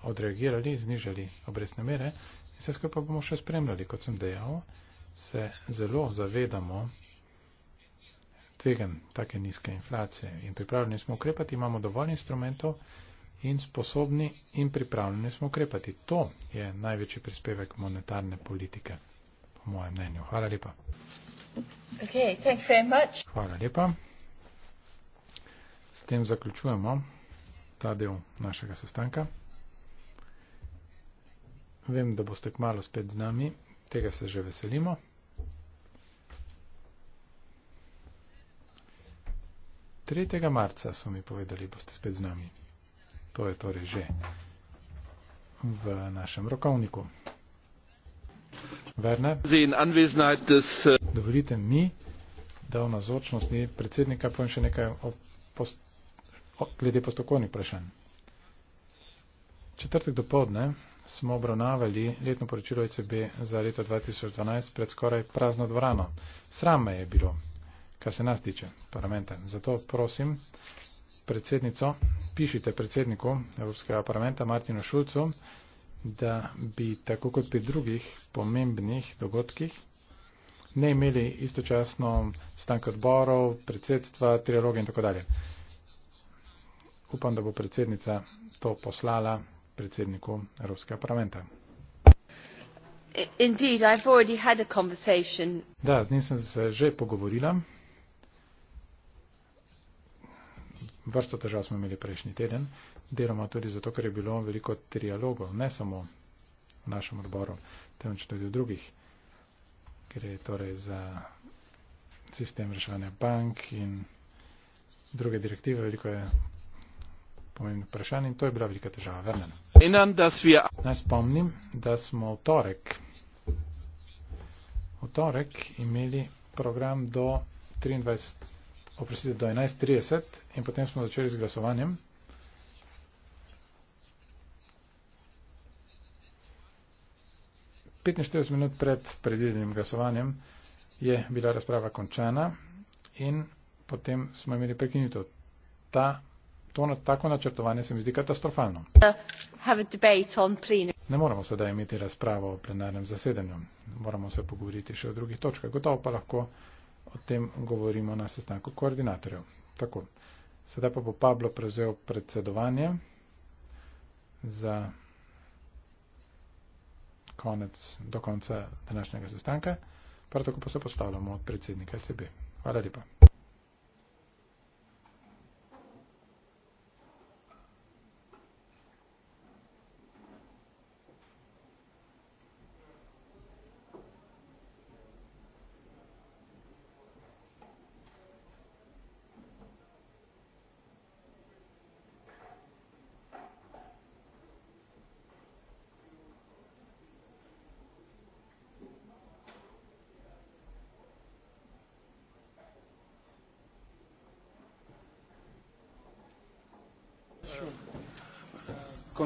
odreagirali, znižali obresne mere in vse skupaj bomo še spremljali, kot sem dejal, se zelo zavedamo, tvegan take nizke inflacije in pripravljeni smo ukrepati, imamo dovolj instrumentov in sposobni in pripravljeni smo ukrepati. To je največji prispevek monetarne politike, po mojem mnenju. Hvala lepa. Okay, Hvala lepa. S tem zaključujemo ta del našega sestanka. Vem, da boste kmalo spet z nami, tega se že veselimo. 3. marca so mi povedali, boste spet z nami. To je torej že v našem rokovniku. Verne, äh, dovolite mi, da v nazočnosti predsednika povem še nekaj o post, o, glede postokovnih vprašanj. Četrtek do povdne smo obravnavali letno poročilo ECB za leto 2012 pred skoraj prazno dvorano. Sram me je bilo kar se nas tiče parlamenta. Zato prosim predsednico, pišite predsedniku Evropskega parlamenta Martinu Šulcu, da bi tako kot pri drugih pomembnih dogodkih ne imeli istočasno stank odborov, predsedstva, triloge in tako dalje. Upam, da bo predsednica to poslala predsedniku Evropskega parlamenta. Indeed, da, z njim sem se že pogovorila. vrsto težav smo imeli prejšnji teden, deloma tudi zato, ker je bilo veliko trialogov, ne samo v našem odboru, temveč tudi v drugih, gre torej za sistem reševanja bank in druge direktive, veliko je pomembnih vprašanj in to je bila velika težava. Naj spomnim, da smo v torek, v torek imeli program do 23 oprostite, do 11.30 in potem smo začeli z glasovanjem. petinštirideset minut pred predvidenim glasovanjem je bila razprava končana in potem smo imeli prekinitev. Ta, to, tako načrtovanje se mi zdi katastrofalno. Uh, ne moramo sedaj imeti razpravo o plenarnem zasedanju, moramo se pogovoriti še o drugih točkah, gotovo pa lahko o tem govorimo na sestanku koordinatorjev. Tako, sedaj pa bo Pablo prevzel predsedovanje za konec, do konca današnjega sestanka, prav tako pa se postavljamo od predsednika ECB. Hvala lepa.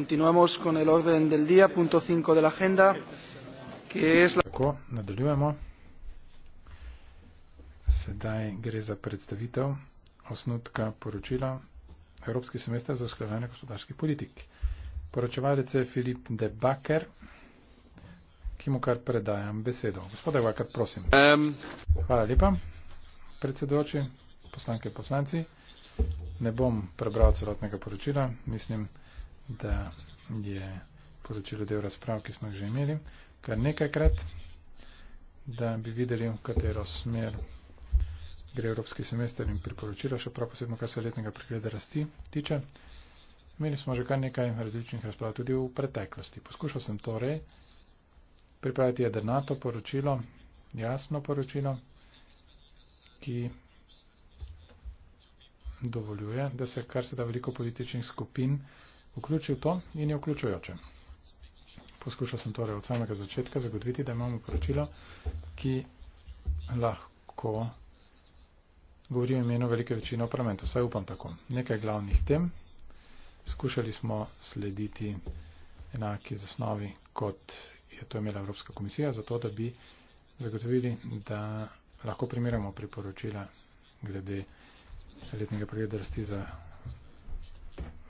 Continuamos con el orden del día, punto 5 de la agenda, que es la. Tako, nadaljujemo. Sedaj gre za predstavitev osnutka poročila Evropski semester za usklajevanje gospodarskih politik. Poročevalec je Filip De Baker, ki mu kar predajam besedo. Gospod Evakar, prosim. Um. Hvala lepa, predsedujoči, poslanke in poslanci. Ne bom prebral celotnega poročila, mislim, da da je poročilo del razprav, ki smo jih že imeli, kar nekajkrat, da bi videli, v katero smer gre Evropski semester in priporočila, še prav posebno, kar se letnega pregleda rasti tiče. Imeli smo že kar nekaj različnih razprav tudi v preteklosti. Poskušal sem torej pripraviti jedrnato poročilo, jasno poročilo, ki dovoljuje, da se kar se da veliko političnih skupin vključil to in je vključujoče. Poskušal sem torej od samega začetka zagotoviti, da imamo poročilo, ki lahko govori o imenu velike večine opramentov. Saj upam tako. Nekaj glavnih tem. Skušali smo slediti enaki zasnovi, kot je to imela Evropska komisija, zato da bi zagotovili, da lahko primerjamo priporočila glede letnega pregleda rasti za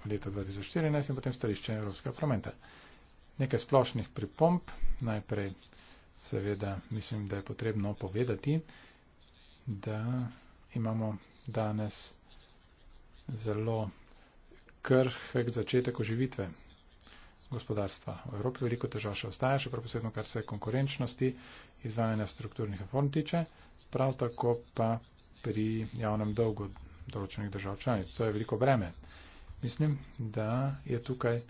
leta 2014 in potem stališče Evropskega parlamenta. Nekaj splošnih pripomp. Najprej seveda mislim, da je potrebno povedati, da imamo danes zelo krhek začetek oživitve gospodarstva. V Evropi veliko težav še ostaja, še prav posebno, kar se konkurenčnosti izvajanja strukturnih reform tiče, prav tako pa pri javnem dolgu določenih držav članic. To je veliko breme mislim, da je tukaj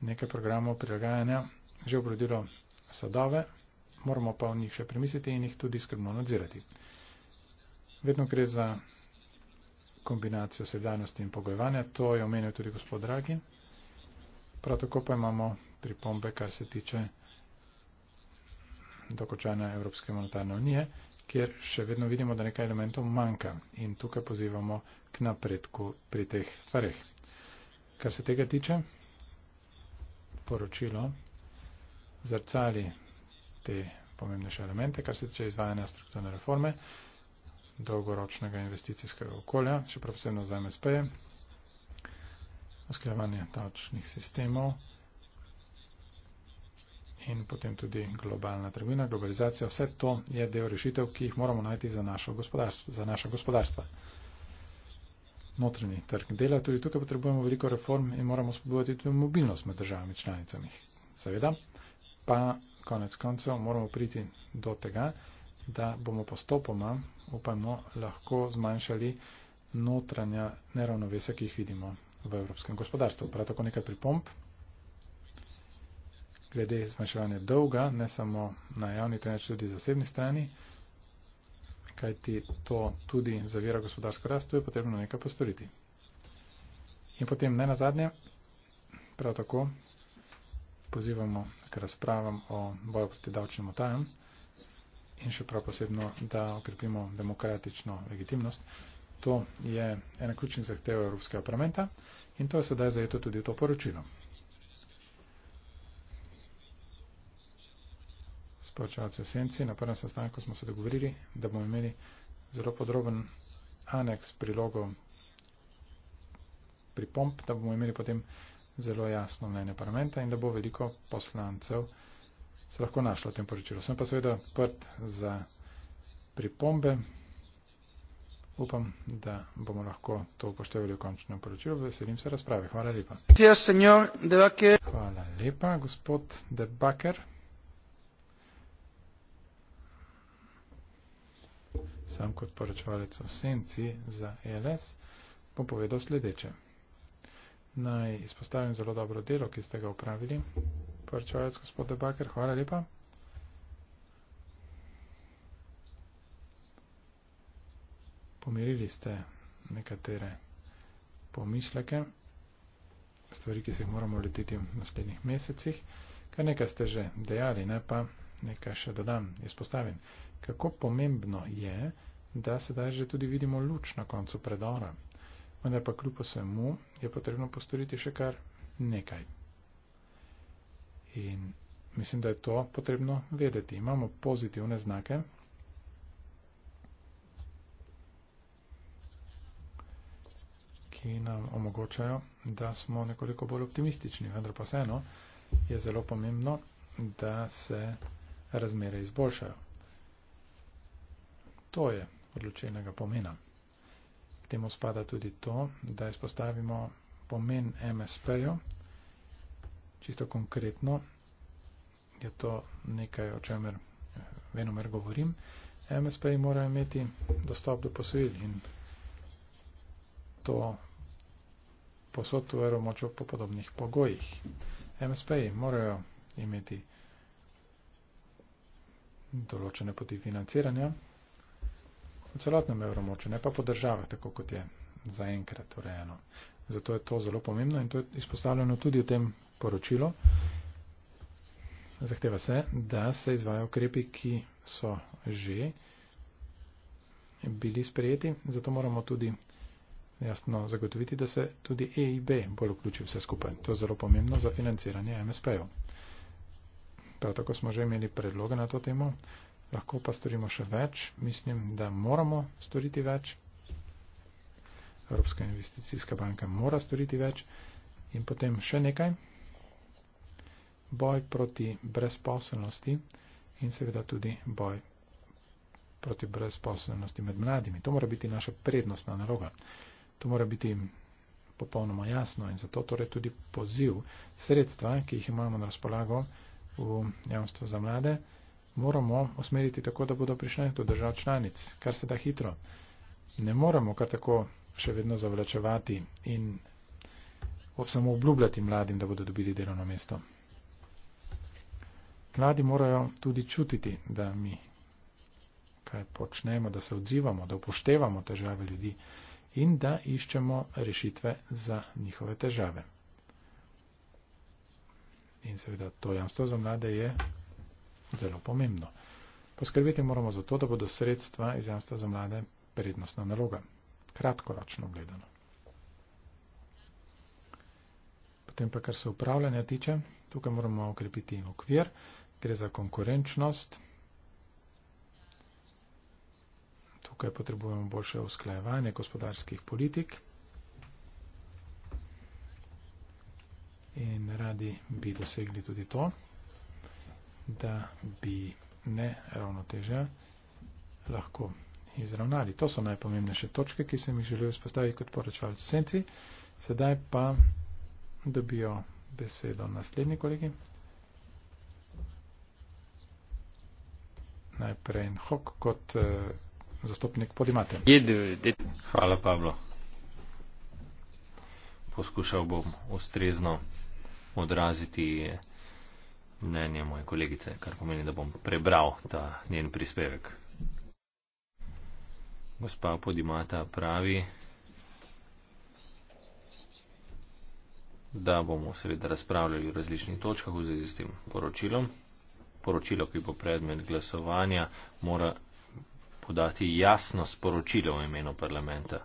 nekaj programov prilagajanja že obrodilo sadove, moramo pa o njih še premisliti in jih tudi skrbno nadzirati. Vedno gre za kombinacijo sedanjosti in pogojevanja, to je omenil tudi gospod Dragi. Prav tako pa imamo pripombe, kar se tiče dokončanja Evropske monetarne unije, kjer še vedno vidimo, da nekaj elementov manjka in tukaj pozivamo k napredku pri teh stvarih kar se tega tiče, poročilo zrcali te pomembnejše elemente, kar se tiče izvajanja strukturne reforme, dolgoročnega investicijskega okolja, še posebno za MSP, usklajevanje davčnih sistemov in potem tudi globalna trgovina, globalizacija, vse to je del rešitev, ki jih moramo najti za, za naše gospodarstva notranji trg dela. Tudi tukaj potrebujemo veliko reform in moramo spodbujati tudi mobilnost med državami članicami. Seveda, pa konec koncev moramo priti do tega, da bomo postopoma, upajmo, lahko zmanjšali notranja neravnovesja, ki jih vidimo v evropskem gospodarstvu. Prav tako nekaj pripomp glede zmanjševanja dolga, ne samo na javni, temveč tudi zasebni strani kajti to tudi zavira gospodarsko rast, tu je potrebno nekaj postoriti. In potem ne nazadnje, prav tako pozivamo k razpravam o boju proti davčnim otajam in še prav posebno, da okrepimo demokratično legitimnost. To je ena ključnih zahtev Evropskega parlamenta in to je sedaj zajeto tudi v to poročilo. spolčevalci v senci. Na prvem sestanku smo se dogovorili, da bomo imeli zelo podroben aneks prilogo pripomp, da bomo imeli potem zelo jasno mnenje parlamenta in da bo veliko poslancev se lahko našlo v tem poročilu. Sem pa seveda prt za pripombe. Upam, da bomo lahko to upoštevali v končnem poročilu. Veselim se razprave. Hvala lepa. Hvala lepa, gospod Debaker. sam kot poročevalec o senci za e LS, bom povedal sledeče. Naj izpostavim zelo dobro delo, ki ste ga upravili. Poročevalec gospod Debaker, hvala lepa. Pomirili ste nekatere pomišljake, stvari, ki se jih moramo letiti v naslednjih mesecih. Kar nekaj ste že dejali, ne pa nekaj še dodam, izpostavim kako pomembno je, da se da že tudi vidimo luč na koncu predora. Vendar pa kljub vsemu je potrebno postoriti še kar nekaj. In mislim, da je to potrebno vedeti. Imamo pozitivne znake. ki nam omogočajo, da smo nekoliko bolj optimistični. Vendar pa vseeno je zelo pomembno, da se razmere izboljšajo. To je odločenega pomena. K temu spada tudi to, da izpostavimo pomen MSP-ju. Čisto konkretno je to nekaj, o čemer eh, venomer govorim. MSP-ji morajo imeti dostop do posojil in to posod v Evromočo po podobnih pogojih. MSP-ji morajo imeti določene poti financiranja, v celotnem evromoču, ne pa po državah, tako kot je zaenkrat urejeno. Zato je to zelo pomembno in to je izpostavljeno tudi v tem poročilu. Zahteva se, da se izvajo ukrepi, ki so že bili sprejeti, zato moramo tudi jasno zagotoviti, da se tudi EIB bolj vključi vse skupaj. To je zelo pomembno za financiranje MSP-jev. Prav tako smo že imeli predloge na to temo, lahko pa storimo še več. Mislim, da moramo storiti več. Evropska investicijska banka mora storiti več. In potem še nekaj. Boj proti brezposelnosti in seveda tudi boj proti brezposelnosti med mladimi. To mora biti naša prednostna naloga. To mora biti popolnoma jasno in zato torej tudi poziv sredstva, ki jih imamo na razpolago v javnstvo za mlade, moramo usmeriti tako, da bodo prišle do držav članic, kar se da hitro. Ne moramo kar tako še vedno zavlačevati in samo obljubljati mladim, da bodo dobili delovno mesto. Mladi morajo tudi čutiti, da mi kaj počnemo, da se odzivamo, da upoštevamo težave ljudi in da iščemo rešitve za njihove težave. In seveda to jamstvo za mlade je zelo pomembno. Poskrbeti moramo za to, da bodo sredstva iz jamstva za mlade prednostna naloga, kratkoročno gledano. Potem pa, kar se upravljanja tiče, tukaj moramo ukrepiti in okvir, gre za konkurenčnost. Tukaj potrebujemo boljše usklajevanje gospodarskih politik in radi bi dosegli tudi to, da bi ne ravnoteže lahko izravnali. To so najpomembnejše točke, ki sem jih želel izpostaviti kot poročevalci senci. Sedaj pa dobijo besedo naslednji kolegi. Najprej en hok kot uh, zastopnik podimate. Hvala, Pablo. Poskušal bom ustrezno odraziti. Je mnenje moje kolegice, kar pomeni, da bom prebral ta njen prispevek. Gospa Podimata pravi, da bomo seveda razpravljali v različnih točkah v zvezi s tem poročilom. Poročilo, ki bo predmet glasovanja, mora podati jasno sporočilo v imenu parlamenta.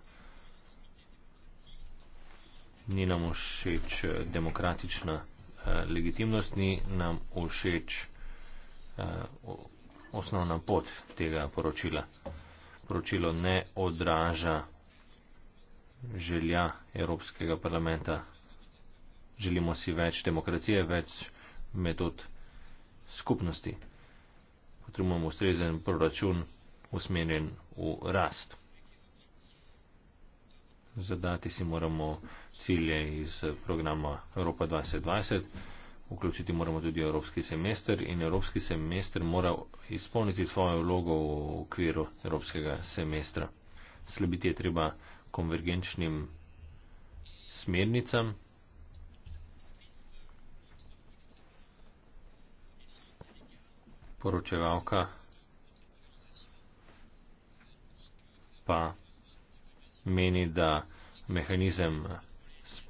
Ni nam všeč demokratična Eh, legitimnost ni nam všeč eh, osnovna pot tega poročila. Poročilo ne odraža želja Evropskega parlamenta. Želimo si več demokracije, več metod skupnosti. Potrebujemo ustrezen proračun usmerjen v rast. Zadati si moramo cilje iz programa Evropa 2020. Vključiti moramo tudi evropski semester in evropski semester mora izpolniti svojo vlogo v okviru evropskega semestra. Slebiti je treba konvergenčnim smernicam. Poročevalka pa meni, da mehanizem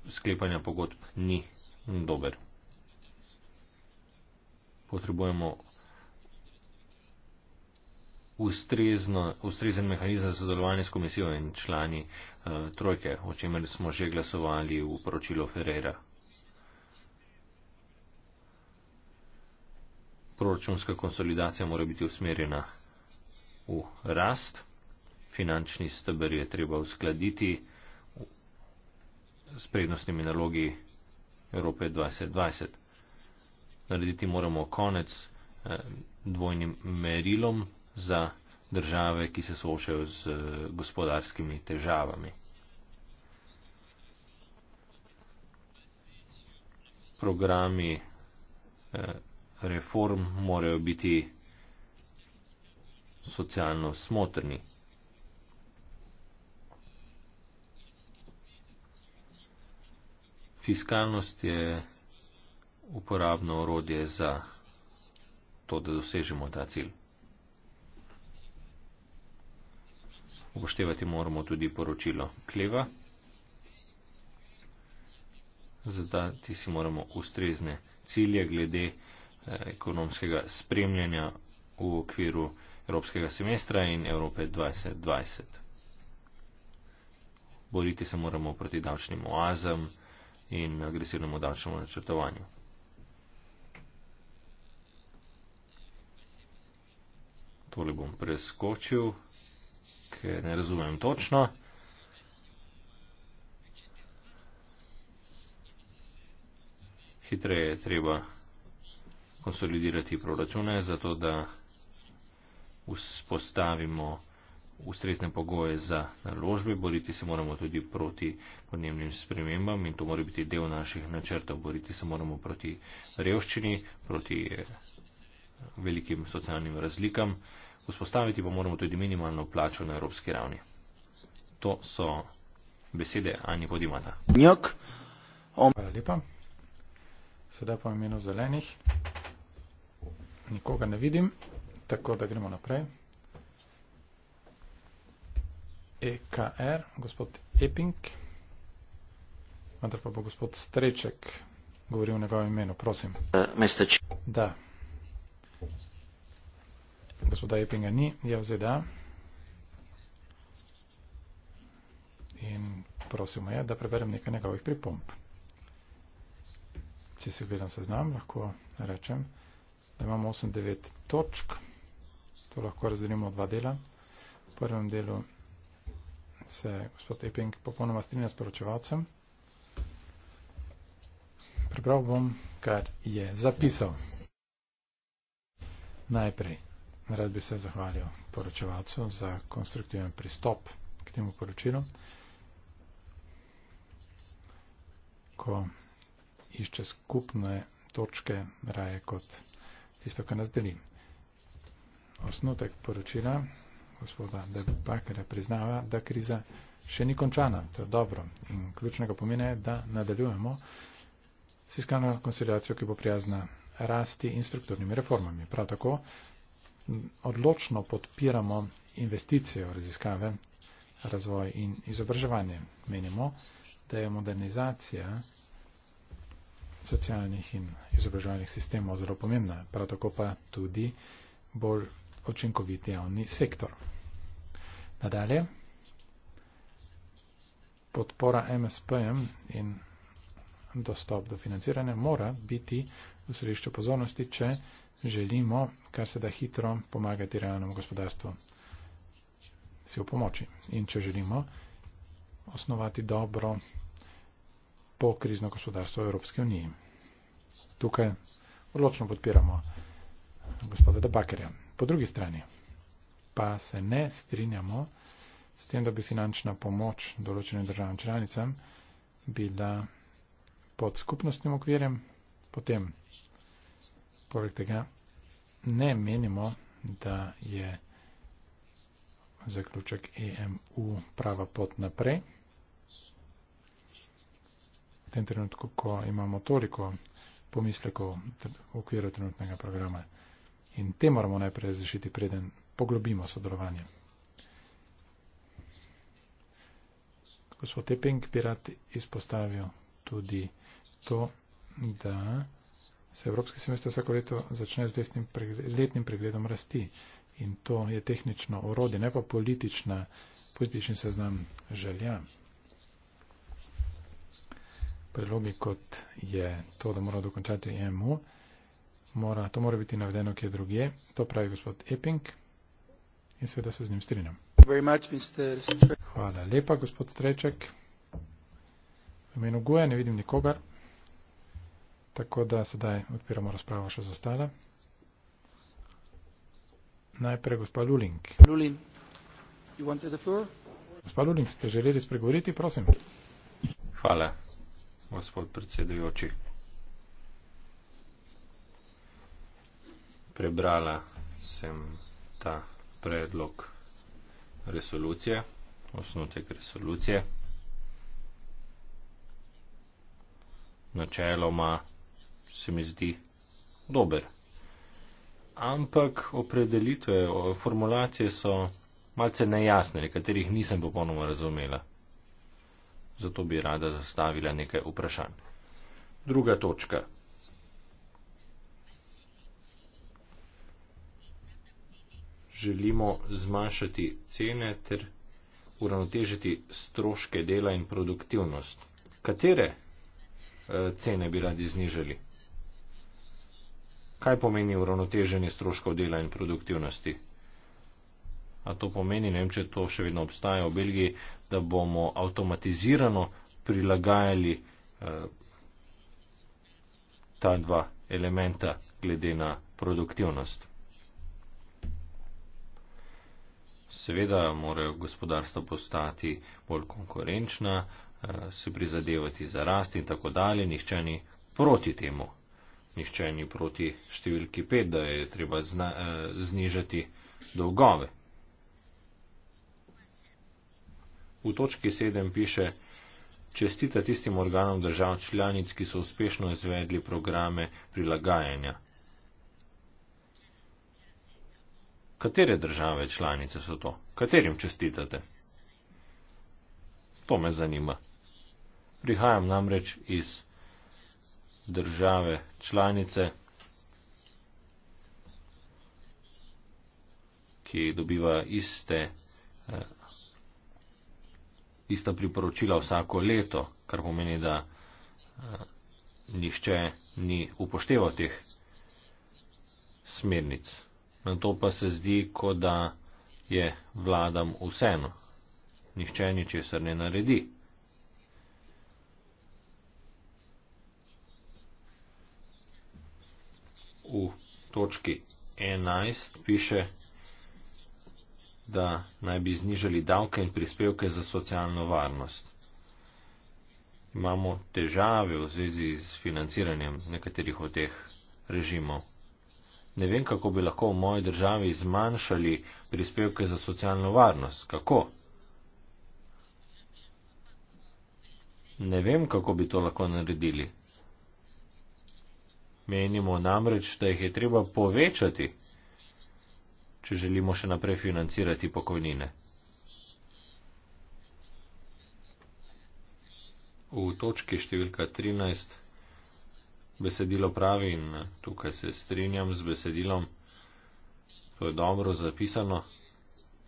sklepanja pogodb ni dober. Potrebujemo ustrezen mehanizem za sodelovanje s komisijo in člani e, trojke, o čemer smo že glasovali v poročilu Ferreira. Proračunska konsolidacija mora biti usmerjena v rast, finančni steber je treba uskladiti s prednostnimi nalogi Evrope 2020. Narediti moramo konec eh, dvojnim merilom za države, ki se soočajo z eh, gospodarskimi težavami. Programi eh, reform morajo biti socialno smotrni. fiskalnost je uporabno orodje za to, da dosežemo ta cilj. Upoštevati moramo tudi poročilo kleva, zato ti si moramo ustrezne cilje glede eh, ekonomskega spremljanja v okviru Evropskega semestra in Evrope 2020. Boriti se moramo proti davčnim oazam, in agresivnemu davčnemu načrtovanju. Tole bom preskočil, ker ne razumem točno. Hitreje je treba konsolidirati proračune, zato da vzpostavimo ustrezne pogoje za naložbe, boriti se moramo tudi proti podnebnim spremembam in to mora biti del naših načrtov. Boriti se moramo proti revščini, proti eh, velikim socialnim razlikam. Vzpostaviti pa moramo tudi minimalno plačo na evropski ravni. To so besede Ani Podimata. Hvala lepa. Sedaj pa imeno zelenih. Nikoga ne vidim, tako da gremo naprej. EKR, gospod Epping, vendar pa bo gospod Streček govoril v njegovem imenu, prosim. Uh, da. Gospoda Epinga ni, je v ZDA. In prosil me je, da preberem nekaj njegovih pripomp. Če si gledam seznam, lahko rečem, da imamo 8-9 točk. To lahko razdelimo v dva dela. V prvem delu se gospod Eping popolnoma strinja s poročevalcem. Prebral bom, kar je zapisal. Najprej, rad bi se zahvalil poročevalcu za konstruktiven pristop k temu poročilu. Ko išče skupne točke, raje kot tisto, kar nas deli. Osnutek poročila gospoda Debakera priznava, da kriza še ni končana. To je dobro in ključnega pomena je, da nadaljujemo s iskalno konsolidacijo, ki bo prijazna rasti in strukturnimi reformami. Prav tako odločno podpiramo investicije v raziskave, razvoj in izobraževanje. Menimo, da je modernizacija socialnih in izobraževalnih sistemov zelo pomembna. Prav tako pa tudi bolj učinkovit javni sektor. Nadalje, podpora MSP-jem in dostop do financiranja mora biti v središču pozornosti, če želimo, kar se da hitro, pomagati realnemu gospodarstvu si v pomoči. In če želimo osnovati dobro pokrizno gospodarstvo v Evropski uniji. Tukaj odločno podpiramo gospoda Debakerja. Po drugi strani pa se ne strinjamo s tem, da bi finančna pomoč določenim državam članicam bila pod skupnostnim okvirjem, potem poleg tega ne menimo, da je zaključek EMU prava pot naprej. V tem trenutku, ko imamo toliko pomislekov v okviru trenutnega programa. In te moramo najprej razrešiti, preden poglobimo sodelovanje. Gospod Teping bi rad izpostavil tudi to, da se Evropski semester vsako leto začne z letnim pregledom rasti. In to je tehnično orodje, ne pa politična, politični seznam želja. Prelomi kot je to, da mora dokončati EMU mora, to mora biti navedeno kje drugje. To pravi gospod Epping in seveda se z njim strinjam. Hvala lepa, gospod Streček. V imenu Guja e ne vidim nikogar, tako da sedaj odpiramo razpravo še za ostale. Najprej gospod Luling. Luling, you wanted the floor? Gospod Luling, ste želeli spregovoriti, prosim. Hvala, gospod predsedujoči. prebrala sem ta predlog resolucije, osnutek resolucije. Načeloma se mi zdi dober. Ampak opredelitve, formulacije so malce nejasne, katerih nisem popolnoma razumela. Zato bi rada zastavila nekaj vprašanj. Druga točka. želimo zmanjšati cene ter uravnotežiti stroške dela in produktivnost. Katere eh, cene bi radi znižali? Kaj pomeni uravnoteženje stroškov dela in produktivnosti? A to pomeni, ne vem, če to še vedno obstaja v Belgiji, da bomo avtomatizirano prilagajali eh, ta dva elementa glede na produktivnost. Seveda morajo gospodarstva postati bolj konkurenčna, eh, si prizadevati za rast in tako dalje. Nihče ni proti temu. Nihče ni proti številki 5, da je treba zna, eh, znižati dolgove. V točki 7 piše, čestita tistim organom držav članic, ki so uspešno izvedli programe prilagajanja. Katere države članice so to? Katerim čestitate? To me zanima. Prihajam namreč iz države članice, ki dobiva iste, eh, ista priporočila vsako leto, kar pomeni, da eh, nihče ni upošteval teh smernic na to pa se zdi, kot da je vladam vseeno. Nihče ničesar ne naredi. V točki 11 piše, da naj bi znižali davke in prispevke za socialno varnost. Imamo težave v zvezi z financiranjem nekaterih od teh režimov. Ne vem, kako bi lahko v moji državi zmanjšali prispevke za socialno varnost. Kako? Ne vem, kako bi to lahko naredili. Menimo namreč, da jih je treba povečati, če želimo še naprej financirati pokojnine. V točki številka 13 besedilo pravi in tukaj se strinjam z besedilom, to je dobro zapisano,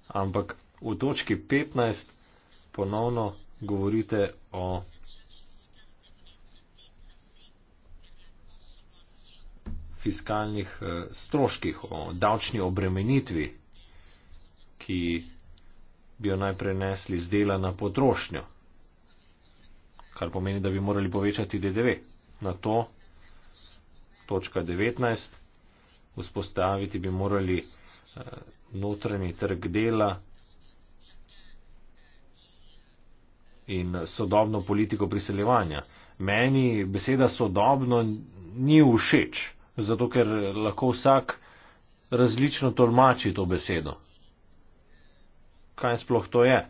ampak v točki 15 ponovno govorite o fiskalnih eh, stroških, o davčni obremenitvi, ki bi jo naj prenesli z dela na potrošnjo, kar pomeni, da bi morali povečati DDV. Na to točka 19. Vzpostaviti bi morali eh, notranji trg dela in sodobno politiko priseljevanja. Meni beseda sodobno ni všeč, zato ker lahko vsak različno tolmači to besedo. Kaj sploh to je?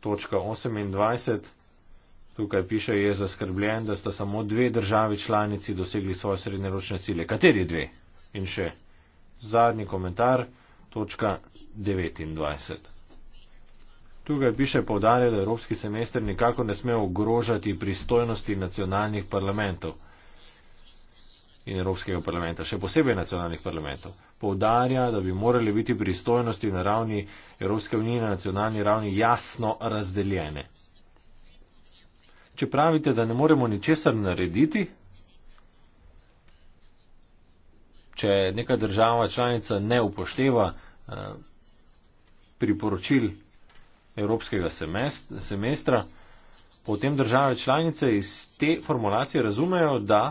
Točka 28. Tukaj piše, je zaskrbljen, da sta samo dve državi članici dosegli svoje srednjeročne cilje. Kateri dve? In še zadnji komentar, točka 29. Tukaj piše povdarje, da evropski semester nikako ne sme ogrožati pristojnosti nacionalnih parlamentov in Evropskega parlamenta, še posebej nacionalnih parlamentov. Povdarja, da bi morali biti pristojnosti na ravni Evropske unije na nacionalni ravni jasno razdeljene če pravite, da ne moremo ničesar narediti, če neka država članica ne upošteva eh, priporočil evropskega semestra, potem države članice iz te formulacije razumejo, da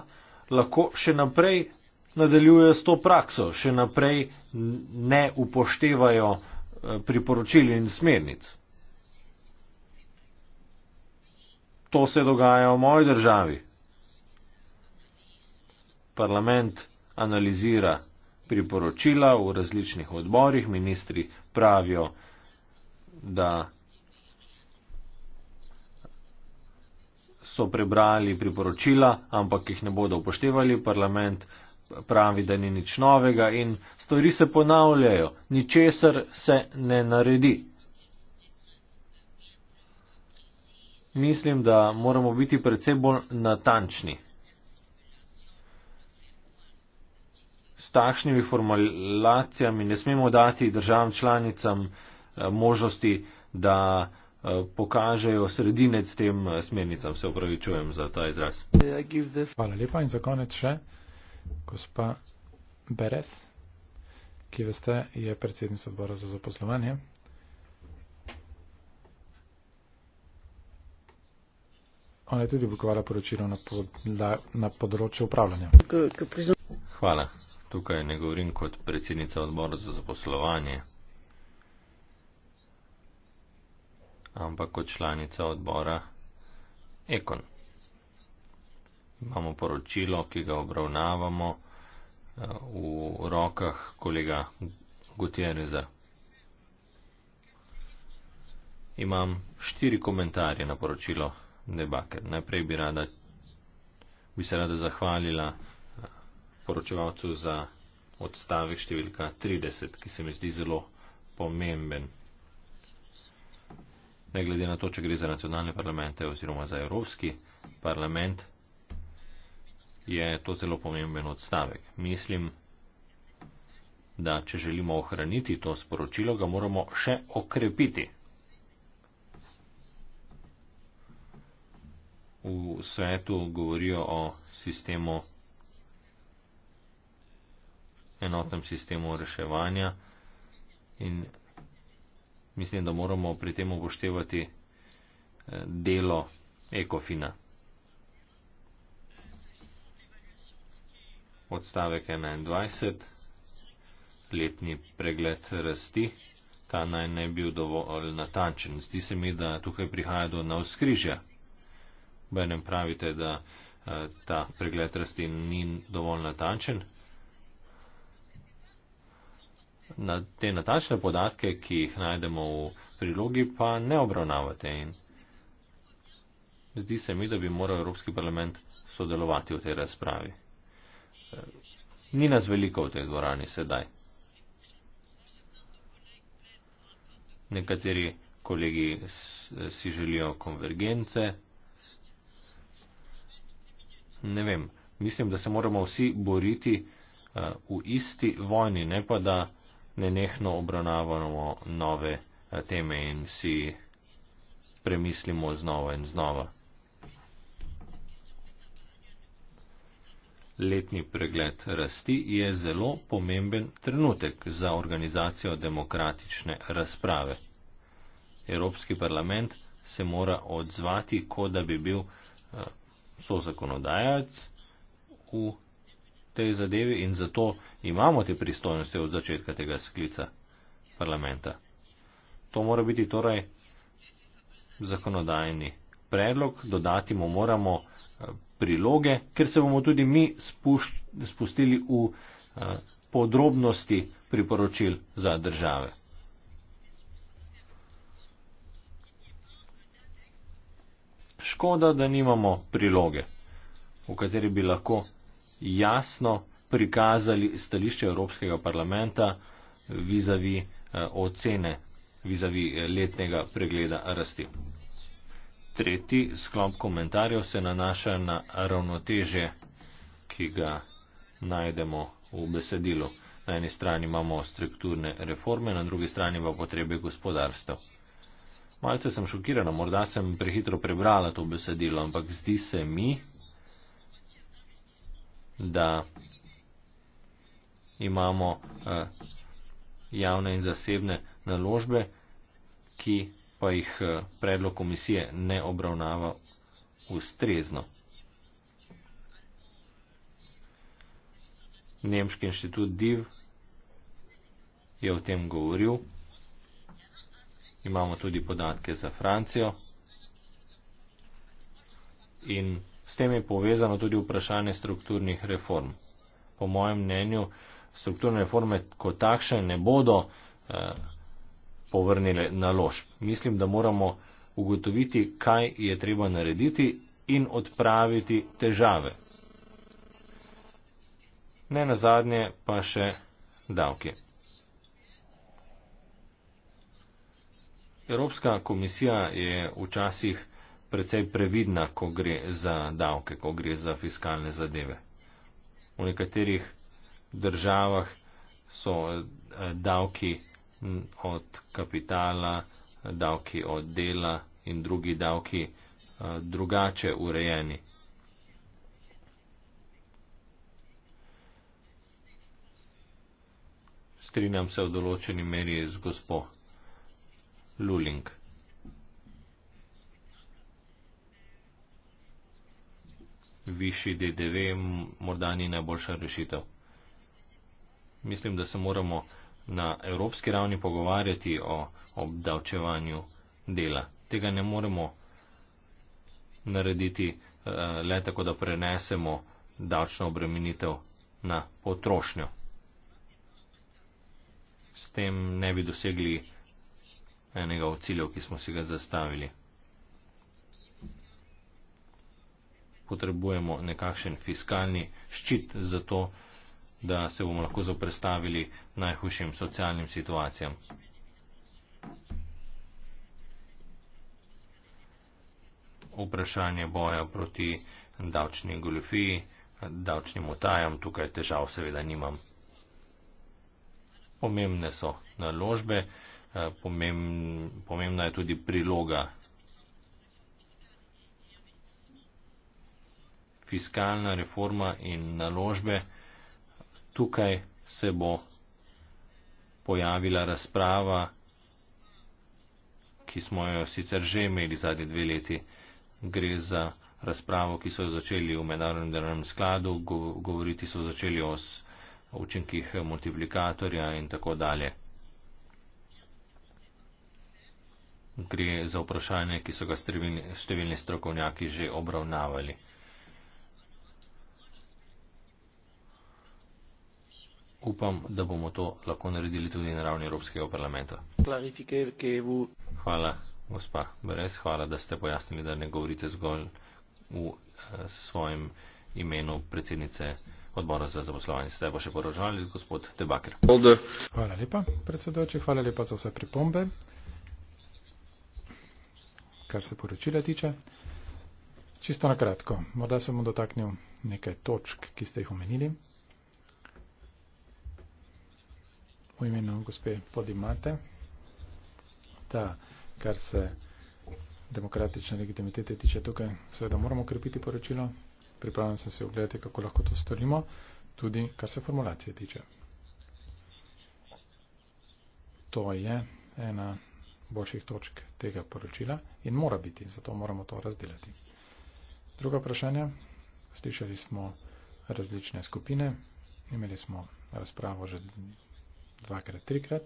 lahko še naprej nadaljujejo s to prakso, še naprej ne upoštevajo eh, priporočil in smernic. To se dogaja v moji državi. Parlament analizira priporočila v različnih odborih, ministri pravijo, da so prebrali priporočila, ampak jih ne bodo upoštevali. Parlament pravi, da ni nič novega in stvari se ponavljajo, ničesar se ne naredi. mislim, da moramo biti predvsem bolj natančni. S takšnimi formulacijami ne smemo dati državam članicam eh, možnosti, da eh, pokažejo sredinec tem eh, smernicam. Se upravičujem za ta izraz. Hvala lepa in za konec še gospa Beres, ki veste je predsednica odbora za zaposlovanje. ona je tudi oblikovala poročilo na, pod, na področju upravljanja. Hvala. Tukaj ne govorim kot predsednica odbora za zaposlovanje, ampak kot članica odbora Ekon. Imamo poročilo, ki ga obravnavamo eh, v rokah kolega Gutierreza. Imam štiri komentarje na poročilo debakel. Najprej bi, rada, bi se rada zahvalila eh, poročevalcu za odstavek številka 30, ki se mi zdi zelo pomemben. Ne glede na to, če gre za nacionalne parlamente oziroma za Evropski parlament, je to zelo pomemben odstavek. Mislim, da če želimo ohraniti to sporočilo, ga moramo še okrepiti. v svetu govorijo o sistemu, enotnem sistemu reševanja in mislim, da moramo pri tem upoštevati eh, delo ekofina. Odstavek 21, letni pregled rasti, ta naj ne bi bil dovolj natančen. Zdi se mi, da tukaj prihaja do navskrižja. Benem pravite, da eh, ta pregled rasti ni dovolj natančen. Na te natančne podatke, ki jih najdemo v prilogi, pa ne obravnavate in zdi se mi, da bi moral Evropski parlament sodelovati v tej razpravi. Eh, ni nas veliko v tej dvorani sedaj. Nekateri kolegi eh, si želijo konvergence, ne vem, mislim, da se moramo vsi boriti eh, v isti vojni, ne pa da ne nehno obravnavamo nove eh, teme in si premislimo znova in znova. Letni pregled rasti je zelo pomemben trenutek za organizacijo demokratične razprave. Evropski parlament se mora odzvati, kot da bi bil eh, so zakonodajac v tej zadevi in zato imamo te pristojnosti od začetka tega sklica parlamenta. To mora biti torej zakonodajni predlog, dodati mu moramo eh, priloge, ker se bomo tudi mi spuščili, spustili v eh, podrobnosti priporočil za države. Škoda, da nimamo priloge, v kateri bi lahko jasno prikazali stališče Evropskega parlamenta vizavi eh, ocene, vizavi eh, letnega pregleda rasti. Tretji sklop komentarjev se nanaša na ravnoteže, ki ga najdemo v besedilu. Na eni strani imamo strukturne reforme, na drugi strani pa potrebe gospodarstva. Malce sem šokirana, morda sem prehitro prebrala to besedilo, ampak zdi se mi, da imamo eh, javne in zasebne naložbe, ki pa jih eh, predlog komisije ne obravnava ustrezno. Nemški inštitut DIV je o tem govoril imamo tudi podatke za Francijo. In s tem je povezano tudi vprašanje strukturnih reform. Po mojem mnenju, strukturne reforme kot takšne ne bodo eh, povrnile naložb. Mislim, da moramo ugotoviti, kaj je treba narediti in odpraviti težave. Ne na zadnje pa še davke. Evropska komisija je včasih precej previdna, ko gre za davke, ko gre za fiskalne zadeve. V nekaterih državah so eh, davki od kapitala, davki od dela in drugi davki eh, drugače urejeni. Strinjam se v določeni meri z gospodom. Luling. Višji DDV morda ni najboljša rešitev. Mislim, da se moramo na evropski ravni pogovarjati o obdavčevanju dela. Tega ne moremo narediti eh, le tako, da prenesemo davčno obremenitev na potrošnjo. S tem ne bi dosegli enega od ciljev, ki smo si ga zastavili. Potrebujemo nekakšen fiskalni ščit za to, da se bomo lahko zoprestavili najhujšim socialnim situacijam. Vprašanje boja proti davčni goljofiji, davčnim otajam, tukaj težav seveda nimam. Pomembne so naložbe. Eh, pomemb, pomembna je tudi priloga. Fiskalna reforma in naložbe, tukaj se bo pojavila razprava, ki smo jo sicer že imeli zadnji dve leti. Gre za razpravo, ki so jo začeli v Mednarodnem delovnem skladu, govoriti so začeli o učinkih multiplikatorja in tako dalje. gre za vprašanje, ki so ga strevilni, številni strokovnjaki že obravnavali. Upam, da bomo to lahko naredili tudi na ravni Evropskega parlamenta. Hvala, gospa Brez, hvala, da ste pojasnili, da ne govorite zgolj v eh, svojem imenu predsednice odbora za zaposlovanje. Ste bo še poročali, gospod Tebaker. Hvala lepa, predsedoči, hvala lepa za vse pripombe kar se poročila tiče. Čisto na kratko, morda se bom dotaknil nekaj točk, ki ste jih omenili. V imenu gospe Podimate, da kar se demokratične legitimitete tiče tukaj, seveda moramo krepiti poročilo. Pripravljam se si ogledati, kako lahko to storimo, tudi kar se formulacije tiče. To je ena boljših točk tega poročila in mora biti, zato moramo to razdeliti. Druga vprašanja. Slišali smo različne skupine, imeli smo razpravo že dvakrat, trikrat,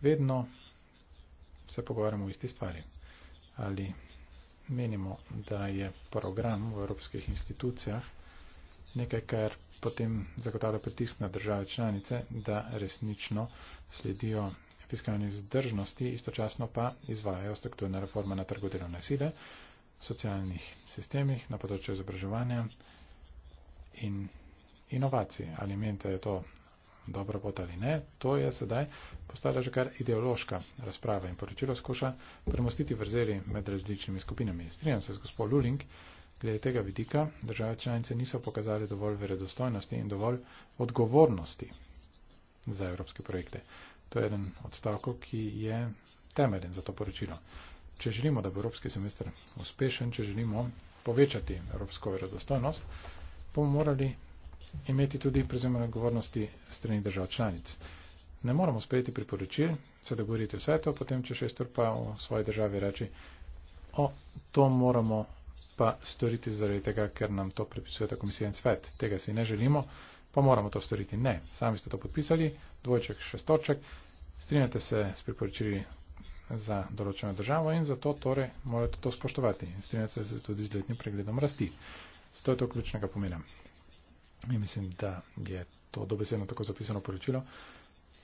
vedno se pogovarjamo o isti stvari. Ali menimo, da je program v evropskih institucijah nekaj, kar potem zagotavlja pritisk na države članice, da resnično sledijo fiskalni vzdržnosti, istočasno pa izvajajo strukturne reforme na trgu delovne sile, socialnih sistemih, na področju izobraževanja in inovacij. Ali menite, da je to dobro pot ali ne, to je sedaj postala že kar ideološka razprava in poročilo skuša premostiti vrzeli med različnimi skupinami. Strijam se z gospod Luling. Glede tega vidika države članice niso pokazali dovolj veredostojnosti in dovolj odgovornosti za evropske projekte. To je eden od stavkov, ki je temeljen za to poročilo. Če želimo, da bo evropski semester uspešen, če želimo povečati evropsko verodostojnost, bomo morali imeti tudi prezumene odgovornosti strani držav članic. Ne moramo sprejeti priporočil, se dogovoriti vse to, potem če šest ur pa v svoji državi reči, o, to moramo pa storiti zaradi tega, ker nam to prepisuje ta komisija in svet. Tega si ne želimo, pa moramo to storiti. Ne, sami ste to podpisali, dvojček, šestoček, strinjate se s priporočili za določeno državo in zato torej morate to spoštovati. Strinjate se tudi z letnim pregledom rasti. Zato je to ključnega pomena. In mislim, da je to dobesedno tako zapisano poročilo.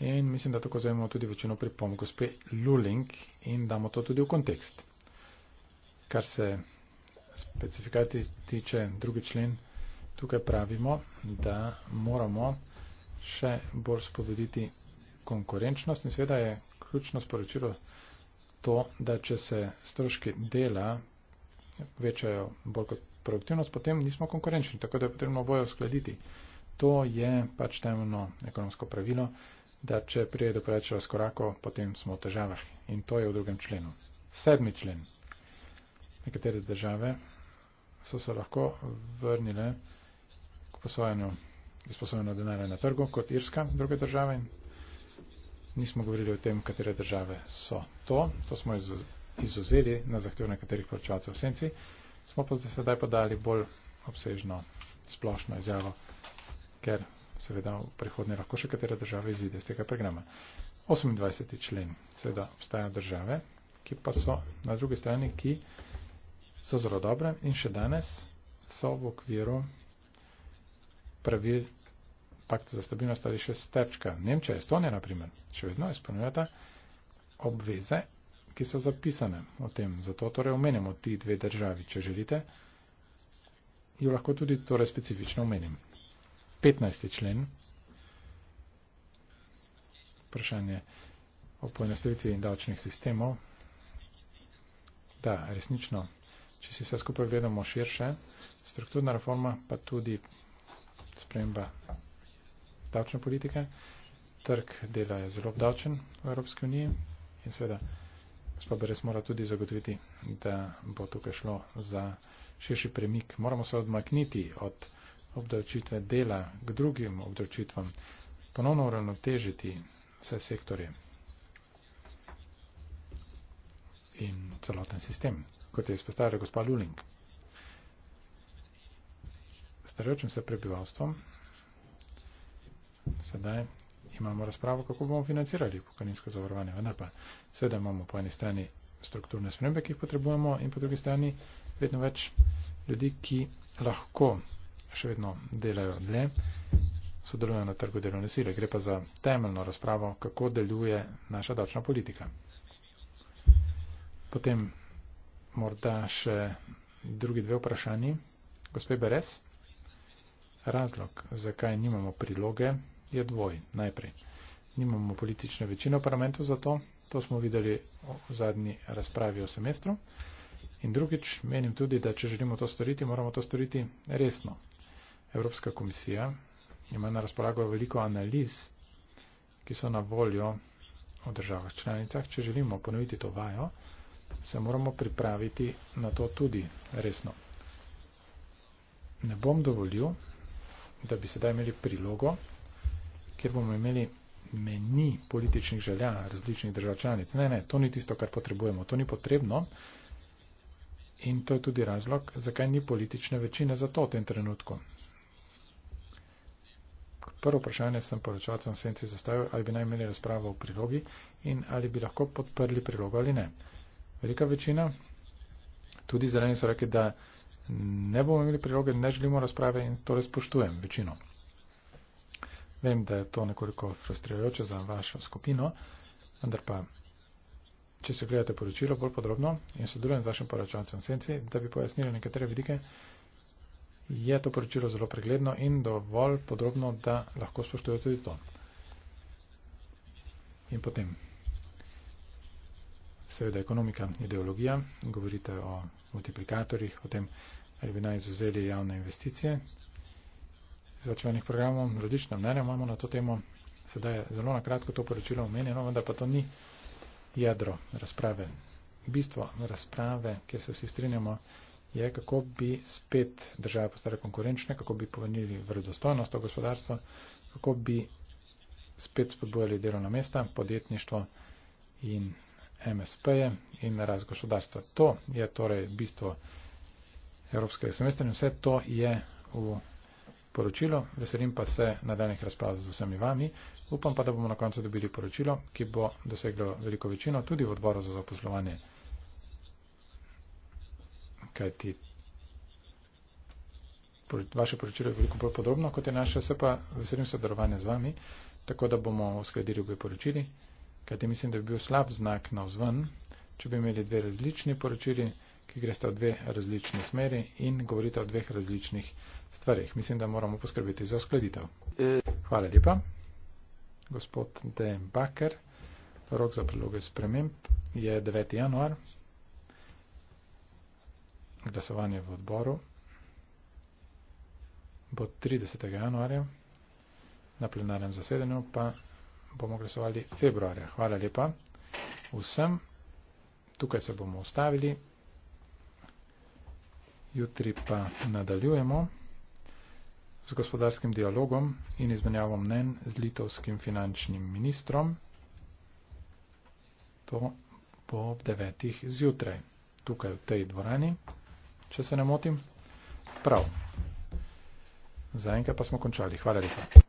In mislim, da tako zajemamo tudi večino pripom gospe Luling in damo to tudi v kontekst. Kar se specifikati tiče drugi člen, Tukaj pravimo, da moramo še bolj spobediti konkurenčnost in seveda je ključno sporočilo to, da če se stroški dela večajo bolj kot produktivnost, potem nismo konkurenčni, tako da je potrebno boje uskladiti. To je pač temeljno ekonomsko pravilo, da če prije do preveč razkorako, potem smo v težavah. In to je v drugem členu. Sedmi člen. Nekatere države so se lahko vrnile posojanju, izposojanju denarja na trgu kot Irska, druge države. Nismo govorili o tem, katere države so to. To smo izuzeli na zahtev nekaterih poročevalcev v senci. Smo pa sedaj podali bolj obsežno splošno izjavo, ker seveda v prihodnje lahko še katere države izide iz tega programa. 28. člen. Seveda obstajajo države, ki pa so na drugi strani, ki so zelo dobre in še danes so v okviru pravil pakt za stabilnost ali še stečka. Nemčija, Estonija, naprimer, še vedno izpolnjujeta obveze, ki so zapisane o tem. Zato torej omenjamo ti dve državi, če želite. Jo lahko tudi torej specifično omenim. 15. člen. Vprašanje o poenostavitvi in davčnih sistemov. Da, resnično, če si vse skupaj gledamo širše, strukturna reforma pa tudi sprememba davčne politike. Trg dela je zelo obdavčen v Evropski uniji in seveda gospod Beres mora tudi zagotoviti, da bo tukaj šlo za širši premik. Moramo se odmakniti od obdavčitve dela k drugim obdavčitvam, ponovno uravnotežiti vse sektorje in celoten sistem, kot je izpostavil gospod Luling starajočim se prebivalstvom. Sedaj imamo razpravo, kako bomo financirali pokojninsko zavarovanje. Vendar pa seveda imamo po eni strani strukturne spremembe, ki jih potrebujemo in po drugi strani vedno več ljudi, ki lahko še vedno delajo dlje, sodelujejo na trgu delovne sile. Gre pa za temeljno razpravo, kako deluje naša davčna politika. Potem morda še drugi dve vprašanji. Gospod Beres. Razlog, zakaj nimamo priloge, je dvoj. Najprej, nimamo politične večine v parlamentu za to, to smo videli v zadnji razpravi o semestru. In drugič, menim tudi, da če želimo to storiti, moramo to storiti resno. Evropska komisija ima na razpolago veliko analiz, ki so na voljo v državah članicah. Če želimo ponoviti to vajo, se moramo pripraviti na to tudi resno. Ne bom dovolil, da bi sedaj imeli prilogo, kjer bomo imeli meni političnih želja različnih držav članic. Ne, ne, to ni tisto, kar potrebujemo, to ni potrebno. In to je tudi razlog, zakaj ni politične večine za to v tem trenutku. Prvo vprašanje sem poročevalcem senci zastavil, ali bi naj imeli razpravo v prilogi in ali bi lahko podprli prilogo ali ne. Velika večina, tudi zeleni so rekli, da ne bomo imeli priloge, ne želimo razprave in to torej razpoštujem večino. Vem, da je to nekoliko frustrirajoče za vašo skupino, vendar pa, če se gledate poročilo bolj podrobno in sodelujem z vašim poročancem Senci, da bi pojasnili nekatere vidike, je to poročilo zelo pregledno in dovolj podrobno, da lahko spoštujete tudi to. In potem seveda ekonomika, ideologija, govorite o multiplikatorjih, o tem, ali bi naj izuzeli javne investicije iz vačevanih programov. Različno mnenje imamo na to temo. Sedaj je zelo na kratko to poročilo omenjeno, vendar pa to ni jedro razprave. Bistvo razprave, kjer se vsi strinjamo, je, kako bi spet države postale konkurenčne, kako bi povrnili vredostojnost v gospodarstvo, kako bi spet spodbojali delovna mesta, podjetništvo in MSP-je in na rast gospodarstva. To je torej bistvo evropskega semestra in vse to je v poročilu. Veselim pa se nadaljnih razprav z vsemi vami. Upam pa, da bomo na koncu dobili poročilo, ki bo doseglo veliko večino tudi v odboru za zaposlovanje. Kaj ti? Vaše poročilo je veliko bolj podrobno kot je naše, se pa veselim sodelovanja z vami, tako da bomo uskladili obe poročili. Kajti mislim, da bi bil slab znak na vzven, če bi imeli dve različni poročili, ki greste v dve različni smeri in govorite o dveh različnih stvarih. Mislim, da moramo poskrbeti za uskladitev. Hvala lepa. Gospod D. Baker, rok za priloge sprememb je 9. januar. Glasovanje v odboru bo 30. januarja, na plenarnem zasedanju pa bomo glasovali februarja. Hvala lepa vsem. Tukaj se bomo ustavili. Jutri pa nadaljujemo z gospodarskim dialogom in izmenjavo mnen z litovskim finančnim ministrom. To bo ob devetih zjutraj, tukaj v tej dvorani, če se ne motim. Prav. Zaenkrat pa smo končali. Hvala lepa.